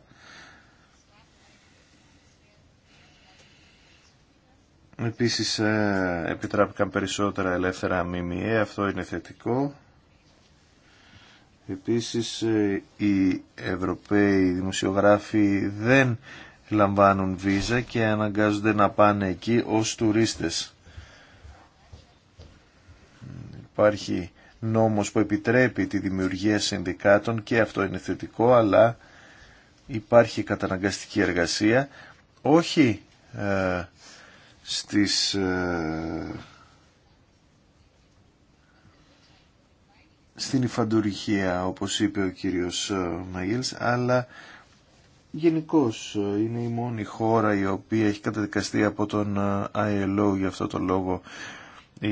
Επίσης ε, επιτράπηκαν περισσότερα ελεύθερα ΜΜΕ, αυτό είναι θετικό. Επίσης ε, οι Ευρωπαίοι δημοσιογράφοι δεν λαμβάνουν βίζα και αναγκάζονται να πάνε εκεί ως τουρίστες υπάρχει νόμος που επιτρέπει τη δημιουργία συνδικάτων και αυτό είναι θετικό, αλλά υπάρχει καταναγκαστική εργασία, όχι ε, ε, στην υφαντουργία, όπως είπε ο κύριος ε, Μαγίλς, αλλά Γενικώ είναι η μόνη χώρα η οποία έχει καταδικαστεί από τον ILO για αυτό το λόγο η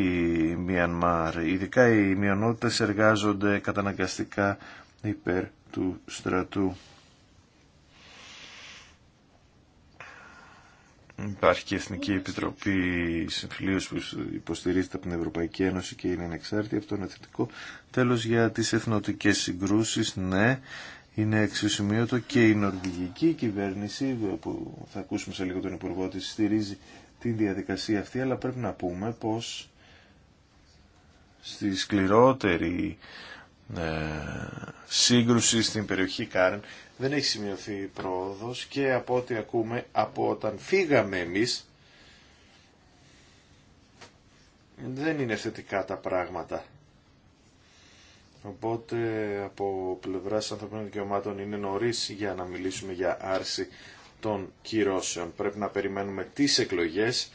Μιανμάρ. Ειδικά οι μειονότητες εργάζονται καταναγκαστικά υπέρ του στρατού. Υπάρχει και Εθνική Επιτροπή Συμφιλίου που υποστηρίζεται από την Ευρωπαϊκή Ένωση και είναι ανεξάρτητη. Αυτό είναι θετικό. Τέλος για τις εθνοτικές συγκρούσεις, ναι, είναι εξωσημείωτο και η νορβηγική κυβέρνηση που θα ακούσουμε σε λίγο τον Υπουργό της στηρίζει την διαδικασία αυτή, αλλά πρέπει να πούμε πως στη σκληρότερη ε, σύγκρουση στην περιοχή κάρεν δεν έχει σημειωθεί πρόοδος και από ό,τι ακούμε από όταν φύγαμε εμείς δεν είναι θετικά τα πράγματα. Οπότε από πλευράς ανθρωπίνων δικαιωμάτων είναι νωρίς για να μιλήσουμε για άρση των κυρώσεων. Πρέπει να περιμένουμε τις εκλογές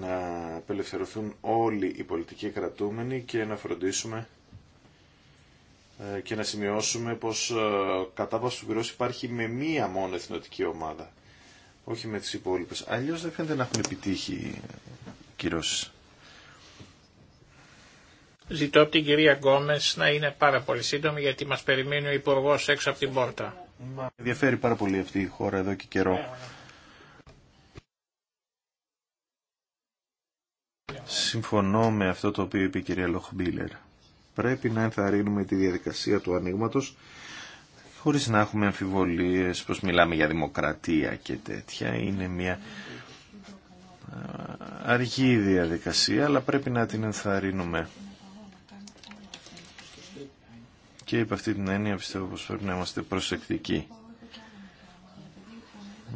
να απελευθερωθούν όλοι οι πολιτικοί κρατούμενοι και να φροντίσουμε ε, και να σημειώσουμε πως ε, κατάβαση του πυρός υπάρχει με μία μόνο εθνοτική ομάδα, όχι με τις υπόλοιπες. Αλλιώς δεν φαίνεται να έχουν επιτύχει κυρώσεις. Ζητώ από την κυρία Γκόμες να είναι πάρα πολύ σύντομη γιατί μας περιμένει ο υπουργό έξω από την πόρτα. Μα ενδιαφέρει πάρα πολύ αυτή η χώρα εδώ και καιρό. Ναι, ναι. συμφωνώ με αυτό το οποίο είπε η κυρία Λοχμπίλερ. Πρέπει να ενθαρρύνουμε τη διαδικασία του ανοίγματο χωρίς να έχουμε αμφιβολίες πως μιλάμε για δημοκρατία και τέτοια. Είναι μια αργή διαδικασία, αλλά πρέπει να την ενθαρρύνουμε. Και υπ' αυτή την έννοια πιστεύω πως πρέπει να είμαστε προσεκτικοί.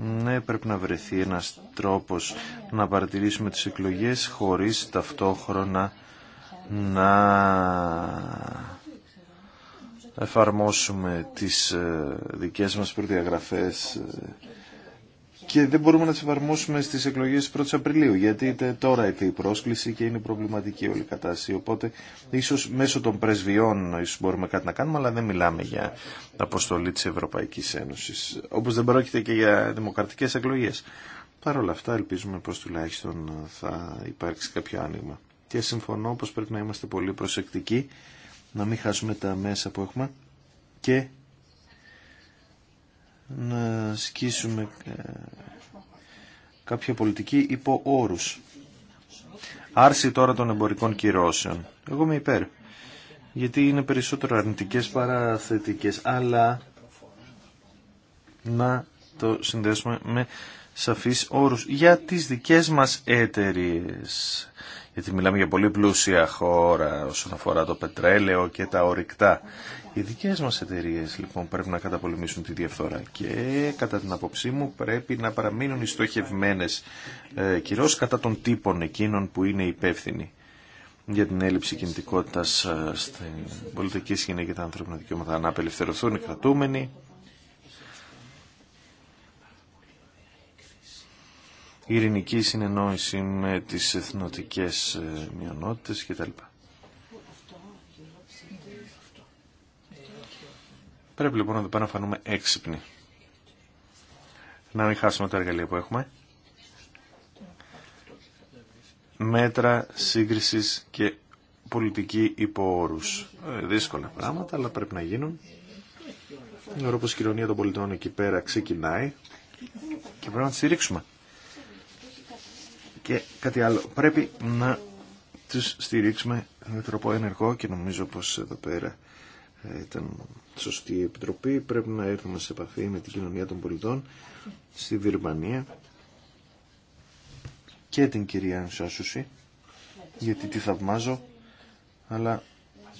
Ναι, πρέπει να βρεθεί ένας τρόπος να παρατηρήσουμε τις εκλογές χωρίς ταυτόχρονα να εφαρμόσουμε τις ε, δικές μας προδιαγραφές ε, και δεν μπορούμε να τι εφαρμόσουμε στις εκλογές 1 η Απριλίου γιατί τώρα ήρθε η πρόσκληση και είναι προβληματική όλη η κατάσταση οπότε ίσω μέσω των πρεσβειών ίσως μπορούμε κάτι να κάνουμε αλλά δεν μιλάμε για αποστολή τη Ευρωπαϊκή Ένωση. Όπω δεν πρόκειται και για δημοκρατικέ εκλογέ. Παρ' όλα αυτά ελπίζουμε πω τουλάχιστον θα υπάρξει κάποιο άνοιγμα και συμφωνώ πω πρέπει να είμαστε πολύ προσεκτικοί να μην χάσουμε τα μέσα που έχουμε και να σκίσουμε ε, κάποια πολιτική υπό όρους. Άρση τώρα των εμπορικών κυρώσεων. Εγώ είμαι υπέρ. Γιατί είναι περισσότερο αρνητικές παρά θετικές. Αλλά να το συνδέσουμε με σαφείς όρους για τις δικές μας εταιρείε. Γιατί μιλάμε για πολύ πλούσια χώρα όσον αφορά το πετρέλαιο και τα ορυκτά. Οι δικές μας εταιρείε λοιπόν πρέπει να καταπολεμήσουν τη διαφθορά και κατά την απόψή μου πρέπει να παραμείνουν οι στοχευμένες ε, κυρίως κατά των τύπων εκείνων που είναι υπεύθυνοι για την έλλειψη κινητικότητας ε, στην πολιτική σκηνή και τα ανθρώπινα δικαιώματα να απελευθερωθούν οι κρατούμενοι ειρηνική συνεννόηση με τις εθνοτικές ε, μειονότητες κτλ. Πρέπει λοιπόν εδώ πέρα να φανούμε έξυπνοι. Να μην χάσουμε τα εργαλεία που έχουμε. Μέτρα σύγκρισης και πολιτική υπό όρους. Ε, δύσκολα πράγματα, αλλά πρέπει να γίνουν. Η Ευρώπη κοινωνία των πολιτών εκεί πέρα ξεκινάει και πρέπει να τη στηρίξουμε. Και κάτι άλλο, πρέπει να τους στηρίξουμε με τρόπο ενεργό και νομίζω πως εδώ πέρα ε, ήταν σωστή η Επιτροπή. Πρέπει να έρθουμε σε επαφή με την κοινωνία των πολιτών στη Βυρμανία και την κυρία Σάσουση γιατί τη θαυμάζω αλλά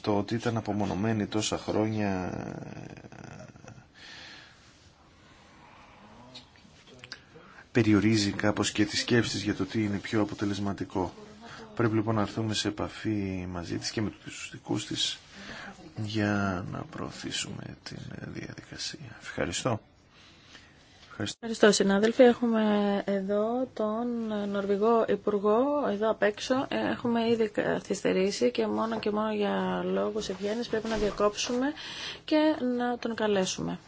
το ότι ήταν απομονωμένη τόσα χρόνια περιορίζει κάπως και τις σκέψεις για το τι είναι πιο αποτελεσματικό. Πρέπει λοιπόν να έρθουμε σε επαφή μαζί της και με τους δικούς της για να προωθήσουμε την διαδικασία. Ευχαριστώ. Ευχαριστώ συνάδελφοι. Έχουμε εδώ τον Νορβηγό Υπουργό εδώ απ' έξω. Έχουμε ήδη καθυστερήσει και μόνο και μόνο για λόγους ευγένειας πρέπει να διακόψουμε και να τον καλέσουμε.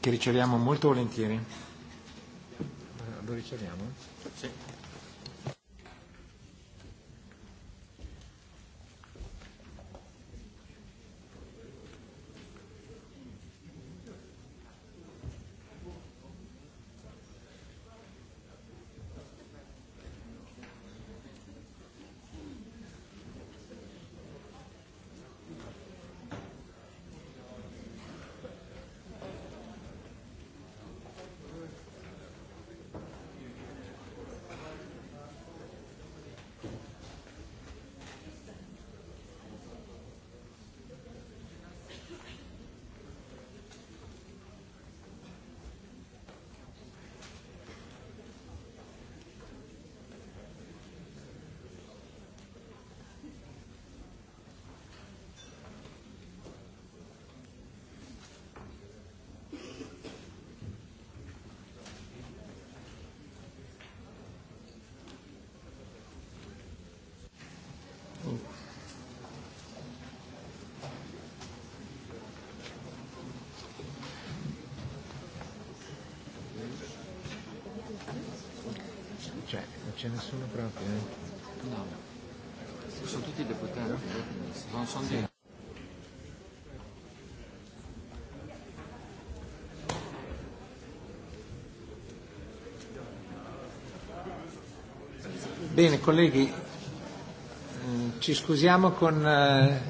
Κύριε πολύ ευχαριστώ lo richiamiamo? c'è nessuno proprio, eh? No. Sono tutti deputati, non sono di... Bene, colleghi, eh, ci scusiamo con... Eh,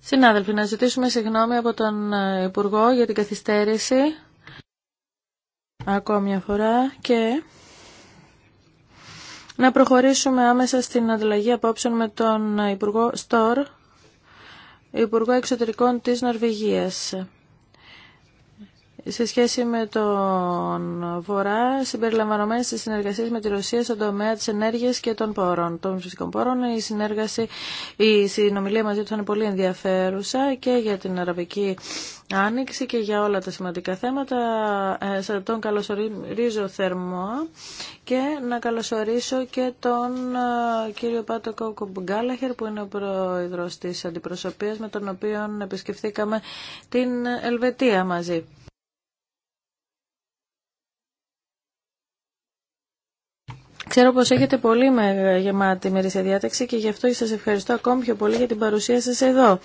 Συνάδελφοι, να ζητήσουμε συγγνώμη από τον ε, Υπουργό για την καθυστέρηση ακόμη μια φορά και να προχωρήσουμε άμεσα στην ανταλλαγή απόψεων με τον Υπουργό Στόρ, Υπουργό Εξωτερικών της Νορβηγίας σε σχέση με τον Βορρά, συμπεριλαμβανομένη στη συνεργασία με τη Ρωσία στον τομέα τη ενέργεια και των πόρων, των φυσικών πόρων. Η, συνέργαση, η συνομιλία μαζί του είναι πολύ ενδιαφέρουσα και για την Αραβική Άνοιξη και για όλα τα σημαντικά θέματα. Ε, σε τον καλωσορίζω θερμό και να καλωσορίσω και τον ε, κύριο Πάτο Κομπουγκάλαχερ που είναι ο πρόεδρος της αντιπροσωπείας με τον οποίο επισκεφθήκαμε την Ελβετία μαζί. Ξέρω πως έχετε πολύ γεμάτη μερίσια διάταξη και γι' αυτό σας ευχαριστώ ακόμη πιο πολύ για την παρουσία σας εδώ.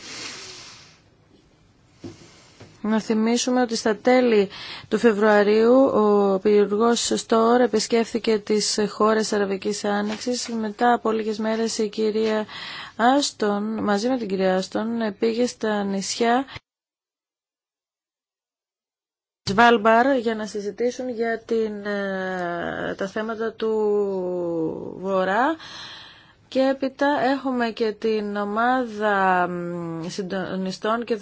Να θυμίσουμε ότι στα τέλη του Φεβρουαρίου ο πυργός Στόρ επισκέφθηκε τις χώρες Αραβικής Άνοιξης. Μετά από λίγες μέρες η κυρία Άστον, μαζί με την κυρία Άστον, πήγε στα νησιά Σβάλμπαρ για να συζητήσουν για την, ε, τα θέματα του Βορρά και έπειτα έχουμε και την ομάδα συντονιστών και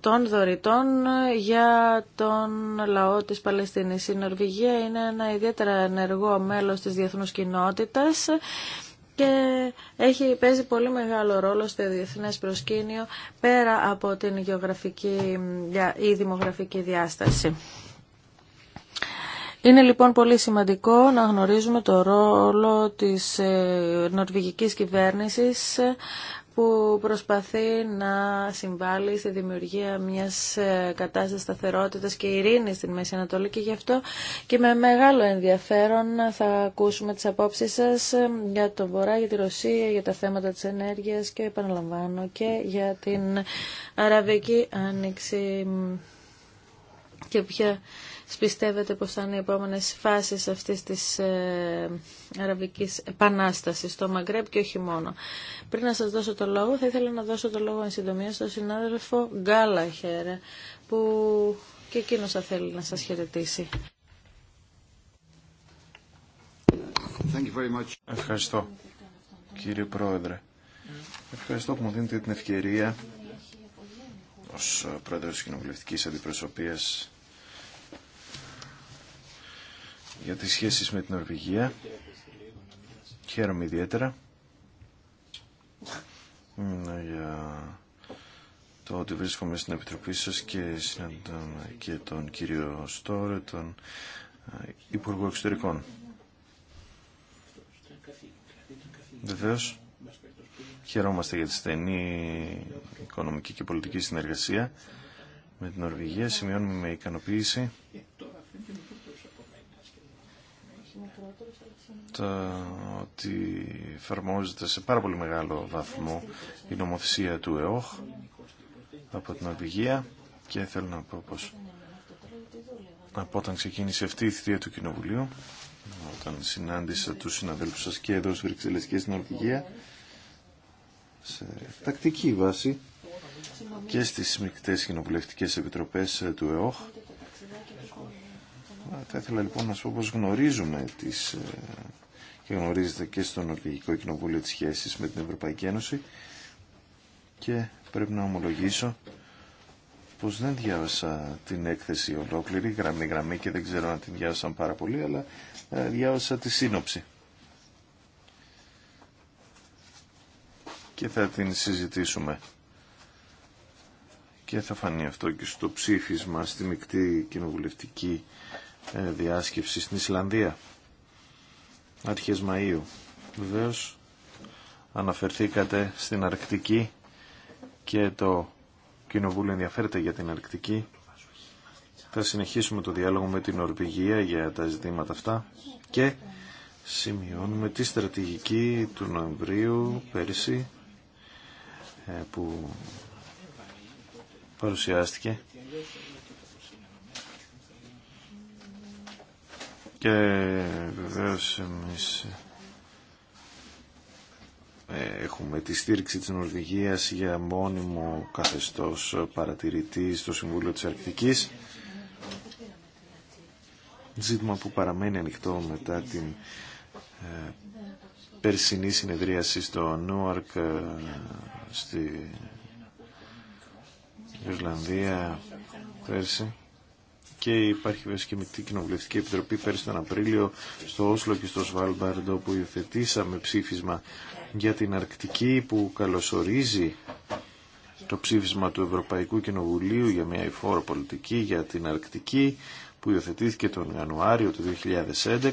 των δωρητών για τον λαό της Παλαιστίνης. Η Νορβηγία είναι ένα ιδιαίτερα ενεργό μέλος της διεθνούς κοινότητας και έχει, παίζει πολύ μεγάλο ρόλο στο διεθνές προσκήνιο πέρα από την γεωγραφική ή δημογραφική διάσταση. Είναι λοιπόν πολύ σημαντικό να γνωρίζουμε το ρόλο της ε, νορβηγικής κυβέρνησης που προσπαθεί να συμβάλλει στη δημιουργία μιας ε, κατάστασης σταθερότητας και ειρήνης στην Μέση Ανατολή και γι' αυτό και με μεγάλο ενδιαφέρον θα ακούσουμε τις απόψεις σας ε, για τον Βορρά, για τη Ρωσία, για τα θέματα της ενέργειας και επαναλαμβάνω και για την Αραβική Άνοιξη και ποια πιστεύετε πως θα είναι οι επόμενες φάσεις αυτή της ε, αραβικής επανάστασης στο Μαγκρέπ και όχι μόνο. Πριν να σας δώσω το λόγο, θα ήθελα να δώσω το λόγο εν συντομία στον συνάδελφο Γκάλαχερ, που και εκείνο θα θέλει να σας χαιρετήσει. Ευχαριστώ, κύριε Πρόεδρε. Ευχαριστώ που μου δίνετε την ευκαιρία ως Πρόεδρος της Κοινοβουλευτικής Αντιπροσωπείας για τις σχέσεις με την Νορβηγία. Χαίρομαι ιδιαίτερα για το ότι βρίσκομαι στην Επιτροπή σας και συναντάμε και τον κύριο Στόρε, τον Υπουργό Εξωτερικών. Βεβαίω. Χαιρόμαστε για τη στενή οικονομική και πολιτική συνεργασία με την Νορβηγία. Σημειώνουμε με ικανοποίηση ότι εφαρμόζεται σε πάρα πολύ μεγάλο βαθμό η νομοθεσία του ΕΟΧ από την Ορβηγία και θέλω να πω πως από όταν ξεκίνησε αυτή η θητεία του Κοινοβουλίου όταν συνάντησα τους συναδέλφους σας και εδώ στις Βρυξελλές και στην Ορβηγία σε τακτική βάση και στις μικτές κοινοβουλευτικές επιτροπές του ΕΟΧ θα ήθελα λοιπόν να σου πω πως γνωρίζουμε τις, ε, και γνωρίζετε και στο Νορβηγικό Κοινοβούλιο τις σχέσεις με την Ευρωπαϊκή Ένωση και πρέπει να ομολογήσω πως δεν διάβασα την έκθεση ολόκληρη, γραμμή-γραμμή και δεν ξέρω αν την διάβασαν πάρα πολύ, αλλά ε, διάβασα τη σύνοψη. Και θα την συζητήσουμε. Και θα φανεί αυτό και στο ψήφισμα στη μεικτή κοινοβουλευτική ε, διάσκεψη στην Ισλανδία αρχές Μαΐου. Βεβαίω αναφερθήκατε στην Αρκτική και το Κοινοβούλιο ενδιαφέρεται για την Αρκτική. Θα συνεχίσουμε το διάλογο με την Ορβηγία για τα ζητήματα αυτά και σημειώνουμε τη στρατηγική του Νοεμβρίου πέρσι ε, που παρουσιάστηκε Και βεβαίω εμεί ε, έχουμε τη στήριξη της Νορβηγίας για μόνιμο καθεστώς παρατηρητή στο Συμβούλιο της Αρκτικής. Ζήτημα που παραμένει ανοιχτό μετά την ε, περσινή συνεδρίαση στο Νούαρκ ε, στη Ιρλανδία πέρσι και υπάρχει βέβαια και την Κοινοβουλευτική Επιτροπή πέρυσι τον Απρίλιο στο Όσλο και στο Σβάλμπαρντο που υιοθετήσαμε ψήφισμα για την Αρκτική που καλωσορίζει το ψήφισμα του Ευρωπαϊκού Κοινοβουλίου για μια υφόρο πολιτική για την Αρκτική που υιοθετήθηκε τον Ιανουάριο του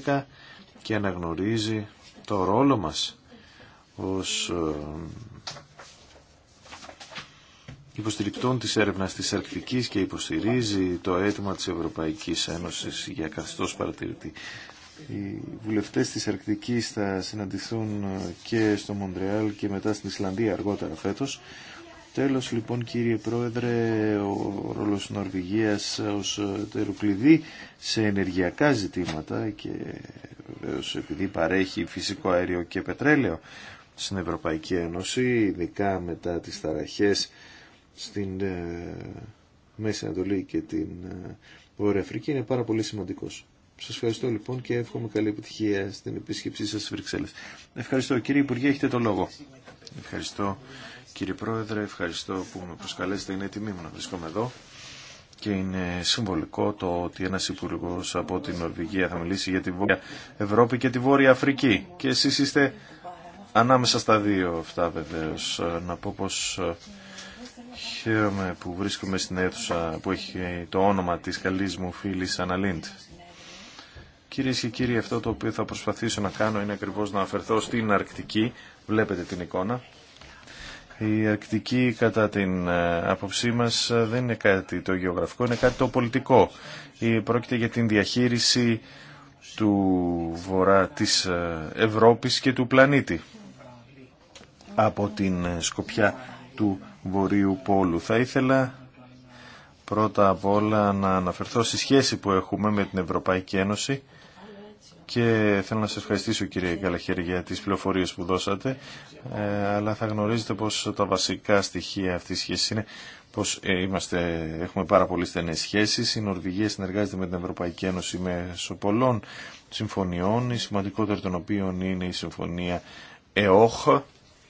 2011 και αναγνωρίζει το ρόλο μας ως ε, υποστηρικτών της έρευνας της Αρκτικής και υποστηρίζει το αίτημα της Ευρωπαϊκής Ένωσης για καθεστώς παρατηρητή. Οι βουλευτές της Αρκτικής θα συναντηθούν ε, και στο Μοντρεάλ και μετά στην Ισλανδία αργότερα φέτος. Τέλος λοιπόν κύριε Πρόεδρε, ο ρόλος της Νορβηγίας ως ε, τεροκλειδί σε ενεργειακά ζητήματα και βεβαίω επειδή παρέχει φυσικό αέριο και πετρέλαιο στην Ευρωπαϊκή Ένωση, ειδικά μετά τις ταραχές στην ε, Μέση Ανατολή και την ε, Βόρεια Αφρική είναι πάρα πολύ σημαντικός. Σας ευχαριστώ λοιπόν και εύχομαι καλή επιτυχία στην επίσκεψή σας στις Βρυξέλλες. Ευχαριστώ κύριε Υπουργέ, έχετε το λόγο. Ευχαριστώ κύριε Πρόεδρε, ευχαριστώ που με προσκαλέσετε. Είναι τιμή μου να βρίσκομαι εδώ και είναι συμβολικό το ότι ένας υπουργό από την Νορβηγία θα μιλήσει για τη Βόρεια Ευρώπη και τη Βόρεια Αφρική. Και εσείς είστε ανάμεσα στα δύο αυτά βεβαίω. Να πω πως ε, Χαίρομαι που βρίσκομαι στην αίθουσα που έχει το όνομα της καλής μου φίλης Αναλίντ. Κυρίε και κύριοι, αυτό το οποίο θα προσπαθήσω να κάνω είναι ακριβώς να αφαιρθώ στην Αρκτική. Βλέπετε την εικόνα. Η Αρκτική, κατά την ε, άποψή μας, ε, δεν είναι κάτι το γεωγραφικό, είναι κάτι το πολιτικό. Πρόκειται για την διαχείριση του βορρά της ε, Ευρώπης και του πλανήτη. Από την σκοπιά του Βορείου Πόλου. Θα ήθελα πρώτα απ' όλα να αναφερθώ στη σχέση που έχουμε με την Ευρωπαϊκή Ένωση και θέλω να σας ευχαριστήσω κύριε Καλαχέρη για τις πληροφορίες που δώσατε ε, αλλά θα γνωρίζετε πως τα βασικά στοιχεία αυτής της σχέσης είναι πως ε, είμαστε, έχουμε πάρα πολύ στενές σχέσεις η Νορβηγία συνεργάζεται με την Ευρωπαϊκή Ένωση μέσω πολλών συμφωνιών η σημαντικότερη των οποίων είναι η συμφωνία ΕΟΧ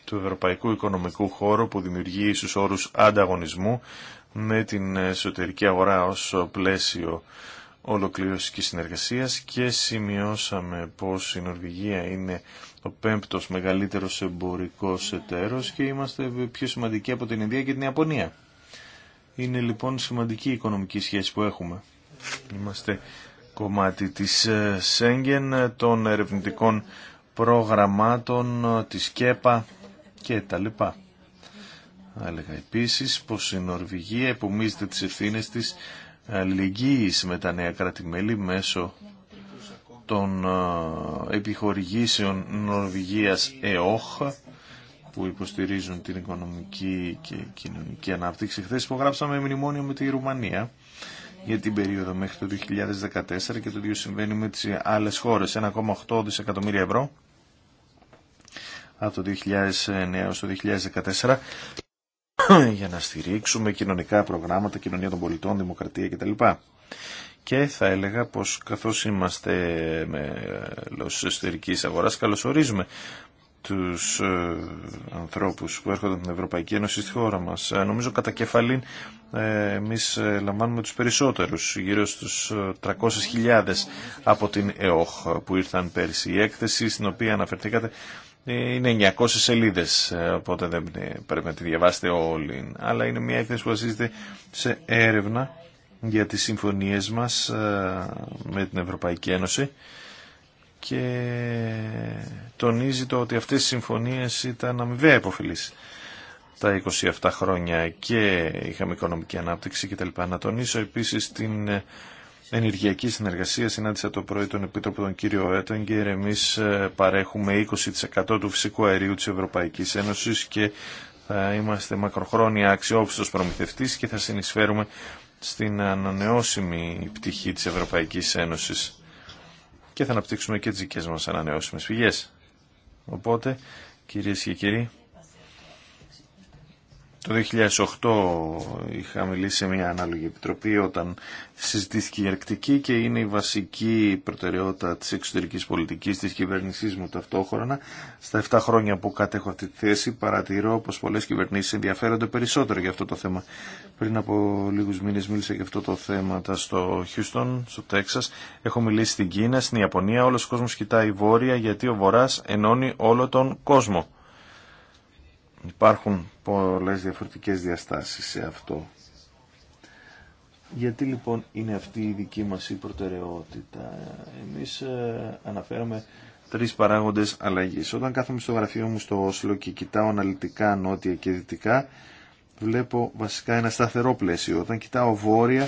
του Ευρωπαϊκού Οικονομικού Χώρου που δημιουργεί στους όρους ανταγωνισμού με την εσωτερική αγορά ως πλαίσιο ολοκλήρωσης και συνεργασίας και σημειώσαμε πως η Νορβηγία είναι ο πέμπτος μεγαλύτερος εμπορικός εταίρος και είμαστε πιο σημαντικοί από την Ινδία και την Ιαπωνία. Είναι λοιπόν σημαντική η οικονομική σχέση που έχουμε. Είμαστε κομμάτι της ε, Σέγγεν, των ερευνητικών προγραμμάτων ε, της ΚΕΠΑ και τα λοιπά. Έλεγα επίσης πως η Νορβηγία επομίζεται τις ευθύνες της αλληλεγγύης με τα νέα κράτη-μέλη μέσω των ε, επιχορηγήσεων Νορβηγίας ΕΟΧ που υποστηρίζουν την οικονομική και κοινωνική ανάπτυξη. Χθες υπογράψαμε μνημόνιο με τη Ρουμανία για την περίοδο μέχρι το 2014 και το ίδιο συμβαίνει με τις άλλες χώρες. 1,8 δισεκατομμύρια ευρώ από το 2009 έως το 2014 για να στηρίξουμε κοινωνικά προγράμματα, κοινωνία των πολιτών, δημοκρατία κτλ. Και θα έλεγα πως καθώς είμαστε μέλος εσωτερικής αγοράς καλωσορίζουμε τους ε, ανθρώπους που έρχονται από την Ευρωπαϊκή Ένωση στη χώρα μας. Ε, νομίζω κατά κεφαλήν ε, εμείς ε, λαμβάνουμε τους περισσότερους, γύρω στους 300.000 ε, από την ΕΟΧ που ήρθαν πέρσι. Η έκθεση στην οποία αναφερθήκατε είναι 900 σελίδες, ε, οπότε δεν ε, πρέπει να τη διαβάσετε όλοι. Αλλά είναι μια έκθεση που βασίζεται σε έρευνα για τις συμφωνίες μας ε, με την Ευρωπαϊκή Ένωση και τονίζει το ότι αυτές οι συμφωνίες ήταν αμοιβαία υποφιλής τα 27 χρόνια και είχαμε οικονομική ανάπτυξη κτλ. Να τονίσω επίσης την ενεργειακή συνεργασία. Συνάντησα το πρωί τον Επίτροπο τον κύριο Έτογκερ. εμεί ε, παρέχουμε 20% του φυσικού αερίου της Ευρωπαϊκής Ένωση και θα είμαστε μακροχρόνια αξιόπιστο προμηθευτή και θα συνεισφέρουμε στην ανανεώσιμη πτυχή της Ευρωπαϊκής Ένωση και θα αναπτύξουμε και τι δικέ μα ανανεώσιμε πηγέ. Οπότε, κυρίε και κύριοι, το 2008 είχα μιλήσει σε μια ανάλογη επιτροπή όταν συζητήθηκε η Αρκτική και είναι η βασική προτεραιότητα της εξωτερικής πολιτικής της κυβέρνησής μου ταυτόχρονα. Στα 7 χρόνια που κατέχω αυτή τη θέση παρατηρώ πως πολλές κυβερνήσεις ενδιαφέρονται περισσότερο για αυτό το θέμα. Πριν από λίγους μήνες μίλησα για αυτό το θέμα στο Χιούστον, στο Τέξας. Έχω μιλήσει στην Κίνα, στην Ιαπωνία. Όλος ο κόσμος κοιτάει βόρεια γιατί ο Βορράς ενώνει όλο τον κόσμο. Υπάρχουν πολλές διαφορετικές διαστάσεις σε αυτό. Γιατί λοιπόν είναι αυτή η δική μας η προτεραιότητα. Εμείς ε, αναφέραμε τρεις παράγοντες αλλαγής. Όταν κάθομαι στο γραφείο μου στο Όσλο και κοιτάω αναλυτικά νότια και δυτικά, βλέπω βασικά ένα σταθερό πλαίσιο. Όταν κοιτάω βόρεια,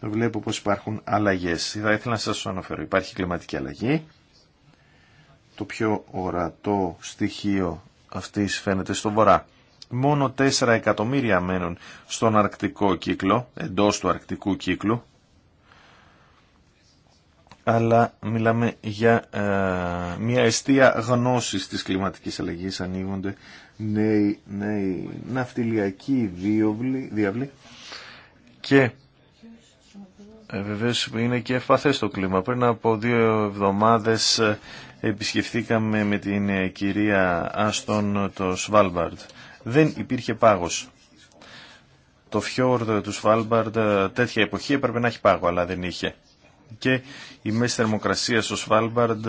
βλέπω πως υπάρχουν αλλαγές. Θα ήθελα να σας αναφέρω. Υπάρχει κλιματική αλλαγή. Το πιο ορατό στοιχείο αυτή φαίνεται στον βορρά. Μόνο 4 εκατομμύρια μένουν στον αρκτικό κύκλο, εντός του αρκτικού κύκλου, αλλά μιλάμε για ε, μια αιστεία γνώσης της κλιματικής αλλαγής. Ανοίγονται νέοι, νέοι ναυτιλιακοί διάβλοι και ε, βεβαίως είναι και ευπαθές το κλίμα. Πριν από δύο εβδομάδες ε, επισκεφθήκαμε με την ε, κυρία Άστον το Σβάλμπαρντ. Δεν υπήρχε πάγος. Το φιόρδο του Σβάλμπαρντ ε, τέτοια εποχή έπρεπε να έχει πάγο, αλλά δεν είχε. Και η μέση θερμοκρασία στο Σβάλμπαρντ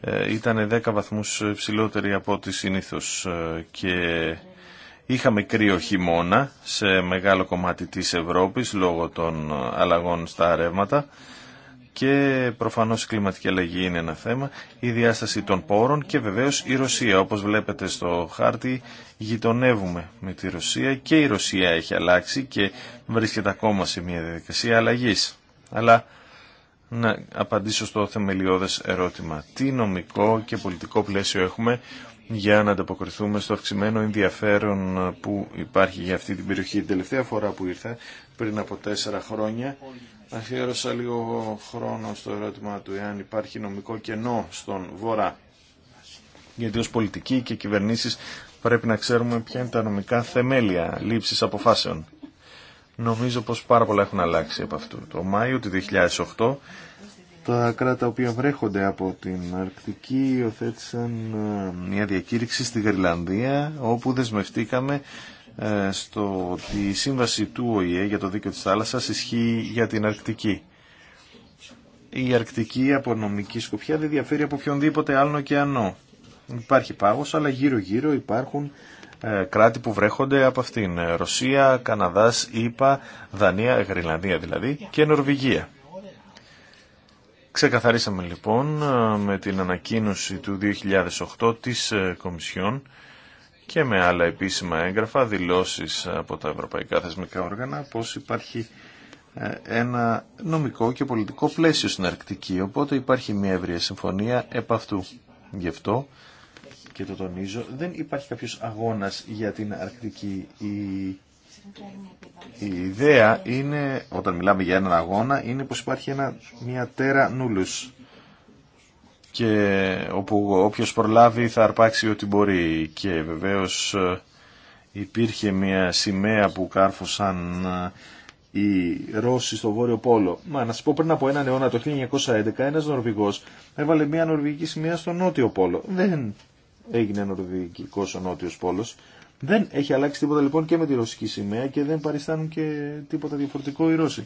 ε, ήταν 10 βαθμούς ψηλότερη από ό,τι συνήθως και είχαμε κρύο χειμώνα σε μεγάλο κομμάτι της Ευρώπης λόγω των αλλαγών στα ρεύματα και προφανώς η κλιματική αλλαγή είναι ένα θέμα, η διάσταση των πόρων και βεβαίως η Ρωσία. Όπως βλέπετε στο χάρτη γειτονεύουμε με τη Ρωσία και η Ρωσία έχει αλλάξει και βρίσκεται ακόμα σε μια διαδικασία αλλαγής. Αλλά να απαντήσω στο θεμελιώδες ερώτημα. Τι νομικό και πολιτικό πλαίσιο έχουμε για να ανταποκριθούμε στο αυξημένο ενδιαφέρον που υπάρχει για αυτή την περιοχή. Την τελευταία φορά που ήρθα, πριν από τέσσερα χρόνια, Αφιέρωσα λίγο χρόνο στο ερώτημα του εάν υπάρχει νομικό κενό στον Βορρά. Γιατί ως πολιτικοί και κυβερνήσεις πρέπει να ξέρουμε ποια είναι τα νομικά θεμέλια λήψης αποφάσεων. Νομίζω πως πάρα πολλά έχουν αλλάξει από αυτού. Το Μάιο του 2008 τα κράτα οποία βρέχονται από την Αρκτική υιοθέτησαν ε, μια διακήρυξη στη Γρυλανδία όπου δεσμευτήκαμε ε, στο ότι η σύμβαση του ΟΗΕ για το δίκαιο της θάλασσας ισχύει για την Αρκτική. Η Αρκτική από νομική σκοπιά δεν διαφέρει από οποιονδήποτε άλλον ωκεανό. Υπάρχει πάγος, αλλά γύρω-γύρω υπάρχουν ε, κράτη που βρέχονται από αυτήν. Ρωσία, Καναδάς, ΗΠΑ, Δανία, Γρυλανδία δηλαδή και Νορβηγία. Ξεκαθαρίσαμε λοιπόν ε, με την ανακοίνωση του 2008 της Κομισιόν και με άλλα επίσημα έγγραφα δηλώσεις από τα ευρωπαϊκά θεσμικά όργανα πως υπάρχει ε, ένα νομικό και πολιτικό πλαίσιο στην Αρκτική. Οπότε υπάρχει μια ευρεία συμφωνία επ' αυτού. Γι' αυτό και το τονίζω, δεν υπάρχει κάποιος αγώνας για την Αρκτική. Η, ιδέα είναι, όταν μιλάμε για έναν αγώνα, είναι πως υπάρχει ένα, μια τέρα νουλους και όπου όποιος προλάβει θα αρπάξει ό,τι μπορεί και βεβαίως ε, υπήρχε μια σημαία που κάρφωσαν ε, οι Ρώσοι στο Βόρειο Πόλο. Μα να σα πω πριν από έναν αιώνα το 1911 ένας Νορβηγός έβαλε μια Νορβηγική σημαία στο Νότιο Πόλο. Δεν έγινε Νορβηγικός ο Νότιος Πόλος. Δεν έχει αλλάξει τίποτα λοιπόν και με τη ρωσική σημαία και δεν παριστάνουν και τίποτα διαφορετικό οι Ρώσοι.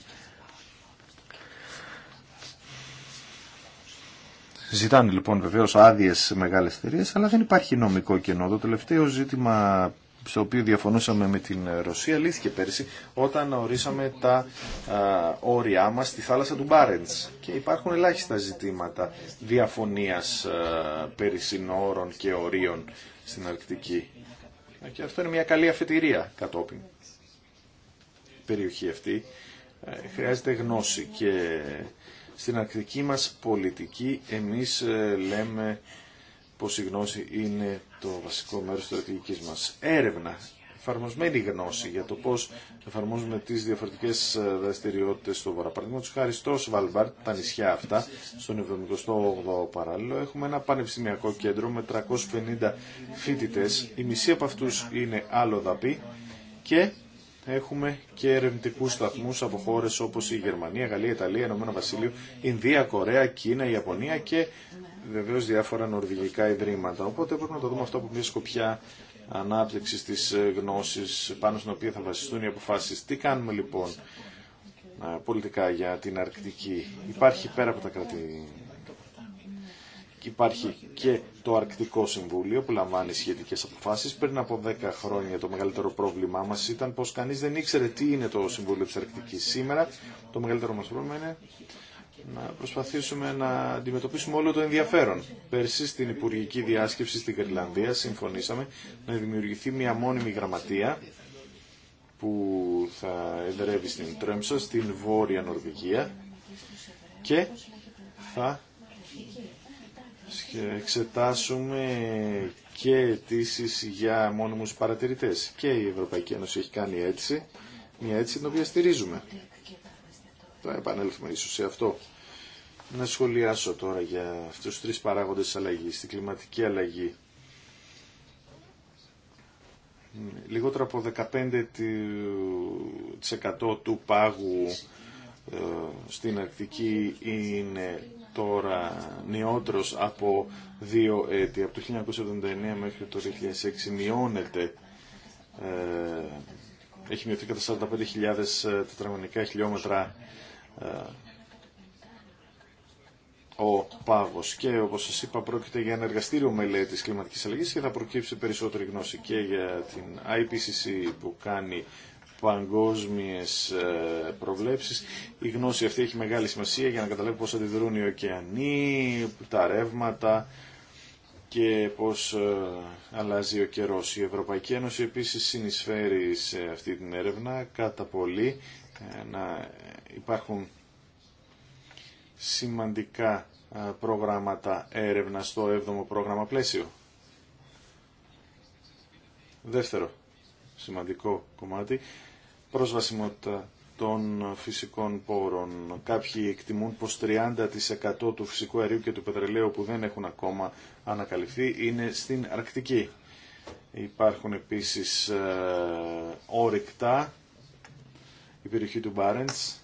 Ζητάνε λοιπόν βεβαίως άδειε μεγάλες εταιρείε, αλλά δεν υπάρχει νομικό κενό. Το τελευταίο ζήτημα στο οποίο διαφωνούσαμε με την Ρωσία λύθηκε πέρσι όταν ορίσαμε τα όρια μας στη θάλασσα του Μπάρεντς και υπάρχουν ελάχιστα ζητήματα διαφωνίας περί συνόρων και ορίων στην Αρκτική και αυτό είναι μια καλή αφετηρία κατόπιν Η περιοχή αυτή ε, χρειάζεται γνώση και στην αρκτική μας πολιτική εμείς ε, λέμε πως η γνώση είναι το βασικό μέρος της στρατηγικής μας. Έρευνα, εφαρμοσμένη γνώση για το πώς εφαρμόζουμε τις διαφορετικές ε, δραστηριότητες στο βορρά. Παραδείγματος χάρη στο Σβάλμπαρτ, τα νησιά αυτά, στον 78ο παράλληλο, έχουμε ένα πανεπιστημιακό κέντρο με 350 φοιτητές. Η μισή από αυτούς είναι άλλο δαπή και έχουμε και ερευνητικού σταθμού από χώρε όπω η Γερμανία, Γαλλία, Ιταλία, Ηνωμένο Βασίλειο, Ινδία, Κορέα, Κίνα, Ιαπωνία και βεβαίω διάφορα νορβηγικά ιδρύματα. Οπότε πρέπει να το δούμε αυτό από μια σκοπιά ανάπτυξη τη ε, γνώση πάνω στην οποία θα βασιστούν οι αποφάσει. Τι κάνουμε λοιπόν ε, πολιτικά για την Αρκτική. Υπάρχει πέρα από τα κράτη Υπάρχει και το Αρκτικό Συμβούλιο που λαμβάνει σχετικές αποφάσεις. Πριν από 10 χρόνια το μεγαλύτερο πρόβλημά μας ήταν πως κανείς δεν ήξερε τι είναι το Συμβούλιο της Αρκτικής. Σήμερα το μεγαλύτερο μας πρόβλημα είναι να προσπαθήσουμε να αντιμετωπίσουμε όλο το ενδιαφέρον. Πέρσι στην Υπουργική Διάσκεψη στην Κρυλανδία συμφωνήσαμε να δημιουργηθεί μια μόνιμη γραμματεία που θα εδρεύει στην Τρέμψο στην Βόρεια Νορβηγία και θα και εξετάσουμε και αιτήσει για μόνιμους παρατηρητές. Και η Ευρωπαϊκή Ένωση έχει κάνει έτσι, μια έτσι την οποία στηρίζουμε. Θα επανέλθουμε ίσως σε αυτό. Να σχολιάσω τώρα για αυτούς τους τρεις παράγοντες αλλαγή, την κλιματική αλλαγή. Λιγότερο από 15% του πάγου ε, στην Αρκτική είναι τώρα νεότερος από δύο έτη, από το 1979 μέχρι το 2006 μειώνεται, ε, έχει μειωθεί κατά 45.000 ε, τετραγωνικά χιλιόμετρα ε, ο πάγος και όπως σας είπα πρόκειται για ένα εργαστήριο μελέτης κλιματικής αλλαγής και θα προκύψει περισσότερη γνώση και για την IPCC που κάνει παγκόσμιες ε, προβλέψεις. Η γνώση αυτή έχει μεγάλη σημασία για να καταλάβει πώς αντιδρούν οι ωκεανοί, τα ρεύματα και πώς ε, αλλάζει ο καιρός. Η Ευρωπαϊκή Ένωση επίσης συνεισφέρει σε αυτή την έρευνα κατά πολύ ε, να υπάρχουν σημαντικά προγράμματα έρευνα στο 7ο πρόγραμμα πλαίσιο. Δεύτερο σημαντικό κομμάτι προσβασιμότητα των φυσικών πόρων. Κάποιοι εκτιμούν πως 30% του φυσικού αερίου και του πετρελαίου που δεν έχουν ακόμα ανακαλυφθεί είναι στην Αρκτική. Υπάρχουν επίσης ε, όρεκτα η περιοχή του Μπάρεντς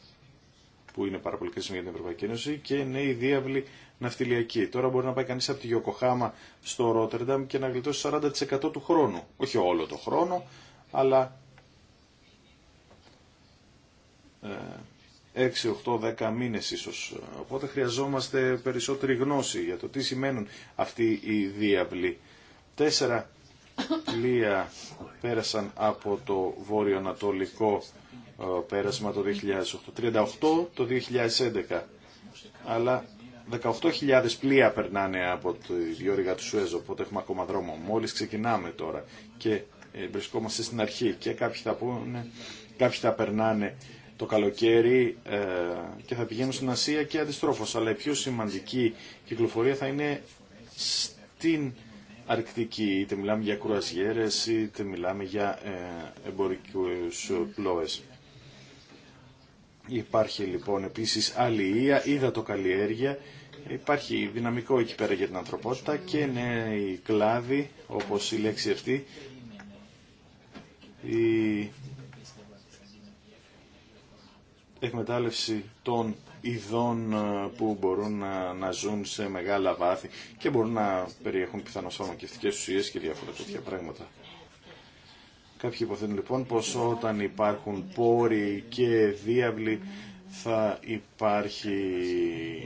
που είναι πάρα πολύ κρίσιμη για την Ευρωπαϊκή Ένωση και είναι η διάβλη ναυτιλιακή. Τώρα μπορεί να πάει κανείς από τη Γιοκοχάμα στο Ρότερνταμ και να γλιτώσει 40% του χρόνου. Όχι όλο το χρόνο, αλλά 6, 8, 10 μήνες ίσως. Οπότε χρειαζόμαστε περισσότερη γνώση για το τι σημαίνουν αυτοί οι διάβλοι. Τέσσερα πλοία πέρασαν από το βόρειο-ανατολικό ε, πέρασμα το 2008. 38 το 2011. Αλλά 18.000 πλοία περνάνε από τη διόρυγα του Σουέζο, οπότε έχουμε ακόμα δρόμο. Μόλις ξεκινάμε τώρα και ε, βρισκόμαστε στην αρχή και κάποιοι θα, πούνε, κάποιοι θα περνάνε το καλοκαίρι ε, και θα πηγαίνουν στην Ασία και αντιστρόφως. Αλλά η πιο σημαντική κυκλοφορία θα είναι στην Αρκτική. Είτε μιλάμε για κρουαζιέρες, είτε μιλάμε για ε, εμπορικούς πλώες. Υπάρχει λοιπόν επίσης το υδατοκαλλιέργεια. Υπάρχει δυναμικό εκεί πέρα για την ανθρωπότητα και ναι, η κλάδοι, όπως η λέξη αυτή, η εκμετάλλευση των ειδών ε, που μπορούν να, να ζουν σε μεγάλα βάθη και μπορούν να περιέχουν πιθανώς φαρμακευτικές ουσίες και διάφορα τέτοια πράγματα. Κάποιοι υποθέτουν λοιπόν πως όταν υπάρχουν πόροι και διάβλοι θα υπάρχει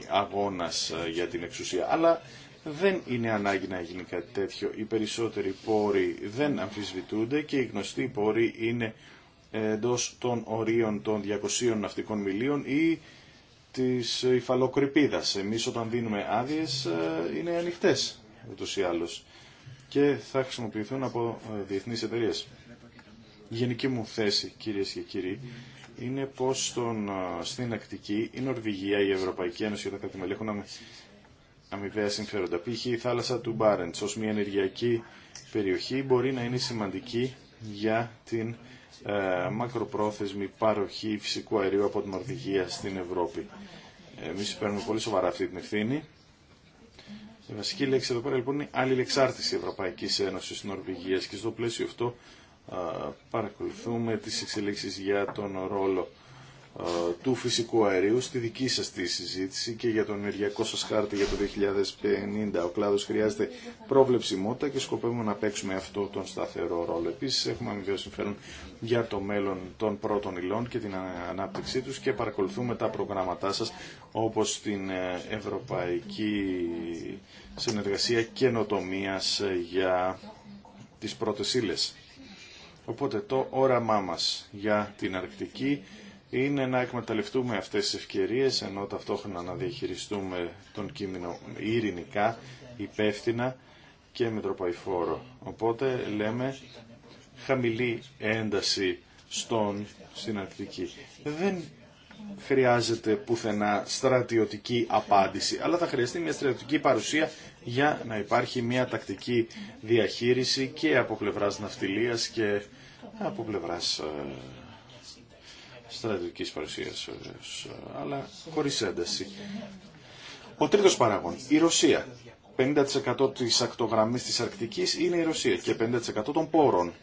αγώνας ε, για την εξουσία. Αλλά δεν είναι ανάγκη να γίνει κάτι τέτοιο. Οι περισσότεροι πόροι δεν αμφισβητούνται και οι γνωστοί πόροι είναι Εντό των ορίων των 200 ναυτικών μιλίων ή της υφαλοκρηπίδα. Εμείς όταν δίνουμε άδειε, ε, είναι ανοιχτέ, ούτω ή άλλω και θα χρησιμοποιηθούν από ε, διεθνεί εταιρείε. Η γενική μου θέση κύριε και κύριοι είναι πως ε, στην Ακτική η Νορβηγία, η Ευρωπαϊκή Ένωση και τα κράτη-μελή έχουν αμοιβαία συμφέροντα. Π.χ. η θάλασσα του Μπάρεντ Ω μια ενεργειακή περιοχή μπορεί να είναι σημαντική για την ε, μακροπρόθεσμη παροχή φυσικού αερίου από την Νορβηγία στην Ευρώπη. Εμεί παίρνουμε πολύ σοβαρά αυτή την ευθύνη. Η βασική λέξη εδώ πέρα λοιπόν είναι αλληλεξάρτηση Ευρωπαϊκής Ένωσης Νορβηγία και στο πλαίσιο αυτό παρακολουθούμε τις εξελίξει για τον ρόλο ε, του φυσικού αερίου στη δική σας τη συζήτηση και για τον ενεργειακό σας χάρτη για το 2050. Ο κλάδος χρειάζεται προβλεψιμότητα και σκοπεύουμε να παίξουμε αυτό τον σταθερό ρόλο. Επίσης έχουμε αμοιβαίο συμφέρον για το μέλλον των πρώτων υλών και την ανάπτυξή τους και παρακολουθούμε τα προγράμματά σας όπως την ε, Ευρωπαϊκή Συνεργασία Καινοτομίας ε, για τις πρώτες ύλες. Οπότε το όραμά μας για την Αρκτική είναι να εκμεταλλευτούμε αυτές τις ευκαιρίες ενώ ταυτόχρονα να διαχειριστούμε τον κείμενο ειρηνικά, υπεύθυνα και με τροπαϊφόρο. Οπότε λέμε χαμηλή ένταση στον, στην Δεν χρειάζεται πουθενά στρατιωτική απάντηση, αλλά θα χρειαστεί μια στρατιωτική παρουσία για να υπάρχει μια τακτική διαχείριση και από πλευράς ναυτιλίας και από πλευράς ε, στρατιωτικής παρουσίας, αλλά χωρί ένταση. Ο τρίτο παράγων, η Ρωσία. 50% τη ακτογραμμή τη Αρκτική είναι η Ρωσία και 50% των πόρων.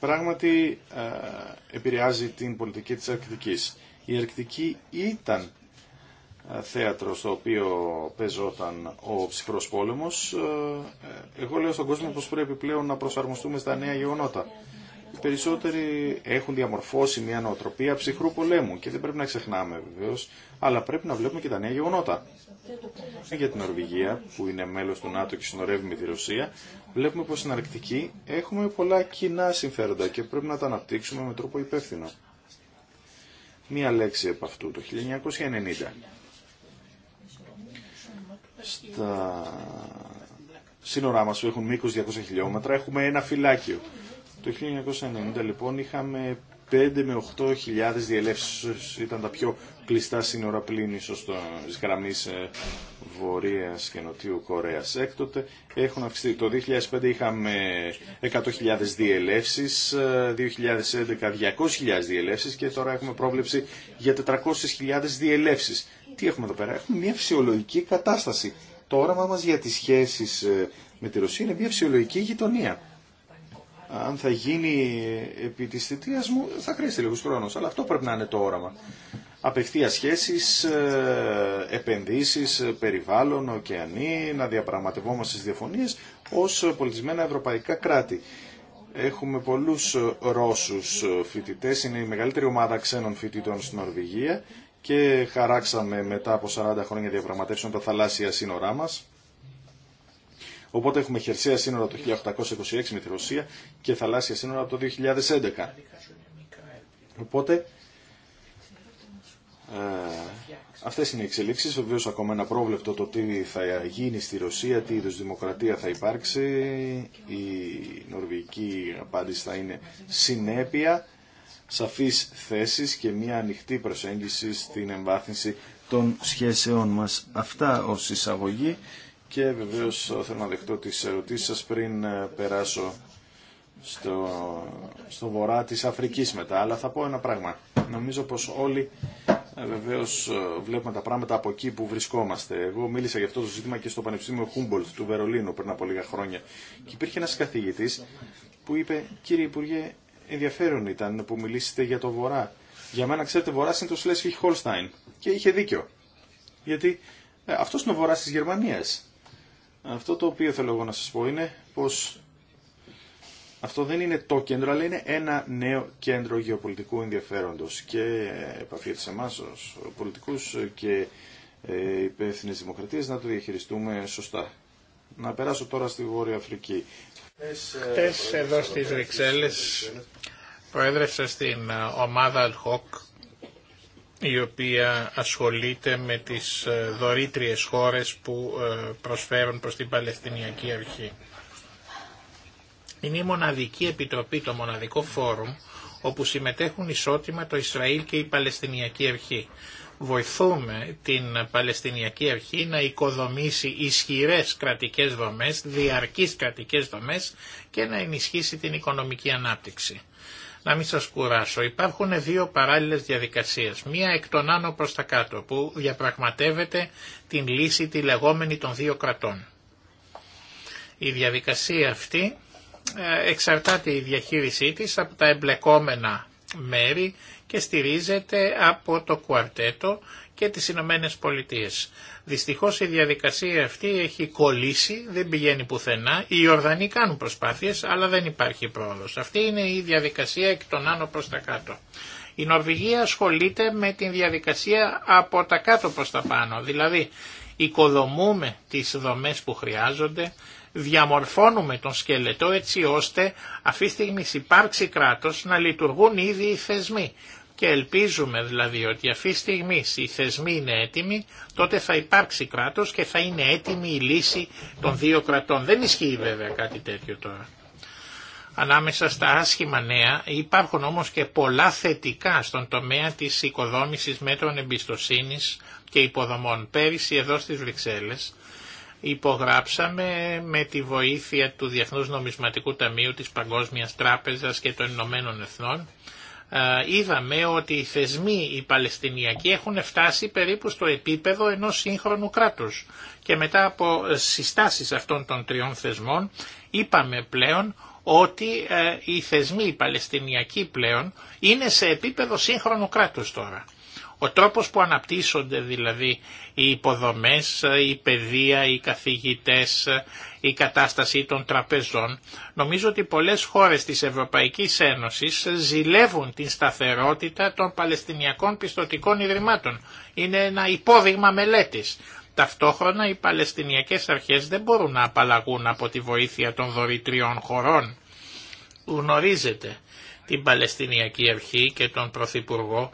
Πράγματι ε, επηρεάζει την πολιτική της Αρκτικής. Η Αρκτική ήταν ε, θέατρο στο οποίο παίζονταν ο ψυχρός πόλεμος. Ε, εγώ λέω στον κόσμο πως πρέπει πλέον να προσαρμοστούμε στα νέα γεγονότα περισσότεροι έχουν διαμορφώσει μια νοοτροπία ψυχρού πολέμου και δεν πρέπει να ξεχνάμε βεβαίω, αλλά πρέπει να βλέπουμε και τα νέα γεγονότα. Για την Νορβηγία, που είναι μέλο του ΝΑΤΟ και συνορεύει με τη Ρωσία, βλέπουμε πω στην Αρκτική έχουμε πολλά κοινά συμφέροντα και πρέπει να τα αναπτύξουμε με τρόπο υπεύθυνο. Μία λέξη από αυτού το 1990. Στα σύνορά μας που έχουν μήκο 200 χιλιόμετρα έχουμε ένα φυλάκιο το 1990 λοιπόν είχαμε 5 με 8 χιλιάδες διελεύσεις, ήταν τα πιο κλειστά σύνορα πλήν ίσως της γραμμής ε, Βορείας και Νοτιού Κορέας. Έκτοτε έχουν αυξηθεί. Το 2005 είχαμε 100.000 διελεύσεις, 2011 ε, 200.000 διελεύσεις και τώρα έχουμε πρόβλεψη για 400.000 διελεύσεις. Τι έχουμε εδώ πέρα, έχουμε μια φυσιολογική κατάσταση. Το όραμα μας για τις σχέσεις ε, με τη Ρωσία είναι μια φυσιολογική γειτονία αν θα γίνει επί της θητείας μου θα χρειαστεί λίγους χρόνους, αλλά αυτό πρέπει να είναι το όραμα. Απευθεία σχέσεις, ε, επενδύσεις, ε, περιβάλλον, ωκεανή, να διαπραγματευόμαστε στι διαφωνίε ως πολιτισμένα ευρωπαϊκά κράτη. Έχουμε πολλούς ε, Ρώσου φοιτητέ, είναι η μεγαλύτερη ομάδα ξένων φοιτητών στην Νορβηγία και χαράξαμε μετά από 40 χρόνια διαπραγματεύσεων τα θαλάσσια σύνορά μα. Οπότε έχουμε χερσαία σύνορα το 1826 με τη Ρωσία και θαλάσσια σύνορα από το 2011. Οπότε ε, αυτές είναι οι εξελίξεις. Βεβαίω ακόμα ένα πρόβλεπτο το τι θα γίνει στη Ρωσία, τι είδους δημοκρατία θα υπάρξει. Η νορβηγική απάντηση θα είναι συνέπεια, σαφείς θέσεις και μια ανοιχτή προσέγγιση στην εμβάθυνση των σχέσεών μας. Αυτά ως εισαγωγή και βεβαίω θέλω να δεχτώ τις ερωτήσει σα πριν ε, περάσω στο, στο βορρά τη Αφρική μετά. Αλλά θα πω ένα πράγμα. Νομίζω πω όλοι ε, βεβαίω ε, βλέπουμε τα πράγματα από εκεί που βρισκόμαστε. Εγώ μίλησα για αυτό το ζήτημα και στο Πανεπιστήμιο Χούμπολτ του Βερολίνου πριν από λίγα χρόνια. Και υπήρχε ένα καθηγητή που είπε «Κύριε Υπουργέ, ενδιαφέρον ήταν που μιλήσετε για το βορρά». Για μένα, ξέρετε, βορρά είναι το Σλέσφι Χολστάιν. Και είχε δίκιο. Γιατί ε, αυτό είναι ο βορρά τη Γερμανία. Αυτό το οποίο θέλω εγώ να σας πω είναι πως αυτό δεν είναι το κέντρο, αλλά είναι ένα νέο κέντρο γεωπολιτικού ενδιαφέροντος και επαφή σε εμάς ως πολιτικούς και ε, υπεύθυνες δημοκρατίες να το διαχειριστούμε σωστά. Να περάσω τώρα στη Βόρεια Αφρική. Χτες εδώ στις Βρυξέλλες προέδρευσα στην ε, ομάδα Αλχόκ, η οποία ασχολείται με τις ε, δωρήτριες χώρες που ε, προσφέρουν προς την Παλαιστινιακή Αρχή. Είναι η μοναδική επιτροπή, το μοναδικό φόρουμ, όπου συμμετέχουν ισότιμα το Ισραήλ και η Παλαιστινιακή Αρχή. Βοηθούμε την Παλαιστινιακή Αρχή να οικοδομήσει ισχυρές κρατικές δομές, διαρκείς κρατικές δομές και να ενισχύσει την οικονομική ανάπτυξη να μην σας κουράσω. Υπάρχουν δύο παράλληλες διαδικασίες. Μία εκ των άνω προς τα κάτω που διαπραγματεύεται την λύση τη λεγόμενη των δύο κρατών. Η διαδικασία αυτή ε, εξαρτάται η διαχείρισή της από τα εμπλεκόμενα μέρη και στηρίζεται από το κουαρτέτο και τις Ηνωμένε Πολιτείε. Δυστυχώς η διαδικασία αυτή έχει κολλήσει, δεν πηγαίνει πουθενά. Οι Ιορδανοί κάνουν προσπάθειες, αλλά δεν υπάρχει πρόοδος. Αυτή είναι η διαδικασία εκ των άνω προς τα κάτω. Η Νορβηγία ασχολείται με την διαδικασία από τα κάτω προς τα πάνω. Δηλαδή, οικοδομούμε τις δομές που χρειάζονται, διαμορφώνουμε τον σκελετό έτσι ώστε αυτή τη στιγμή υπάρξει κράτος να λειτουργούν ήδη οι θεσμοί και ελπίζουμε δηλαδή ότι αυτή τη στιγμή οι θεσμοί είναι έτοιμοι, τότε θα υπάρξει κράτος και θα είναι έτοιμη η λύση των δύο κρατών. Δεν ισχύει βέβαια κάτι τέτοιο τώρα. Ανάμεσα στα άσχημα νέα υπάρχουν όμως και πολλά θετικά στον τομέα της οικοδόμησης μέτρων εμπιστοσύνης και υποδομών. Πέρυσι εδώ στις Βρυξέλλες υπογράψαμε με τη βοήθεια του Διεθνούς Νομισματικού Ταμείου της Παγκόσμιας Τράπεζας και των Ηνωμένων Εθνών ε, είδαμε ότι οι θεσμοί οι Παλαιστινιακοί έχουν φτάσει περίπου στο επίπεδο ενός σύγχρονου κράτους και μετά από συστάσεις αυτών των τριών θεσμών είπαμε πλέον ότι ε, οι θεσμοί οι Παλαιστινιακοί πλέον είναι σε επίπεδο σύγχρονου κράτους τώρα. Ο τρόπος που αναπτύσσονται δηλαδή οι υποδομές, η παιδεία, οι καθηγητές, η κατάσταση των τραπεζών, νομίζω ότι πολλές χώρες της Ευρωπαϊκής Ένωσης ζηλεύουν την σταθερότητα των Παλαιστινιακών πιστοτικών ιδρυμάτων. Είναι ένα υπόδειγμα μελέτης. Ταυτόχρονα οι Παλαιστινιακές αρχές δεν μπορούν να απαλλαγούν από τη βοήθεια των δωρητριών χωρών. Γνωρίζετε την Παλαιστινιακή Αρχή και τον Πρωθυπουργό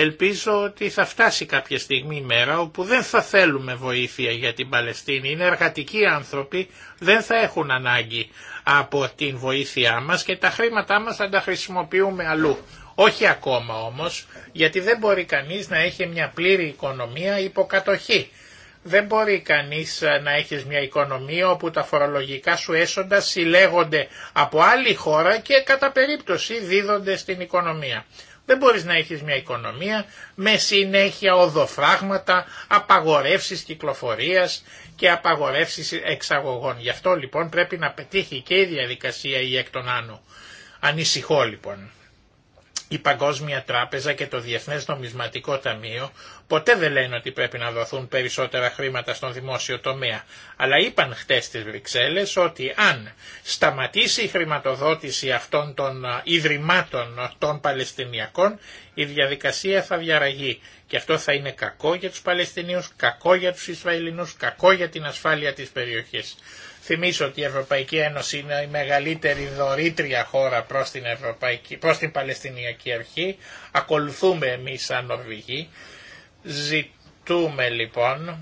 Ελπίζω ότι θα φτάσει κάποια στιγμή η μέρα όπου δεν θα θέλουμε βοήθεια για την Παλαιστίνη. Είναι εργατικοί άνθρωποι, δεν θα έχουν ανάγκη από την βοήθειά μας και τα χρήματά μας θα τα χρησιμοποιούμε αλλού. Όχι ακόμα όμως, γιατί δεν μπορεί κανείς να έχει μια πλήρη οικονομία υποκατοχή. Δεν μπορεί κανείς ε, να έχεις μια οικονομία όπου τα φορολογικά σου έσοντα συλλέγονται από άλλη χώρα και κατά περίπτωση δίδονται στην οικονομία. Δεν μπορείς να έχεις μια οικονομία με συνέχεια οδοφράγματα, απαγορεύσεις κυκλοφορίας και απαγορεύσεις εξαγωγών. Γι' αυτό λοιπόν πρέπει να πετύχει και η διαδικασία η εκ των άνω. Ανησυχώ λοιπόν η Παγκόσμια Τράπεζα και το Διεθνές Νομισματικό Ταμείο ποτέ δεν λένε ότι πρέπει να δοθούν περισσότερα χρήματα στον δημόσιο τομέα. Αλλά είπαν χτες στις Βρυξέλλες ότι αν σταματήσει η χρηματοδότηση αυτών των ιδρυμάτων των Παλαιστινιακών η διαδικασία θα διαραγεί. Και αυτό θα είναι κακό για τους Παλαιστινίους, κακό για τους Ισραηλινούς, κακό για την ασφάλεια της περιοχής. Θυμίσω ότι η Ευρωπαϊκή Ένωση είναι η μεγαλύτερη δωρήτρια χώρα προς την, Ευρωπαϊκή, προς την Παλαιστινιακή Αρχή. Ακολουθούμε εμείς σαν Νορβηγοί. Ζητούμε λοιπόν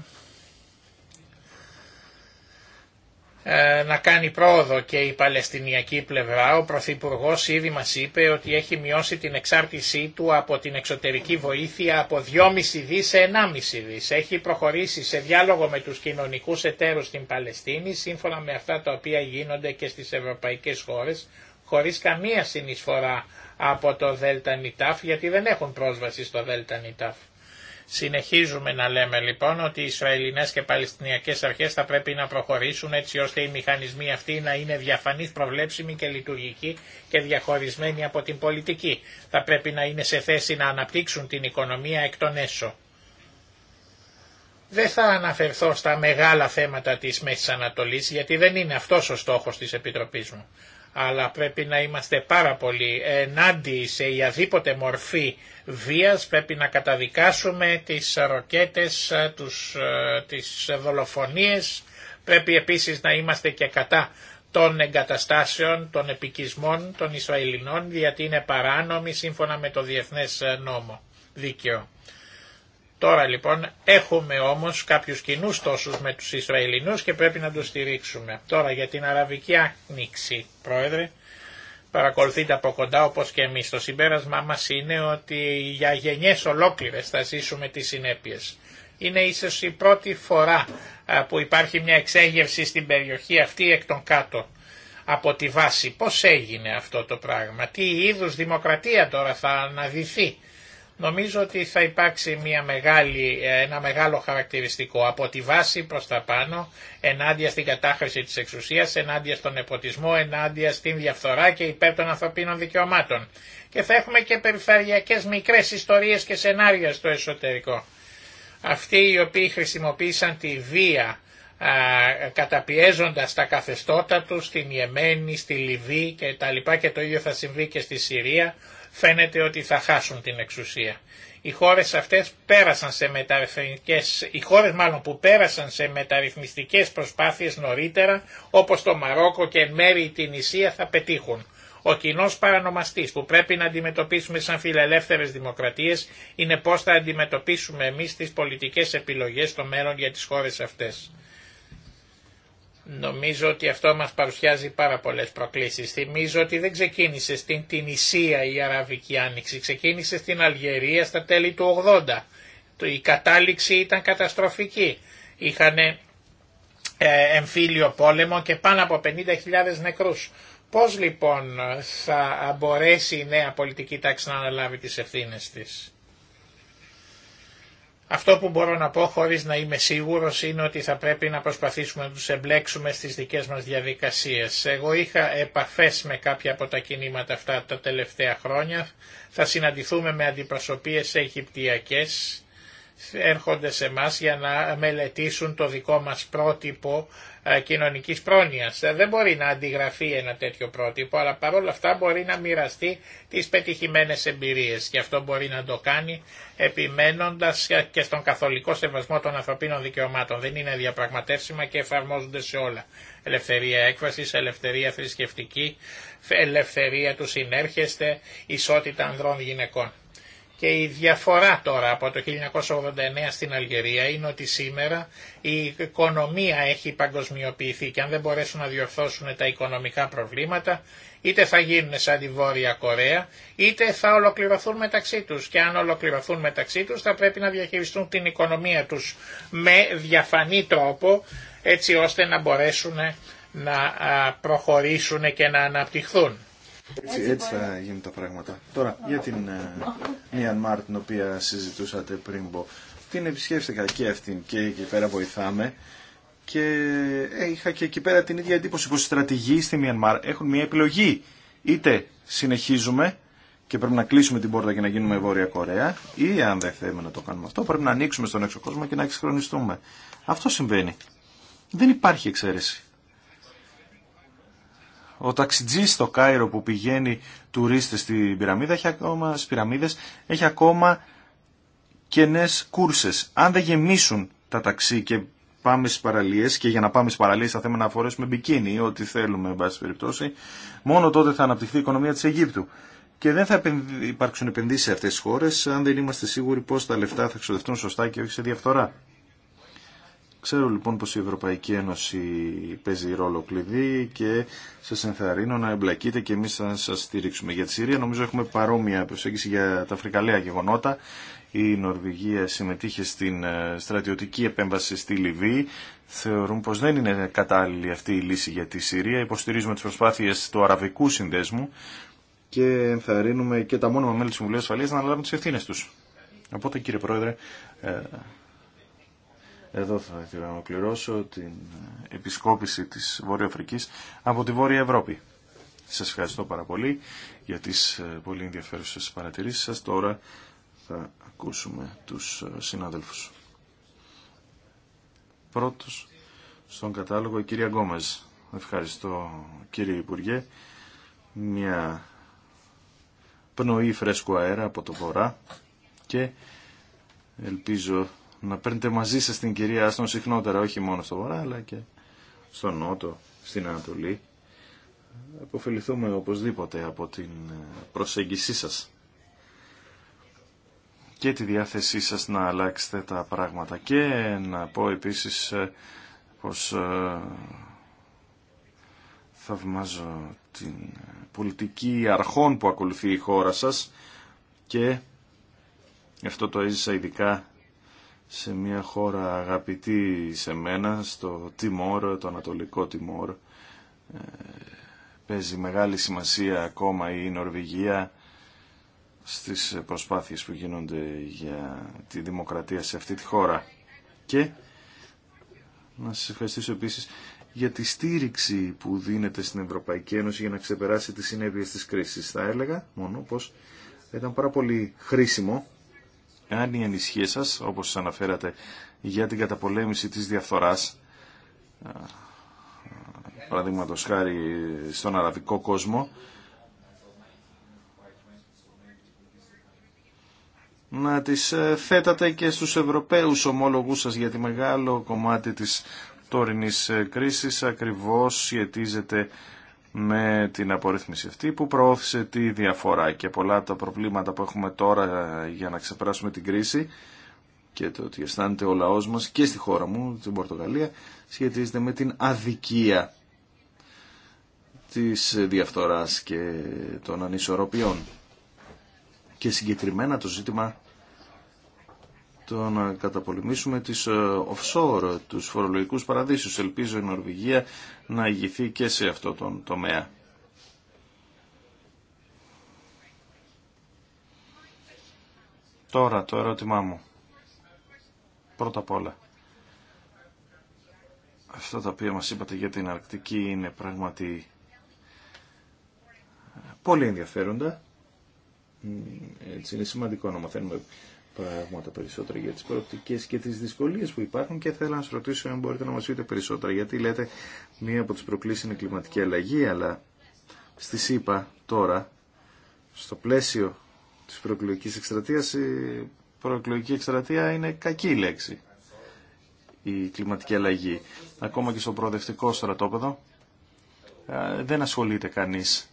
Ε, να κάνει πρόοδο και η Παλαιστινιακή πλευρά. Ο Πρωθυπουργό ήδη μα είπε ότι έχει μειώσει την εξάρτησή του από την εξωτερική βοήθεια από 2,5 δις σε 1,5 δις. Έχει προχωρήσει σε διάλογο με τους κοινωνικού εταίρου στην Παλαιστίνη σύμφωνα με αυτά τα οποία γίνονται και στις ευρωπαϊκές χώρες χωρί καμία συνεισφορά από το ΔΝΤ γιατί δεν έχουν πρόσβαση στο ΔΝΤ. Συνεχίζουμε να λέμε λοιπόν ότι οι Ισραηλινές και Παλαιστινιακές αρχές θα πρέπει να προχωρήσουν έτσι ώστε οι μηχανισμοί αυτοί να είναι διαφανείς, προβλέψιμοι και λειτουργικοί και διαχωρισμένοι από την πολιτική. Θα πρέπει να είναι σε θέση να αναπτύξουν την οικονομία εκ των έσω. Δεν θα αναφερθώ στα μεγάλα θέματα της Μέσης Ανατολής γιατί δεν είναι αυτός ο στόχος της Επιτροπής μου αλλά πρέπει να είμαστε πάρα πολύ ενάντια σε οποιαδήποτε μορφή βίας, πρέπει να καταδικάσουμε τις ροκέτες, τους, τις δολοφονίες, πρέπει επίσης να είμαστε και κατά των εγκαταστάσεων, των επικισμών των Ισραηλινών, γιατί είναι παράνομοι σύμφωνα με το διεθνές νόμο δίκαιο. Τώρα λοιπόν έχουμε όμως κάποιους κοινού τόσους με τους Ισραηλινούς και πρέπει να τους στηρίξουμε. Τώρα για την Αραβική Άνοιξη, Πρόεδρε, παρακολουθείτε από κοντά όπως και εμείς. Το συμπέρασμά μας είναι ότι για γενιές ολόκληρες θα ζήσουμε τις συνέπειες. Είναι ίσως η πρώτη φορά που υπάρχει μια εξέγευση στην περιοχή αυτή εκ των κάτω από τη βάση. Πώς έγινε αυτό το πράγμα, τι είδους δημοκρατία τώρα θα αναδυθεί Νομίζω ότι θα υπάρξει μια μεγάλη, ε, ένα μεγάλο χαρακτηριστικό από τη βάση προς τα πάνω, ενάντια στην κατάχρηση της εξουσίας, ενάντια στον εποτισμό, ενάντια στην διαφθορά και υπέρ των ανθρωπίνων δικαιωμάτων. Και θα έχουμε και περιφερειακές μικρές ιστορίες και σενάρια στο εσωτερικό. Αυτοί οι οποίοι χρησιμοποίησαν τη βία α, καταπιέζοντας τα καθεστώτα τους στην Ιεμένη, στη Λιβύη και και το ίδιο θα συμβεί και στη Συρία φαίνεται ότι θα χάσουν την εξουσία. Οι χώρες αυτές πέρασαν σε μεταρρυθμιστικές, οι χώρες μάλλον που πέρασαν σε μεταρρυθμιστικές προσπάθειες νωρίτερα, όπως το Μαρόκο και εν μέρη την Ισία θα πετύχουν. Ο κοινό παρανομαστή που πρέπει να αντιμετωπίσουμε σαν φιλελεύθερε δημοκρατίε είναι πώ θα αντιμετωπίσουμε εμεί τι πολιτικέ επιλογέ στο μέλλον για τι χώρε αυτέ. Νομίζω ότι αυτό μας παρουσιάζει πάρα πολλές προκλήσεις. Θυμίζω ότι δεν ξεκίνησε στην Τινησία η Αραβική Άνοιξη, ξεκίνησε στην Αλγερία στα τέλη του 80. Η κατάληξη ήταν καταστροφική. Είχαν ε, εμφύλιο πόλεμο και πάνω από 50.000 νεκρούς. Πώς λοιπόν θα μπορέσει η νέα πολιτική τάξη να αναλάβει τις ευθύνες της. Αυτό που μπορώ να πω χωρίς να είμαι σίγουρος είναι ότι θα πρέπει να προσπαθήσουμε να τους εμπλέξουμε στις δικές μας διαδικασίες. Εγώ είχα επαφές με κάποια από τα κινήματα αυτά τα τελευταία χρόνια. Θα συναντηθούμε με αντιπροσωπείες αιγυπτιακές έρχονται σε εμά για να μελετήσουν το δικό μας πρότυπο ε, κοινωνικής πρόνοιας. Ε, δεν μπορεί να αντιγραφεί ένα τέτοιο πρότυπο, αλλά παρόλα αυτά μπορεί να μοιραστεί τις πετυχημένες εμπειρίες και αυτό μπορεί να το κάνει επιμένοντας και στον καθολικό σεβασμό των ανθρωπίνων δικαιωμάτων. Δεν είναι διαπραγματεύσιμα και εφαρμόζονται σε όλα. Ελευθερία έκφρασης, ελευθερία θρησκευτική, ελευθερία του συνέρχεστε, ισότητα ανδρών γυναικών. Και η διαφορά τώρα από το 1989 στην Αλγερία είναι ότι σήμερα η οικονομία έχει παγκοσμιοποιηθεί και αν δεν μπορέσουν να διορθώσουν τα οικονομικά προβλήματα είτε θα γίνουν σαν τη Βόρεια Κορέα είτε θα ολοκληρωθούν μεταξύ τους και αν ολοκληρωθούν μεταξύ τους θα πρέπει να διαχειριστούν την οικονομία τους με διαφανή τρόπο έτσι ώστε να μπορέσουν να προχωρήσουν και να αναπτυχθούν. Έτσι, έτσι θα γίνουν τα πράγματα. Τώρα, για την Μιανμάρ, ε, την οποία συζητούσατε πριν πω, την επισκέφθηκα και αυτήν και εκεί πέρα βοηθάμε και ε, είχα και εκεί πέρα την ίδια εντύπωση πως οι στρατηγοί στη Μιανμάρ έχουν μια επιλογή. Είτε συνεχίζουμε και πρέπει να κλείσουμε την πόρτα και να γίνουμε Βόρεια Κορέα ή αν δεν θέλουμε να το κάνουμε αυτό πρέπει να ανοίξουμε στον έξω κόσμο και να εξυγχρονιστούμε. Αυτό συμβαίνει. Δεν υπάρχει εξαίρεση. Ο ταξιτζής στο Κάιρο που πηγαίνει τουρίστες στην πυραμίδα, έχει ακόμα, στις πυραμίδες, έχει ακόμα κενέ κούρσε. Αν δεν γεμίσουν τα ταξί και πάμε στι παραλίε, και για να πάμε στι παραλίες θα θέλουμε να αφορέσουμε μπικίνι, ό,τι θέλουμε, εν πάση περιπτώσει, μόνο τότε θα αναπτυχθεί η οικονομία τη Αιγύπτου. Και δεν θα υπάρξουν επενδύσει σε αυτές τις χώρες αν δεν είμαστε σίγουροι πώ τα λεφτά θα εξοδευτούν σωστά και όχι σε διαφθορά. Ξέρω λοιπόν πως η Ευρωπαϊκή Ένωση παίζει ρόλο κλειδί και σας ενθαρρύνω να εμπλακείτε και εμείς θα σας στηρίξουμε. Για τη Συρία νομίζω έχουμε παρόμοια προσέγγιση για τα φρικαλαία γεγονότα. Η Νορβηγία συμμετείχε στην ε, στρατιωτική επέμβαση στη Λιβύη. Θεωρούν πως δεν είναι κατάλληλη αυτή η λύση για τη Συρία. Υποστηρίζουμε τις προσπάθειες του αραβικού συνδέσμου και ενθαρρύνουμε και τα μόνιμα μέλη του Συμβουλίου Ασφαλείας να αναλάβουν τις ευθύνες τους. Οπότε κύριε Πρόεδρε, ε, εδώ θα ήθελα να ολοκληρώσω την επισκόπηση της Βόρειο Αφρικής από τη Βόρεια Ευρώπη. Σας ευχαριστώ πάρα πολύ για τις ε, πολύ ενδιαφέρουσες παρατηρήσεις σας. Τώρα θα ακούσουμε τους ε, συνάδελφους. Πρώτος στον κατάλογο η κυρία Γκόμεζ. Ευχαριστώ κύριε Υπουργέ. Μια πνοή φρέσκου αέρα από το βορρά και ελπίζω να παίρνετε μαζί σας την κυρία Άστον συχνότερα, όχι μόνο στο βορρά, αλλά και στο νότο, στην Ανατολή. αποφεληθούμε οπωσδήποτε από την ε, προσέγγισή σας και τη διάθεσή σας να αλλάξετε τα πράγματα. Και να πω επίσης ε, πως ε, θαυμάζω την πολιτική αρχών που ακολουθεί η χώρα σας και αυτό το έζησα ειδικά σε μια χώρα αγαπητή σε μένα, στο Τιμόρ, το Ανατολικό Τιμόρ. Ε, παίζει μεγάλη σημασία ακόμα η Νορβηγία στις προσπάθειες που γίνονται για τη δημοκρατία σε αυτή τη χώρα. Και να σας ευχαριστήσω επίσης για τη στήριξη που δίνεται στην Ευρωπαϊκή Ένωση για να ξεπεράσει τις συνέπειες της κρίσης. Θα έλεγα μόνο πως ήταν πάρα πολύ χρήσιμο αν οι ανησυχίες σας, όπως αναφέρατε, για την καταπολέμηση της διαφθοράς, ε, παραδείγματο χάρη στον αραβικό κόσμο, να τις ε, θέτατε και στους Ευρωπαίους ομόλογους σας γιατί μεγάλο κομμάτι της τωρινής ε, κρίσης ακριβώς σχετίζεται με την απορρίθμιση αυτή που προώθησε τη διαφορά και πολλά από τα προβλήματα που έχουμε τώρα για να ξεπεράσουμε την κρίση και το ότι αισθάνεται ο λαός μας και στη χώρα μου, την Πορτογαλία, σχετίζεται με την αδικία της διαφθοράς και των ανισορροπιών. Και συγκεκριμένα το ζήτημα το να καταπολεμήσουμε τις ε, offshore, τους φορολογικούς παραδείσους. Ελπίζω η Νορβηγία να ηγηθεί και σε αυτό τον τομέα. Τώρα, το ερώτημά μου. Πρώτα απ' όλα. Αυτά τα οποία μας είπατε για την Αρκτική είναι πράγματι ε, πολύ ενδιαφέροντα. Έτσι είναι σημαντικό να μαθαίνουμε πράγματα περισσότερα για τις προοπτικές και τις δυσκολίες που υπάρχουν και θέλω να σας ρωτήσω αν μπορείτε να μας πείτε περισσότερα γιατί λέτε μία από τις προκλήσεις είναι η κλιματική αλλαγή αλλά στη ΣΥΠΑ τώρα στο πλαίσιο της προεκλογικής εκστρατείας η προεκλογική εκστρατεία είναι κακή λέξη η κλιματική αλλαγή ακόμα και στο προοδευτικό στρατόπεδο ε, δεν ασχολείται κανείς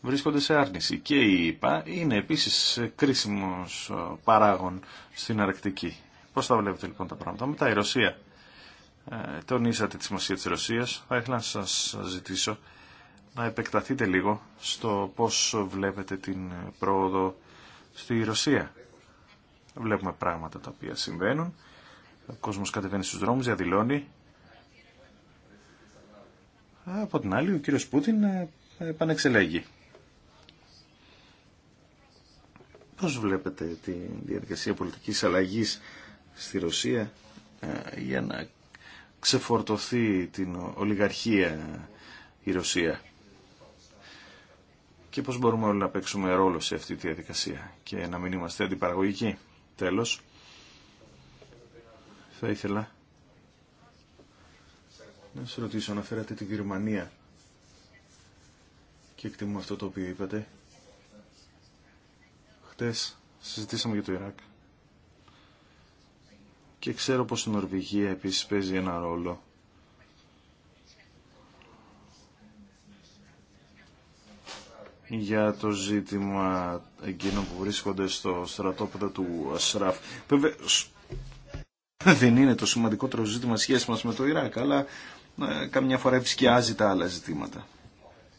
βρίσκονται σε άρνηση. Και η ΙΠΑ είναι επίσης κρίσιμος ε, παράγων στην Αρκτική. Πώς θα βλέπετε λοιπόν τα πράγματα. Μετά η Ρωσία. Ε, τονίσατε τη σημασία της Ρωσίας. Θα ήθελα να σας ζητήσω να επεκταθείτε λίγο στο πώς βλέπετε την πρόοδο στη Ρωσία. Βλέπουμε πράγματα τα οποία συμβαίνουν. Ο κόσμος κατεβαίνει στους δρόμους, διαδηλώνει. Ε, από την άλλη, ο κύριος Πούτιν ε, επανεξελέγει. Πώς βλέπετε τη διαδικασία πολιτικής αλλαγής στη Ρωσία ε, για να ξεφορτωθεί την ολιγαρχία η Ρωσία και πώς μπορούμε όλοι να παίξουμε ρόλο σε αυτή τη διαδικασία και να μην είμαστε αντιπαραγωγικοί. Τέλος, θα ήθελα να σας ρωτήσω, αναφέρατε τη Γερμανία και εκτιμώ αυτό το οποίο είπατε χτες συζητήσαμε για το Ιράκ. Και ξέρω πως η Νορβηγία επίσης παίζει ένα ρόλο. για το ζήτημα εκείνων που βρίσκονται στο στρατόπεδο του Ασράφ. Βέβαια, δεν είναι το σημαντικότερο ζήτημα σχέση μας με το Ιράκ, αλλά ε, καμιά φορά επισκιάζει τα άλλα ζητήματα.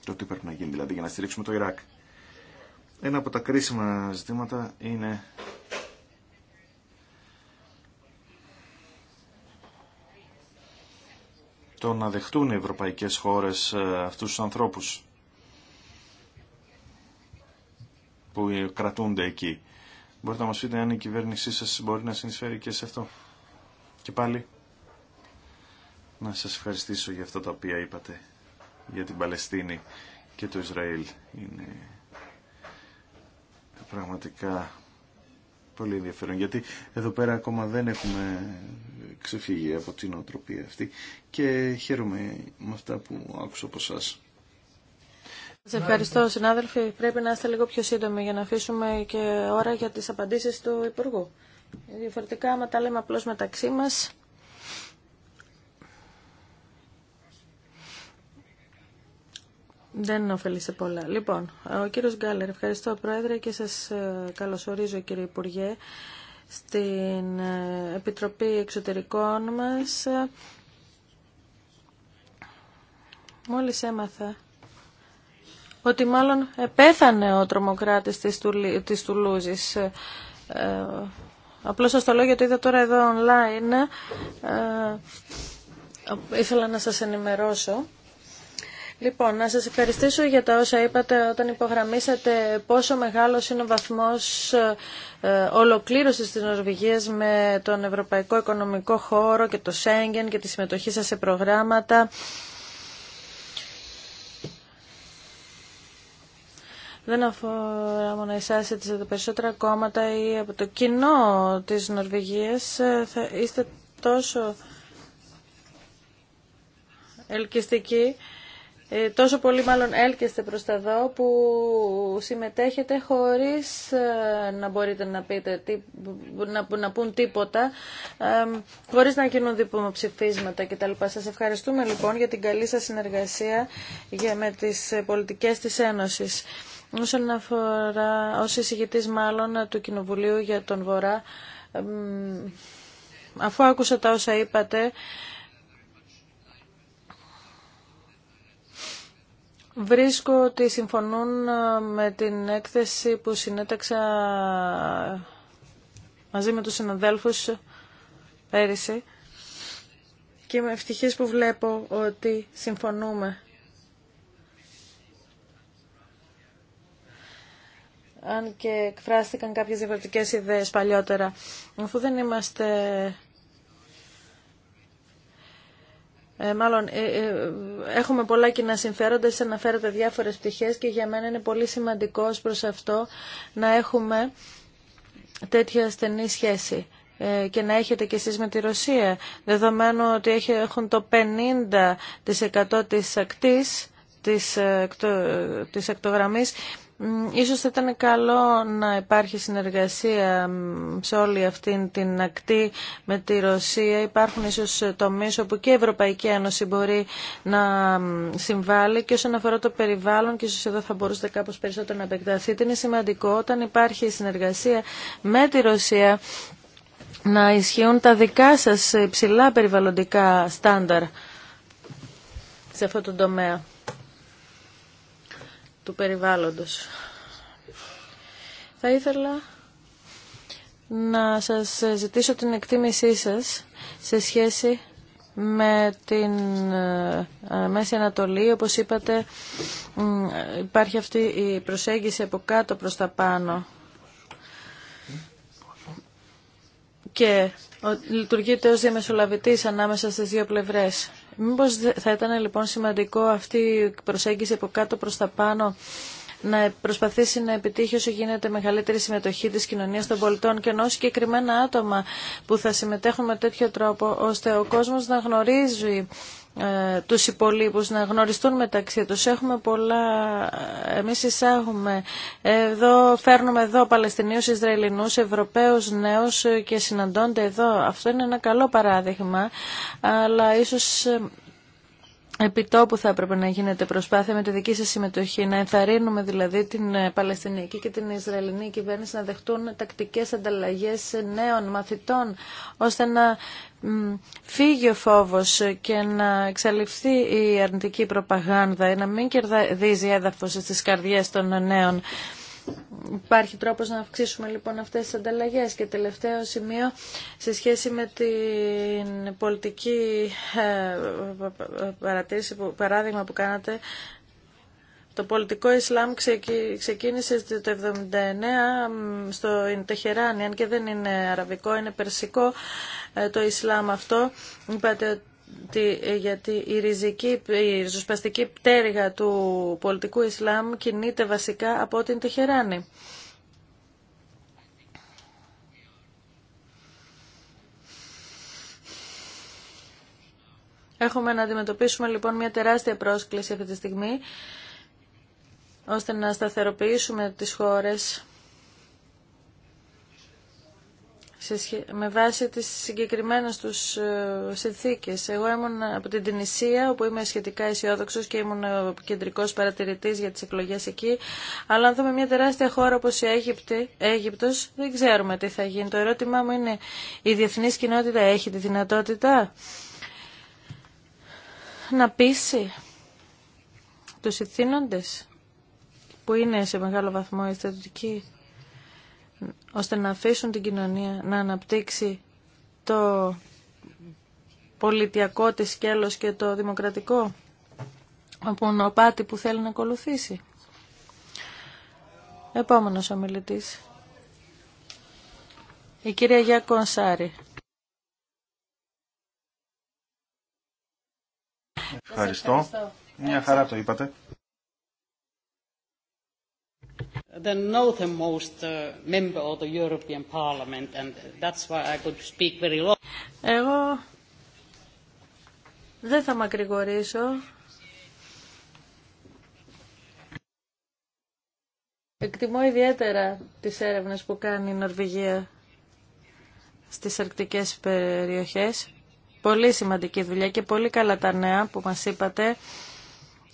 Το τι πρέπει να γίνει δηλαδή για να στηρίξουμε το Ιράκ. Ένα από τα κρίσιμα ζητήματα είναι το να δεχτούν οι ευρωπαϊκές χώρες ε, αυτούς τους ανθρώπους που κρατούνται εκεί. Μπορείτε να μας πείτε αν η κυβέρνησή σας μπορεί να συνεισφέρει και σε αυτό. Και πάλι να σας ευχαριστήσω για αυτά τα οποία είπατε για την Παλαιστίνη και το Ισραήλ. Είναι πραγματικά πολύ ενδιαφέρον γιατί εδώ πέρα ακόμα δεν έχουμε ξεφύγει από την οτροπία αυτή και χαίρομαι με αυτά που άκουσα από εσά. Σας ευχαριστώ συνάδελφοι. Πρέπει να είστε λίγο πιο σύντομοι για να αφήσουμε και ώρα για τις απαντήσεις του Υπουργού. Ε, διαφορετικά, άμα τα λέμε απλώς μεταξύ μας, Δεν ωφελεί πολλά. Λοιπόν, ο κύριος Γκάλερ, ευχαριστώ Πρόεδρε και σας ε, καλωσορίζω κύριε Υπουργέ στην ε, Επιτροπή Εξωτερικών μας. Μόλις έμαθα ότι μάλλον επέθανε ο τρομοκράτης της, της Τουλούζης. Ε, απλώς σας το λέω γιατί είδα τώρα εδώ online. Ε, ήθελα να σας ενημερώσω. Λοιπόν, να σας ευχαριστήσω για τα όσα είπατε όταν υπογραμμίσατε πόσο μεγάλος είναι ο βαθμός ε, ολοκλήρωσης της Νορβηγίας με τον Ευρωπαϊκό Οικονομικό Χώρο και το Σέγγεν και τη συμμετοχή σας σε προγράμματα. δεν αφορά μόνο εσάς, ή τα περισσότερα κόμματα ή από το κοινό της Νορβηγίας ε, θα είστε τόσο ελκυστικοί ε, τόσο πολύ μάλλον έλκεστε προς τα δω που συμμετέχετε χωρίς ε, να μπορείτε να πείτε να, να πούν τίποτα ε, χωρίς να κινούν ψηφίσματα κτλ. Σας ευχαριστούμε λοιπόν για την καλή σας συνεργασία για, με τις πολιτικές της Ένωσης. Όσον αφορά ως εισηγητής μάλλον του Κοινοβουλίου για τον Βορρά αφού άκουσα τα όσα είπατε Βρίσκω ότι συμφωνούν ε, με την έκθεση που συνέταξα ε, μαζί με τους συναδέλφους ε, πέρυσι και είμαι ευτυχής που βλέπω ότι συμφωνούμε. Αν και εκφράστηκαν κάποιες διαφορετικές ιδέες παλιότερα. Αφού δεν είμαστε Ε, μάλλον ε, ε, έχουμε πολλά κοινά συμφέροντα, σε αναφέρατε διάφορες πτυχές και για μένα είναι πολύ σημαντικός προς αυτό να έχουμε τέτοια στενή σχέση και να έχετε κι εσείς με τη Ρωσία, δεδομένου ότι έχουν το 50% της ακτής της, της ακτογραμμής Ίσως θα ήταν καλό να υπάρχει συνεργασία σε όλη αυτή την ακτή με τη Ρωσία. Υπάρχουν ίσως τομείς όπου και η Ευρωπαϊκή Ένωση μπορεί να συμβάλλει και όσον αφορά το περιβάλλον και ίσως εδώ θα μπορούσατε κάπως περισσότερο να επεκταθείτε. Είναι σημαντικό όταν υπάρχει συνεργασία με τη Ρωσία να ισχύουν τα δικά σας υψηλά περιβαλλοντικά στάνταρ σε αυτό το τομέα του περιβάλλοντος. Θα ήθελα να σας ζητήσω την εκτίμησή σας σε σχέση με την ε, Μέση Ανατολή. Όπως είπατε υπάρχει αυτή η προσέγγιση από κάτω προς τα πάνω και λειτουργείται ως διαμεσολαβητής ανάμεσα στις δύο πλευρές. Μήπως θα ήταν λοιπόν σημαντικό αυτή η προσέγγιση από κάτω προς τα πάνω να προσπαθήσει να επιτύχει όσο γίνεται μεγαλύτερη συμμετοχή της κοινωνίας των πολιτών και ενώ συγκεκριμένα άτομα που θα συμμετέχουν με τέτοιο τρόπο ώστε ο κόσμος να γνωρίζει ε, τους υπολείπους να γνωριστούν μεταξύ τους. Έχουμε πολλά, εμείς εισάγουμε, εδώ, φέρνουμε εδώ Παλαιστινίους, Ισραηλινούς, Ευρωπαίους νέους και συναντώνται εδώ. Αυτό είναι ένα καλό παράδειγμα, αλλά ίσως ε, επιτόπου θα έπρεπε να γίνεται προσπάθεια με τη δική σας συμμετοχή, να ενθαρρύνουμε δηλαδή την ε, Παλαιστινιακή και την Ισραηλινή κυβέρνηση να δεχτούν τακτικές ανταλλαγές νέων μαθητών, ώστε να φύγει ο φόβος και να εξαλειφθεί η αρνητική προπαγάνδα, ή να μην κερδίζει έδαφος στις καρδιές των νέων. Υπάρχει τρόπος να αυξήσουμε λοιπόν αυτές τις ανταλλαγές και τελευταίο σημείο σε σχέση με την πολιτική ε, παρατήρηση, παράδειγμα που κάνατε το πολιτικό Ισλάμ ξεκίνησε το 79 στο Τεχεράνι, αν και δεν είναι αραβικό, είναι περσικό ε, το Ισλάμ αυτό. Είπατε ε, γιατί η ριζική, η ριζοσπαστική πτέρυγα του πολιτικού Ισλάμ κινείται βασικά από την Τεχεράνη. Έχουμε να αντιμετωπίσουμε λοιπόν μια τεράστια πρόσκληση αυτή τη στιγμή, ώστε να σταθεροποιήσουμε τις χώρες με βάση τις συγκεκριμένες τους ε, συνθήκες. Εγώ ήμουν από την Τινησία, όπου είμαι σχετικά αισιόδοξο και ήμουν ο κεντρικός παρατηρητής για τις εκλογές εκεί. Αλλά αν δούμε μια τεράστια χώρα όπως η Αίγυπτη, Αίγυπτος, δεν ξέρουμε τι θα γίνει. Το ερώτημά μου είναι, η διεθνής κοινότητα έχει τη δυνατότητα να πείσει τους ηθήνοντες που είναι σε μεγάλο βαθμό αισθητικοί ώστε να αφήσουν την κοινωνία να αναπτύξει το πολιτιακό της σκέλος και το δημοκρατικό μονοπάτι που θέλει να ακολουθήσει. Επόμενος ομιλητής. Η κυρία Γιάκο Ανσάρη. Ευχαριστώ. Μια χαρά το είπατε. European and Εγώ δεν θα μακρηγορήσω. Εκτιμώ ιδιαίτερα τις έρευνες που κάνει η Νορβηγία στις αρκτικές περιοχές. Πολύ σημαντική δουλειά και πολύ καλά τα νέα που μας είπατε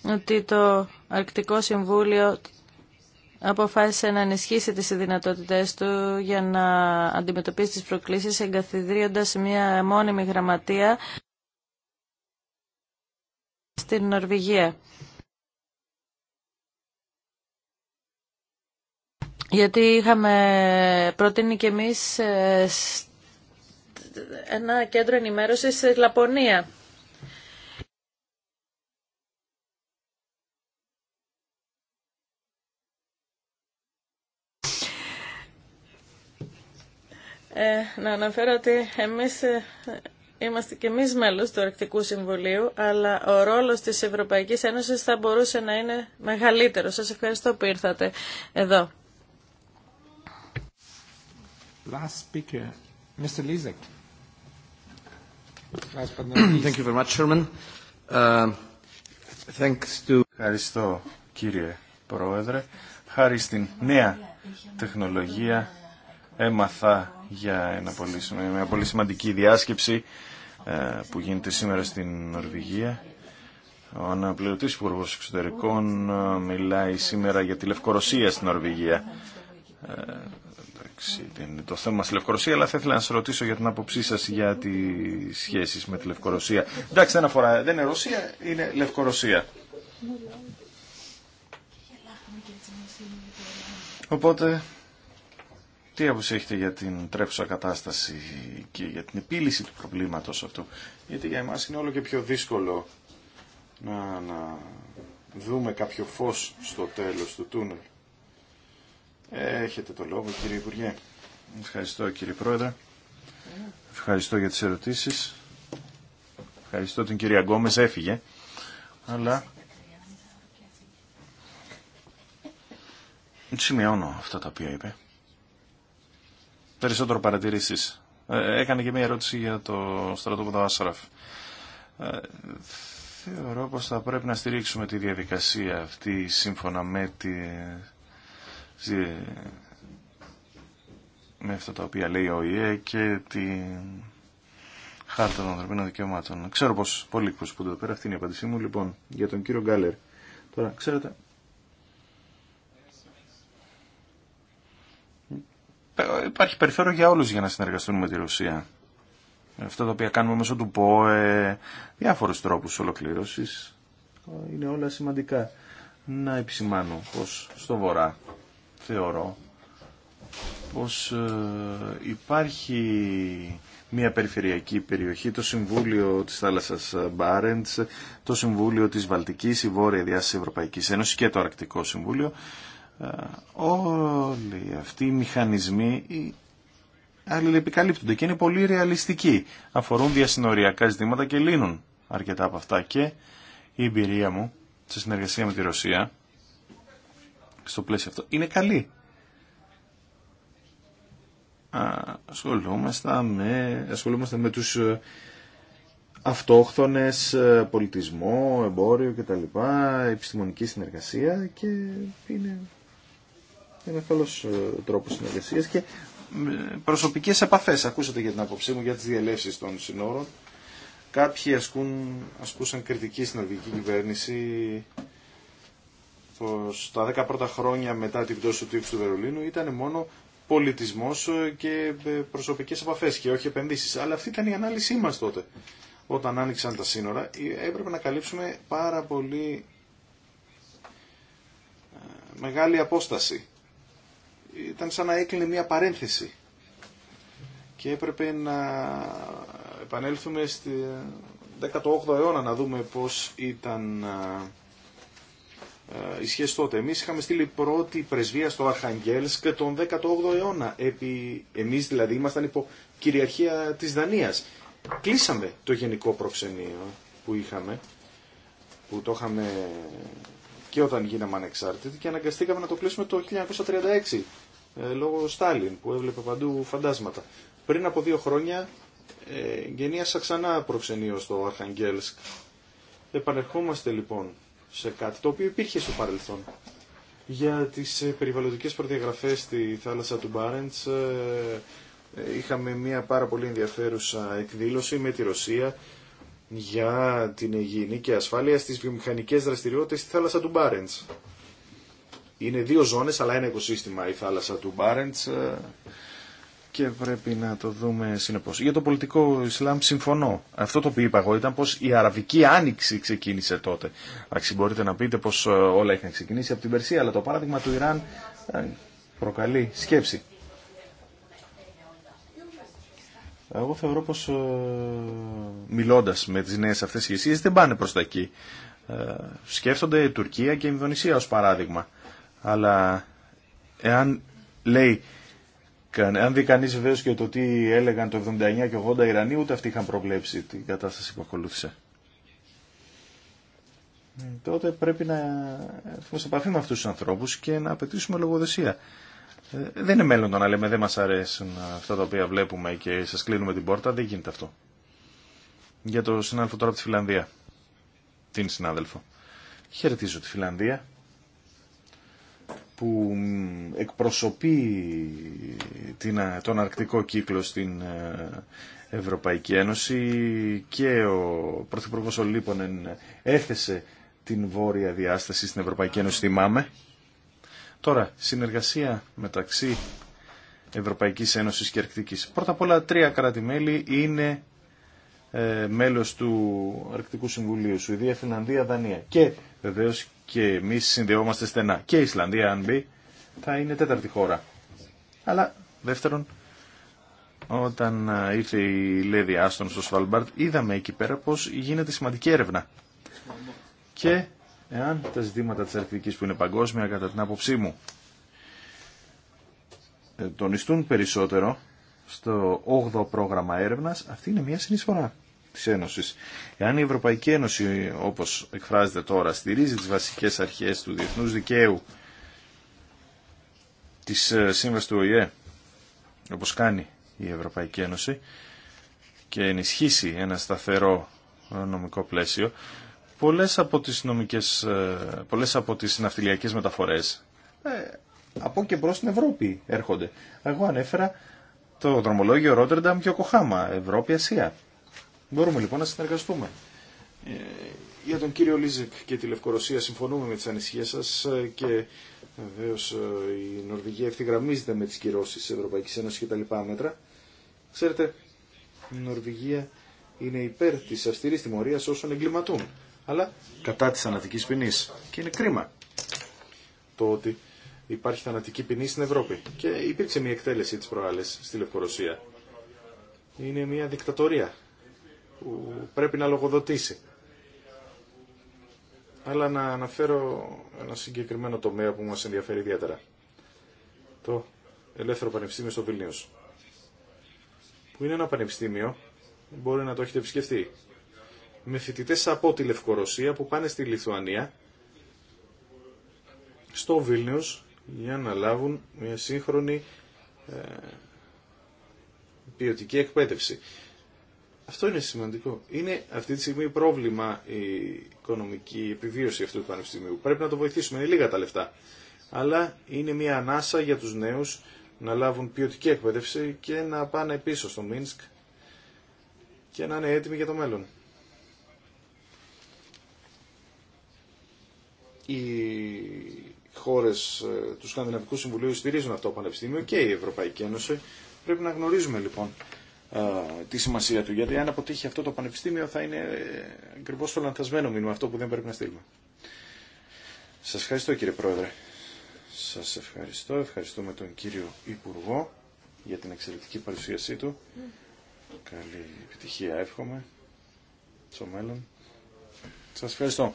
ότι το Αρκτικό Συμβούλιο αποφάσισε να ενισχύσει τις δυνατότητές του για να αντιμετωπίσει τις προκλήσεις εγκαθιδρύοντας μια μόνιμη γραμματεία στην Νορβηγία. Γιατί είχαμε προτείνει και εμείς ε, ένα κέντρο ενημέρωσης στη Λαπωνία. Ε, να αναφέρω ότι εμείς ε, Είμαστε και εμείς μέλος του Αρκτικού Συμβουλίου, αλλά ο ρόλος της Ευρωπαϊκής Ένωσης θα μπορούσε να είναι μεγαλύτερο. Σας ευχαριστώ που ήρθατε εδώ. Ευχαριστώ, κύριε Πρόεδρε. Χάρη στην νέα τεχνολογία έμαθα για μια πολύ σημαντική διάσκεψη ε, που γίνεται σήμερα στην Νορβηγία. Ο αναπληρωτής υπουργό Εξωτερικών ε, μιλάει σήμερα για τη Λευκορωσία στην Νορβηγία. Ε, εντάξει, δεν είναι το θέμα στη Λευκορωσία, αλλά θα ήθελα να σα ρωτήσω για την άποψή σα για τι σχέσει με τη Λευκορωσία. Εντάξει, δεν αφορά, δεν είναι Ρωσία, είναι Λευκορωσία. Οπότε τι άποψη για την τρέχουσα κατάσταση και για την επίλυση του προβλήματος αυτού. Γιατί για εμάς είναι όλο και πιο δύσκολο να, δούμε κάποιο φως στο τέλος του τούνελ. Έχετε το λόγο κύριε Υπουργέ. Ευχαριστώ κύριε Πρόεδρε. Ευχαριστώ για τις ερωτήσεις. Ευχαριστώ την κυρία Γκόμες, έφυγε. Αλλά σημειώνω αυτά τα οποία είπε περισσότερο παρατηρήσεις. Ε, έκανε και μια ερώτηση για το στρατόπεδο Άσραφ. Ε, θεωρώ πως θα πρέπει να στηρίξουμε τη διαδικασία αυτή σύμφωνα με, τη... με αυτά τα οποία λέει ο ΙΕ και τη χάρτα των ανθρωπίνων δικαιωμάτων. Ξέρω πως πολλοί που εδώ πέρα, αυτή είναι η απάντησή μου. Λοιπόν, για τον κύριο Γκάλερ. Τώρα, ξέρετε, υπάρχει περιθώριο για όλους για να συνεργαστούν με τη Ρωσία. Αυτό το οποίο κάνουμε μέσω του ΠΟΕ, διάφορους τρόπους ολοκλήρωσης, είναι όλα σημαντικά. Να επισημάνω πως στο Βορρά θεωρώ πως ε, υπάρχει μια περιφερειακή περιοχή, το Συμβούλιο της Θάλασσας Μπάρεντς, το Συμβούλιο της Βαλτικής, η Βόρεια Διάσης Ευρωπαϊκής Ένωσης και το Αρκτικό Συμβούλιο, ε, όλοι αυτοί οι μηχανισμοί αλληλεπικαλύπτονται και είναι πολύ ρεαλιστικοί. Αφορούν διασυνοριακά ζητήματα και λύνουν αρκετά από αυτά και η εμπειρία μου σε συνεργασία με τη Ρωσία στο πλαίσιο αυτό είναι καλή. Ασχολούμαστε με, ασχολούμαστε με τους ε, αυτόχθονες ε, πολιτισμό, εμπόριο κτλ, επιστημονική συνεργασία και είναι είναι καλό ε, τρόπο συνεργασία και προσωπικέ επαφέ. Ακούσατε για την άποψή μου για τι διελεύσεις των συνόρων. Κάποιοι ασκούν, ασκούσαν κριτική στην ελληνική κυβέρνηση πω τα 10 πρώτα χρόνια μετά την πτώση του τύπου του Βερολίνου ήταν μόνο πολιτισμό ε, και ε, προσωπικέ επαφέ και όχι επενδύσει. Αλλά αυτή ήταν η ανάλυση μα τότε. Όταν άνοιξαν τα σύνορα έπρεπε να καλύψουμε πάρα πολύ μεγάλη απόσταση ήταν σαν να έκλεινε μια παρένθεση και έπρεπε να επανέλθουμε στη 18ο αιώνα να δούμε πώς ήταν η σχέση τότε. Εμείς είχαμε στείλει πρώτη πρεσβεία στο Αρχαγγέλσκ τον 18ο αιώνα. Επί... Εμείς δηλαδή ήμασταν υπό κυριαρχία της Δανίας. Κλείσαμε το γενικό προξενείο που είχαμε, που το είχαμε και όταν γίναμε ανεξάρτητοι και αναγκαστήκαμε να το κλείσουμε το 1936 ε, λόγω Στάλιν που έβλεπε παντού φαντάσματα. Πριν από δύο χρόνια ε, γενίασα ξανά προξενείο στο Αρχαγγέλσκ. Επανερχόμαστε λοιπόν σε κάτι το οποίο υπήρχε στο παρελθόν. Για τις ε, περιβαλλοντικές προδιαγραφές στη θάλασσα του Μπάρεντς είχαμε μια πάρα πολύ ενδιαφέρουσα εκδήλωση με τη Ρωσία για την υγιεινή και ασφάλεια στις βιομηχανικές δραστηριότητες στη θάλασσα του Μπάρεντς. Είναι δύο ζώνε, αλλά ένα οικοσύστημα η θάλασσα του Μπάρεντ ε, και πρέπει να το δούμε συνεπώ. Για το πολιτικό Ισλάμ συμφωνώ. Αυτό το οποίο είπα εγώ ήταν πω η Αραβική Άνοιξη ξεκίνησε τότε. Άξι μπορείτε να πείτε πώ ε, όλα είχαν ξεκινήσει από την Περσία αλλά το παράδειγμα του Ιράν ε, προκαλεί σκέψη. Εγώ θεωρώ πως μιλώντας με τις νέες αυτές οι δεν πάνε προς τα εκεί. Σκέφτονται Τουρκία και η Ινδονησία ως παράδειγμα αλλά εάν λέει αν δει κανεί βεβαίω και το τι έλεγαν το 79 και 80 Ιρανοί, ούτε αυτοί είχαν προβλέψει την κατάσταση που ακολούθησε. Ναι. Ε, τότε πρέπει να έρθουμε σε επαφή με αυτού του ανθρώπου και να απαιτήσουμε λογοδοσία. Ε, δεν είναι μέλλον το να λέμε δεν μα αρέσουν αυτά τα οποία βλέπουμε και σα κλείνουμε την πόρτα. Δεν γίνεται αυτό. Για το συνάδελφο τώρα από τη Φιλανδία. Την συνάδελφο. Χαιρετίζω τη Φιλανδία που εκπροσωπεί τον αρκτικό κύκλο στην ε, Ευρωπαϊκή Ένωση και ο Πρωθυπουργός Ολίπονεν έθεσε την βόρεια διάσταση στην Ευρωπαϊκή Ένωση, θυμάμαι. Τώρα, συνεργασία μεταξύ Ευρωπαϊκής Ένωσης και Αρκτικής. Πρώτα απ' όλα, τρία κράτη-μέλη είναι ε, μέλος του Αρκτικού Συμβουλίου, Σουηδία, Φιλανδία, Δανία και βεβαίως και εμεί συνδεόμαστε στενά. Και η Ισλανδία, αν μπει, θα είναι τέταρτη χώρα. Αλλά δεύτερον, όταν ήρθε η Λέδη Άστον στο Σφαλμπάρτ, είδαμε εκεί πέρα πως γίνεται σημαντική έρευνα. Και εάν τα ζητήματα της Αρκτική που είναι παγκόσμια, κατά την άποψή μου, ε, τονιστούν περισσότερο στο 8ο πρόγραμμα έρευνα, αυτή είναι μια συνεισφορά της Εάν η Ευρωπαϊκή Ένωση, όπως εκφράζεται τώρα, στηρίζει τις βασικές αρχές του διεθνούς δικαίου της ε, Σύμβασης του ΟΗΕ, όπως κάνει η Ευρωπαϊκή Ένωση, και ενισχύσει ένα σταθερό ε, νομικό πλαίσιο, πολλές από τις, νομικές, ε, πολλές από τις ναυτιλιακές μεταφορές από και προς την Ευρώπη έρχονται. Εγώ ανέφερα το δρομολόγιο Ρότερνταμ και κοχαμα ευρωπη Ευρώπη-Ασία. Μπορούμε λοιπόν να συνεργαστούμε. Ε, για τον κύριο Λίζεκ και τη Λευκορωσία συμφωνούμε με τις ανησυχίες σας ε, και βεβαίω ε, η Νορβηγία ευθυγραμμίζεται με τις κυρώσεις της Ευρωπαϊκής Ένωσης και τα λοιπά μέτρα. Ξέρετε, η Νορβηγία είναι υπέρ της αυστηρής τιμωρίας όσων εγκληματούν, αλλά κατά της θανατικής ποινής. Και είναι κρίμα το ότι υπάρχει θανατική ποινή στην Ευρώπη. Και υπήρξε μια εκτέλεση της προάλλες στη Λευκορωσία. Είναι μια δικτατορία που πρέπει να λογοδοτήσει. Αλλά να αναφέρω ένα συγκεκριμένο τομέα που μας ενδιαφέρει ιδιαίτερα. Το Ελεύθερο Πανεπιστήμιο στο Βιλνίος. Που είναι ένα πανεπιστήμιο, μπορεί να το έχετε επισκεφτεί, με φοιτητέ από τη Λευκορωσία που πάνε στη Λιθουανία, στο Βίλνιους, για να λάβουν μια σύγχρονη ε, ποιοτική εκπαίδευση. Αυτό είναι σημαντικό. Είναι αυτή τη στιγμή πρόβλημα η οικονομική επιβίωση αυτού του πανεπιστημίου. Πρέπει να το βοηθήσουμε. Είναι λίγα τα λεφτά. Αλλά είναι μια ανάσα για τους νέους να λάβουν ποιοτική εκπαίδευση και να πάνε πίσω στο Μίνσκ και να είναι έτοιμοι για το μέλλον. Οι χώρες ε, του Σκανδιναβικού Συμβουλίου στηρίζουν αυτό το Πανεπιστήμιο και η Ευρωπαϊκή Ένωση. Πρέπει να γνωρίζουμε λοιπόν τη σημασία του. Γιατί αν αποτύχει αυτό το πανεπιστήμιο θα είναι ε, ακριβώ το λανθασμένο μήνυμα, αυτό που δεν πρέπει να στείλουμε. Σα ευχαριστώ κύριε Πρόεδρε. Σας ευχαριστώ. Ευχαριστούμε τον κύριο Υπουργό για την εξαιρετική παρουσίασή του. Καλή επιτυχία εύχομαι στο μέλλον. Σας ευχαριστώ.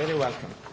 Very welcome.